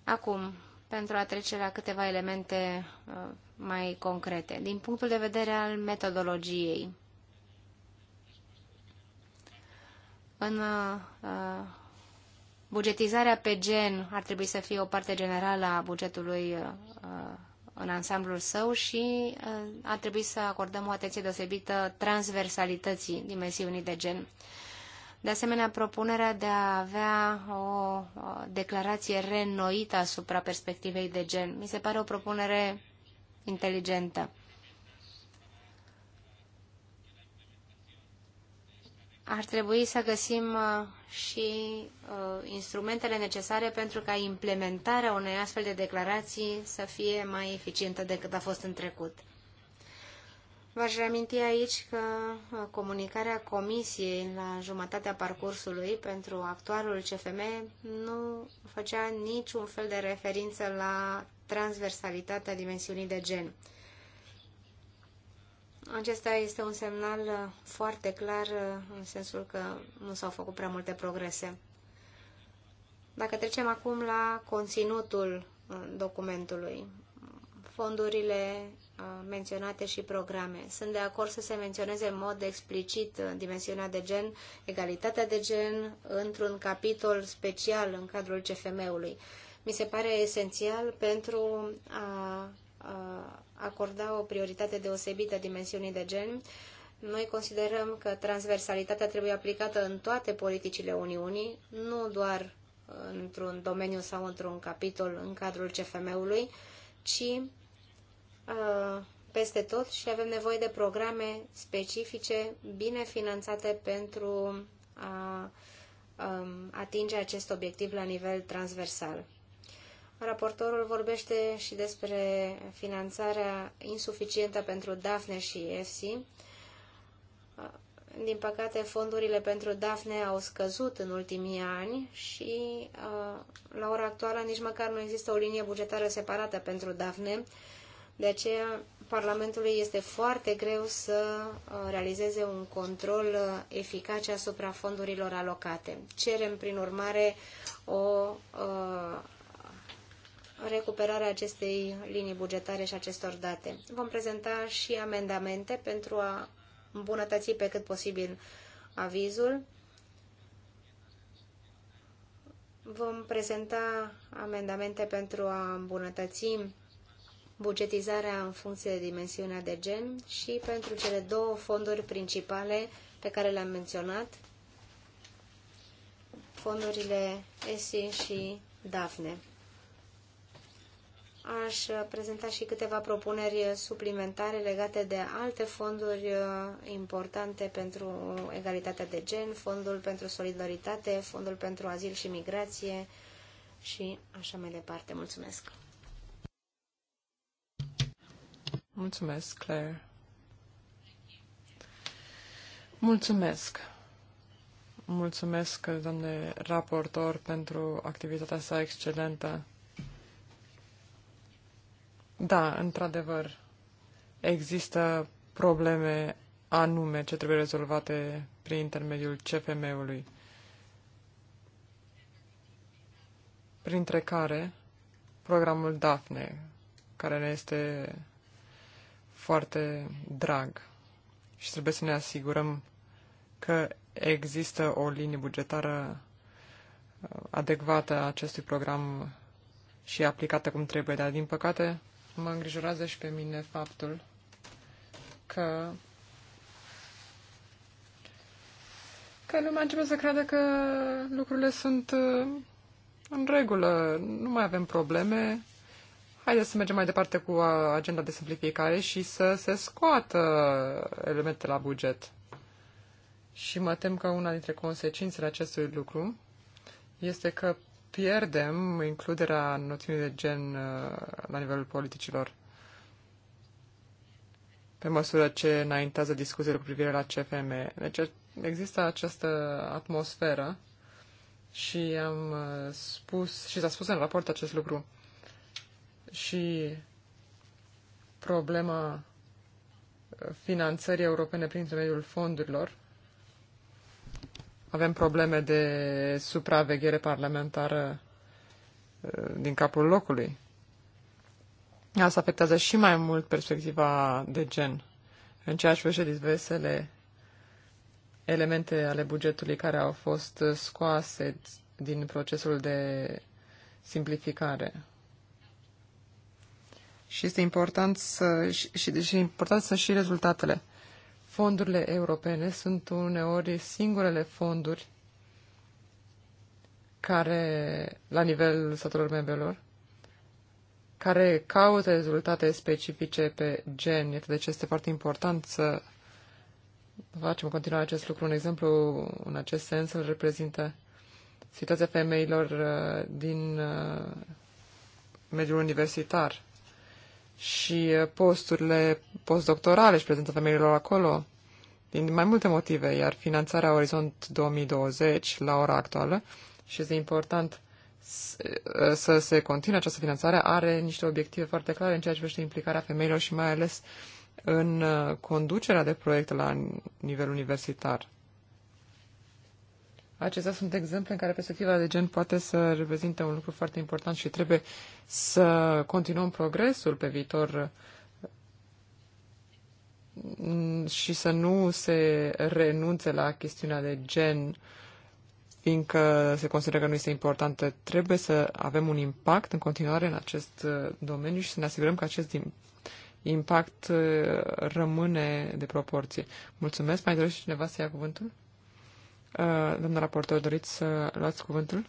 Acum, pentru a trece la câteva elemente uh, mai concrete, din punctul de vedere al metodologiei. În uh, bugetizarea pe gen ar trebui să fie o parte generală a bugetului în ansamblul său și uh, ar trebui să acordăm o atenție deosebită transversalității dimensiunii de gen. De asemenea, propunerea de a avea o declarație reînnoită asupra perspectivei de gen mi se pare o propunere inteligentă. ar trebui să găsim uh, și uh, instrumentele necesare pentru ca implementarea unei astfel de declarații să fie mai eficientă decât a fost în trecut. V-aș reaminti aici că uh, comunicarea Comisiei la jumătatea parcursului pentru actualul CFM nu făcea niciun fel de referință la transversalitatea dimensiunii de gen. Acesta este un semnal uh, foarte clar uh, în sensul că nu s-au făcut prea multe progrese. Dacă trecem acum la conținutul uh, documentului, fondurile menționate și programe. Sunt de acord să se menționeze în mod explicit dimensiunea de gen, egalitatea de gen, într-un capitol special în cadrul CFM-ului. Mi se pare esențial pentru a, a acorda o prioritate deosebită dimensiunii de gen, noi considerăm că transversalitatea trebuie aplicată în toate politicile Uniunii, nu doar într-un domeniu sau într-un capitol în cadrul CFM-ului, ci peste tot și avem nevoie de programe specifice, bine finanțate pentru a atinge acest obiectiv la nivel transversal. Raportorul vorbește și despre finanțarea insuficientă pentru DAFNE și EFSI. Din păcate, fondurile pentru DAFNE au scăzut în ultimii ani și uh, la ora actuală nici măcar nu există o linie bugetară separată pentru DAFNE. De aceea, Parlamentului este foarte greu să uh, realizeze un control uh, eficace asupra fondurilor alocate. Cerem, prin urmare, o recuperarea acestei linii bugetare și acestor date. Vom prezenta și amendamente pentru a îmbunătăți pe cât posibil avizul. Vom prezenta amendamente pentru a îmbunătăți bugetizarea în funcție de dimensiunea de gen și pentru cele două fonduri principale pe care le-am menționat, fondurile ESI și DAFNE aș prezenta și câteva propuneri suplimentare legate de alte fonduri uh, importante pentru egalitatea de gen, fondul pentru solidaritate, fondul pentru azil și migrație și așa mai departe. Mulțumesc! Mulțumesc, Claire! Mulțumesc! Mulțumesc, doamne raportor, pentru activitatea sa excelentă da, într-adevăr, există probleme anume ce trebuie rezolvate prin intermediul CFM-ului, printre care programul DAFNE, care ne este foarte drag și trebuie să ne asigurăm că există o linie bugetară uh, adecvată acestui program și aplicată cum trebuie, dar din păcate mă îngrijorează și pe mine faptul că că lumea începe să creadă că lucrurile sunt uh, în regulă, nu mai avem probleme. Haideți să mergem mai departe cu uh, agenda de simplificare și să se scoată elementele la buget. Și mă tem că una dintre consecințele acestui lucru este că pierdem includerea noțiunii de gen uh, la nivelul politicilor. Pe măsură ce înaintează discuțiile cu privire la CFM. Deci există această atmosferă și am uh, spus și s-a spus în raport acest lucru. Și problema uh, finanțării europene prin intermediul fondurilor avem probleme de supraveghere parlamentară uh, din capul locului. Asta afectează și mai mult perspectiva de gen. În ceea ce privește diversele elemente ale bugetului care au fost scoase din procesul de simplificare. Și este important să și, și important să și rezultatele fondurile europene sunt uneori singurele fonduri care, la nivel statelor membrelor, care caută rezultate specifice pe gen. Iată de ce este foarte important să facem în continuare acest lucru. Un exemplu în acest sens îl reprezintă situația femeilor uh, din uh, mediul universitar și posturile postdoctorale și prezența femeilor acolo, din mai multe motive, iar finanțarea Orizont 2020 la ora actuală, și este important să se continue această finanțare, are niște obiective foarte clare în ceea ce privește implicarea femeilor și mai ales în conducerea de proiecte la nivel universitar. Acestea sunt exemple în care perspectiva de gen poate să reprezinte un lucru foarte important și trebuie să continuăm progresul pe viitor mm, și să nu se renunțe la chestiunea de gen, fiindcă se consideră că nu este importantă. Trebuie să avem un impact în continuare în acest uh, domeniu și să ne asigurăm că acest impact uh, rămâne de proporție. Mulțumesc. Mai dorește cineva să ia cuvântul? Uh, doamna raportor, doriți să luați cuvântul?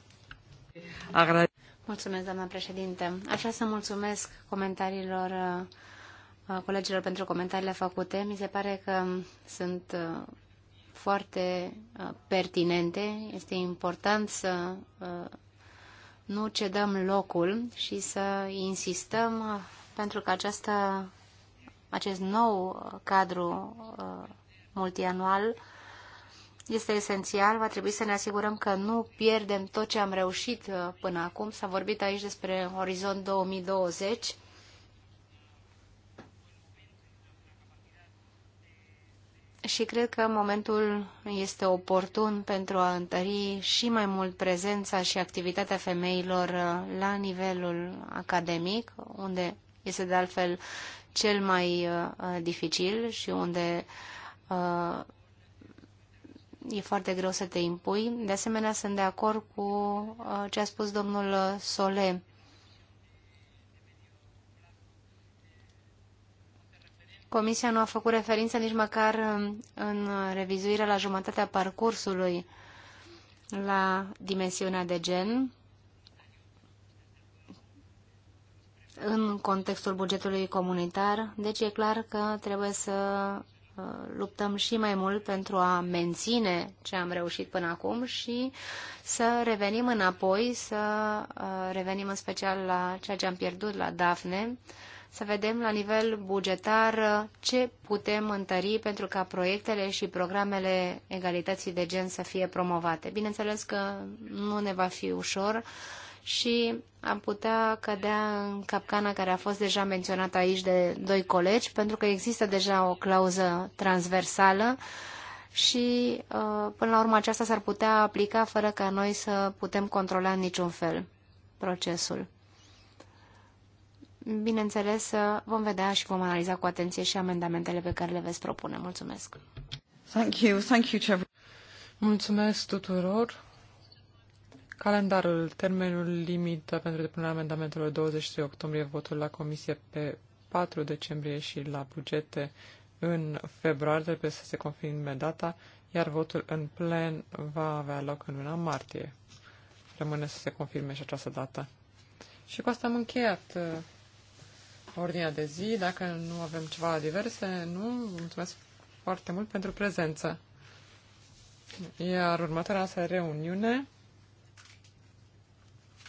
Mulțumesc, doamna președinte. Aș vrea să mulțumesc comentariilor uh, colegilor pentru comentariile făcute. Mi se pare că sunt uh, foarte pertinente. Este important să nu cedăm locul și să insistăm pentru că această, acest nou cadru multianual este esențial, va trebui să ne asigurăm că nu pierdem tot ce am reușit uh, până acum. S-a vorbit aici despre Orizont 2020. Și cred că momentul este oportun pentru a întări și mai mult prezența și activitatea femeilor uh, la nivelul academic, unde este de altfel cel mai uh, dificil și unde e foarte greu să te impui. De asemenea, sunt de acord cu uh, ce a spus domnul Sole. Comisia nu a făcut referință nici măcar um, în revizuirea la jumătatea parcursului la dimensiunea de gen în contextul bugetului comunitar. Deci e clar că trebuie să Uh, luptăm și mai mult pentru a menține ce am reușit până acum și să revenim înapoi, să uh, revenim în special la ceea ce am pierdut la DAFNE, să vedem la nivel bugetar ce putem întări pentru ca proiectele și programele egalității de gen să fie promovate. Bineînțeles că nu ne va fi ușor, și am putea cădea în capcana care a fost deja menționată aici de doi colegi, pentru că există deja o clauză transversală și uh, până la urmă aceasta s-ar putea aplica fără ca noi să putem controla în niciun fel procesul. Bineînțeles, uh, vom vedea și vom analiza cu atenție și amendamentele pe care le veți propune. Mulțumesc! Thank you. Thank you, Trevor. Mulțumesc tuturor! Calendarul, termenul limită pentru depunerea amendamentelor 23 octombrie, votul la comisie pe 4 decembrie și la bugete în februarie, trebuie să se confirme data, iar votul în plen va avea loc în luna martie. Rămâne să se confirme și această dată. Și cu asta am încheiat uh, ordinea de zi. Dacă nu avem ceva diverse, nu, mulțumesc foarte mult pentru prezență. Iar următoarea noastră reuniune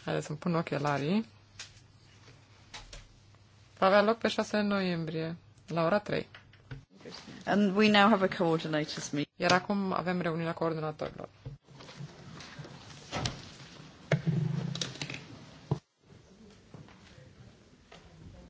Haideți să-mi pun ochelarii. Va avea loc pe 6 noiembrie, la ora 3. And we now have a coordinators meeting. Iar acum avem reuniunea coordonatorilor.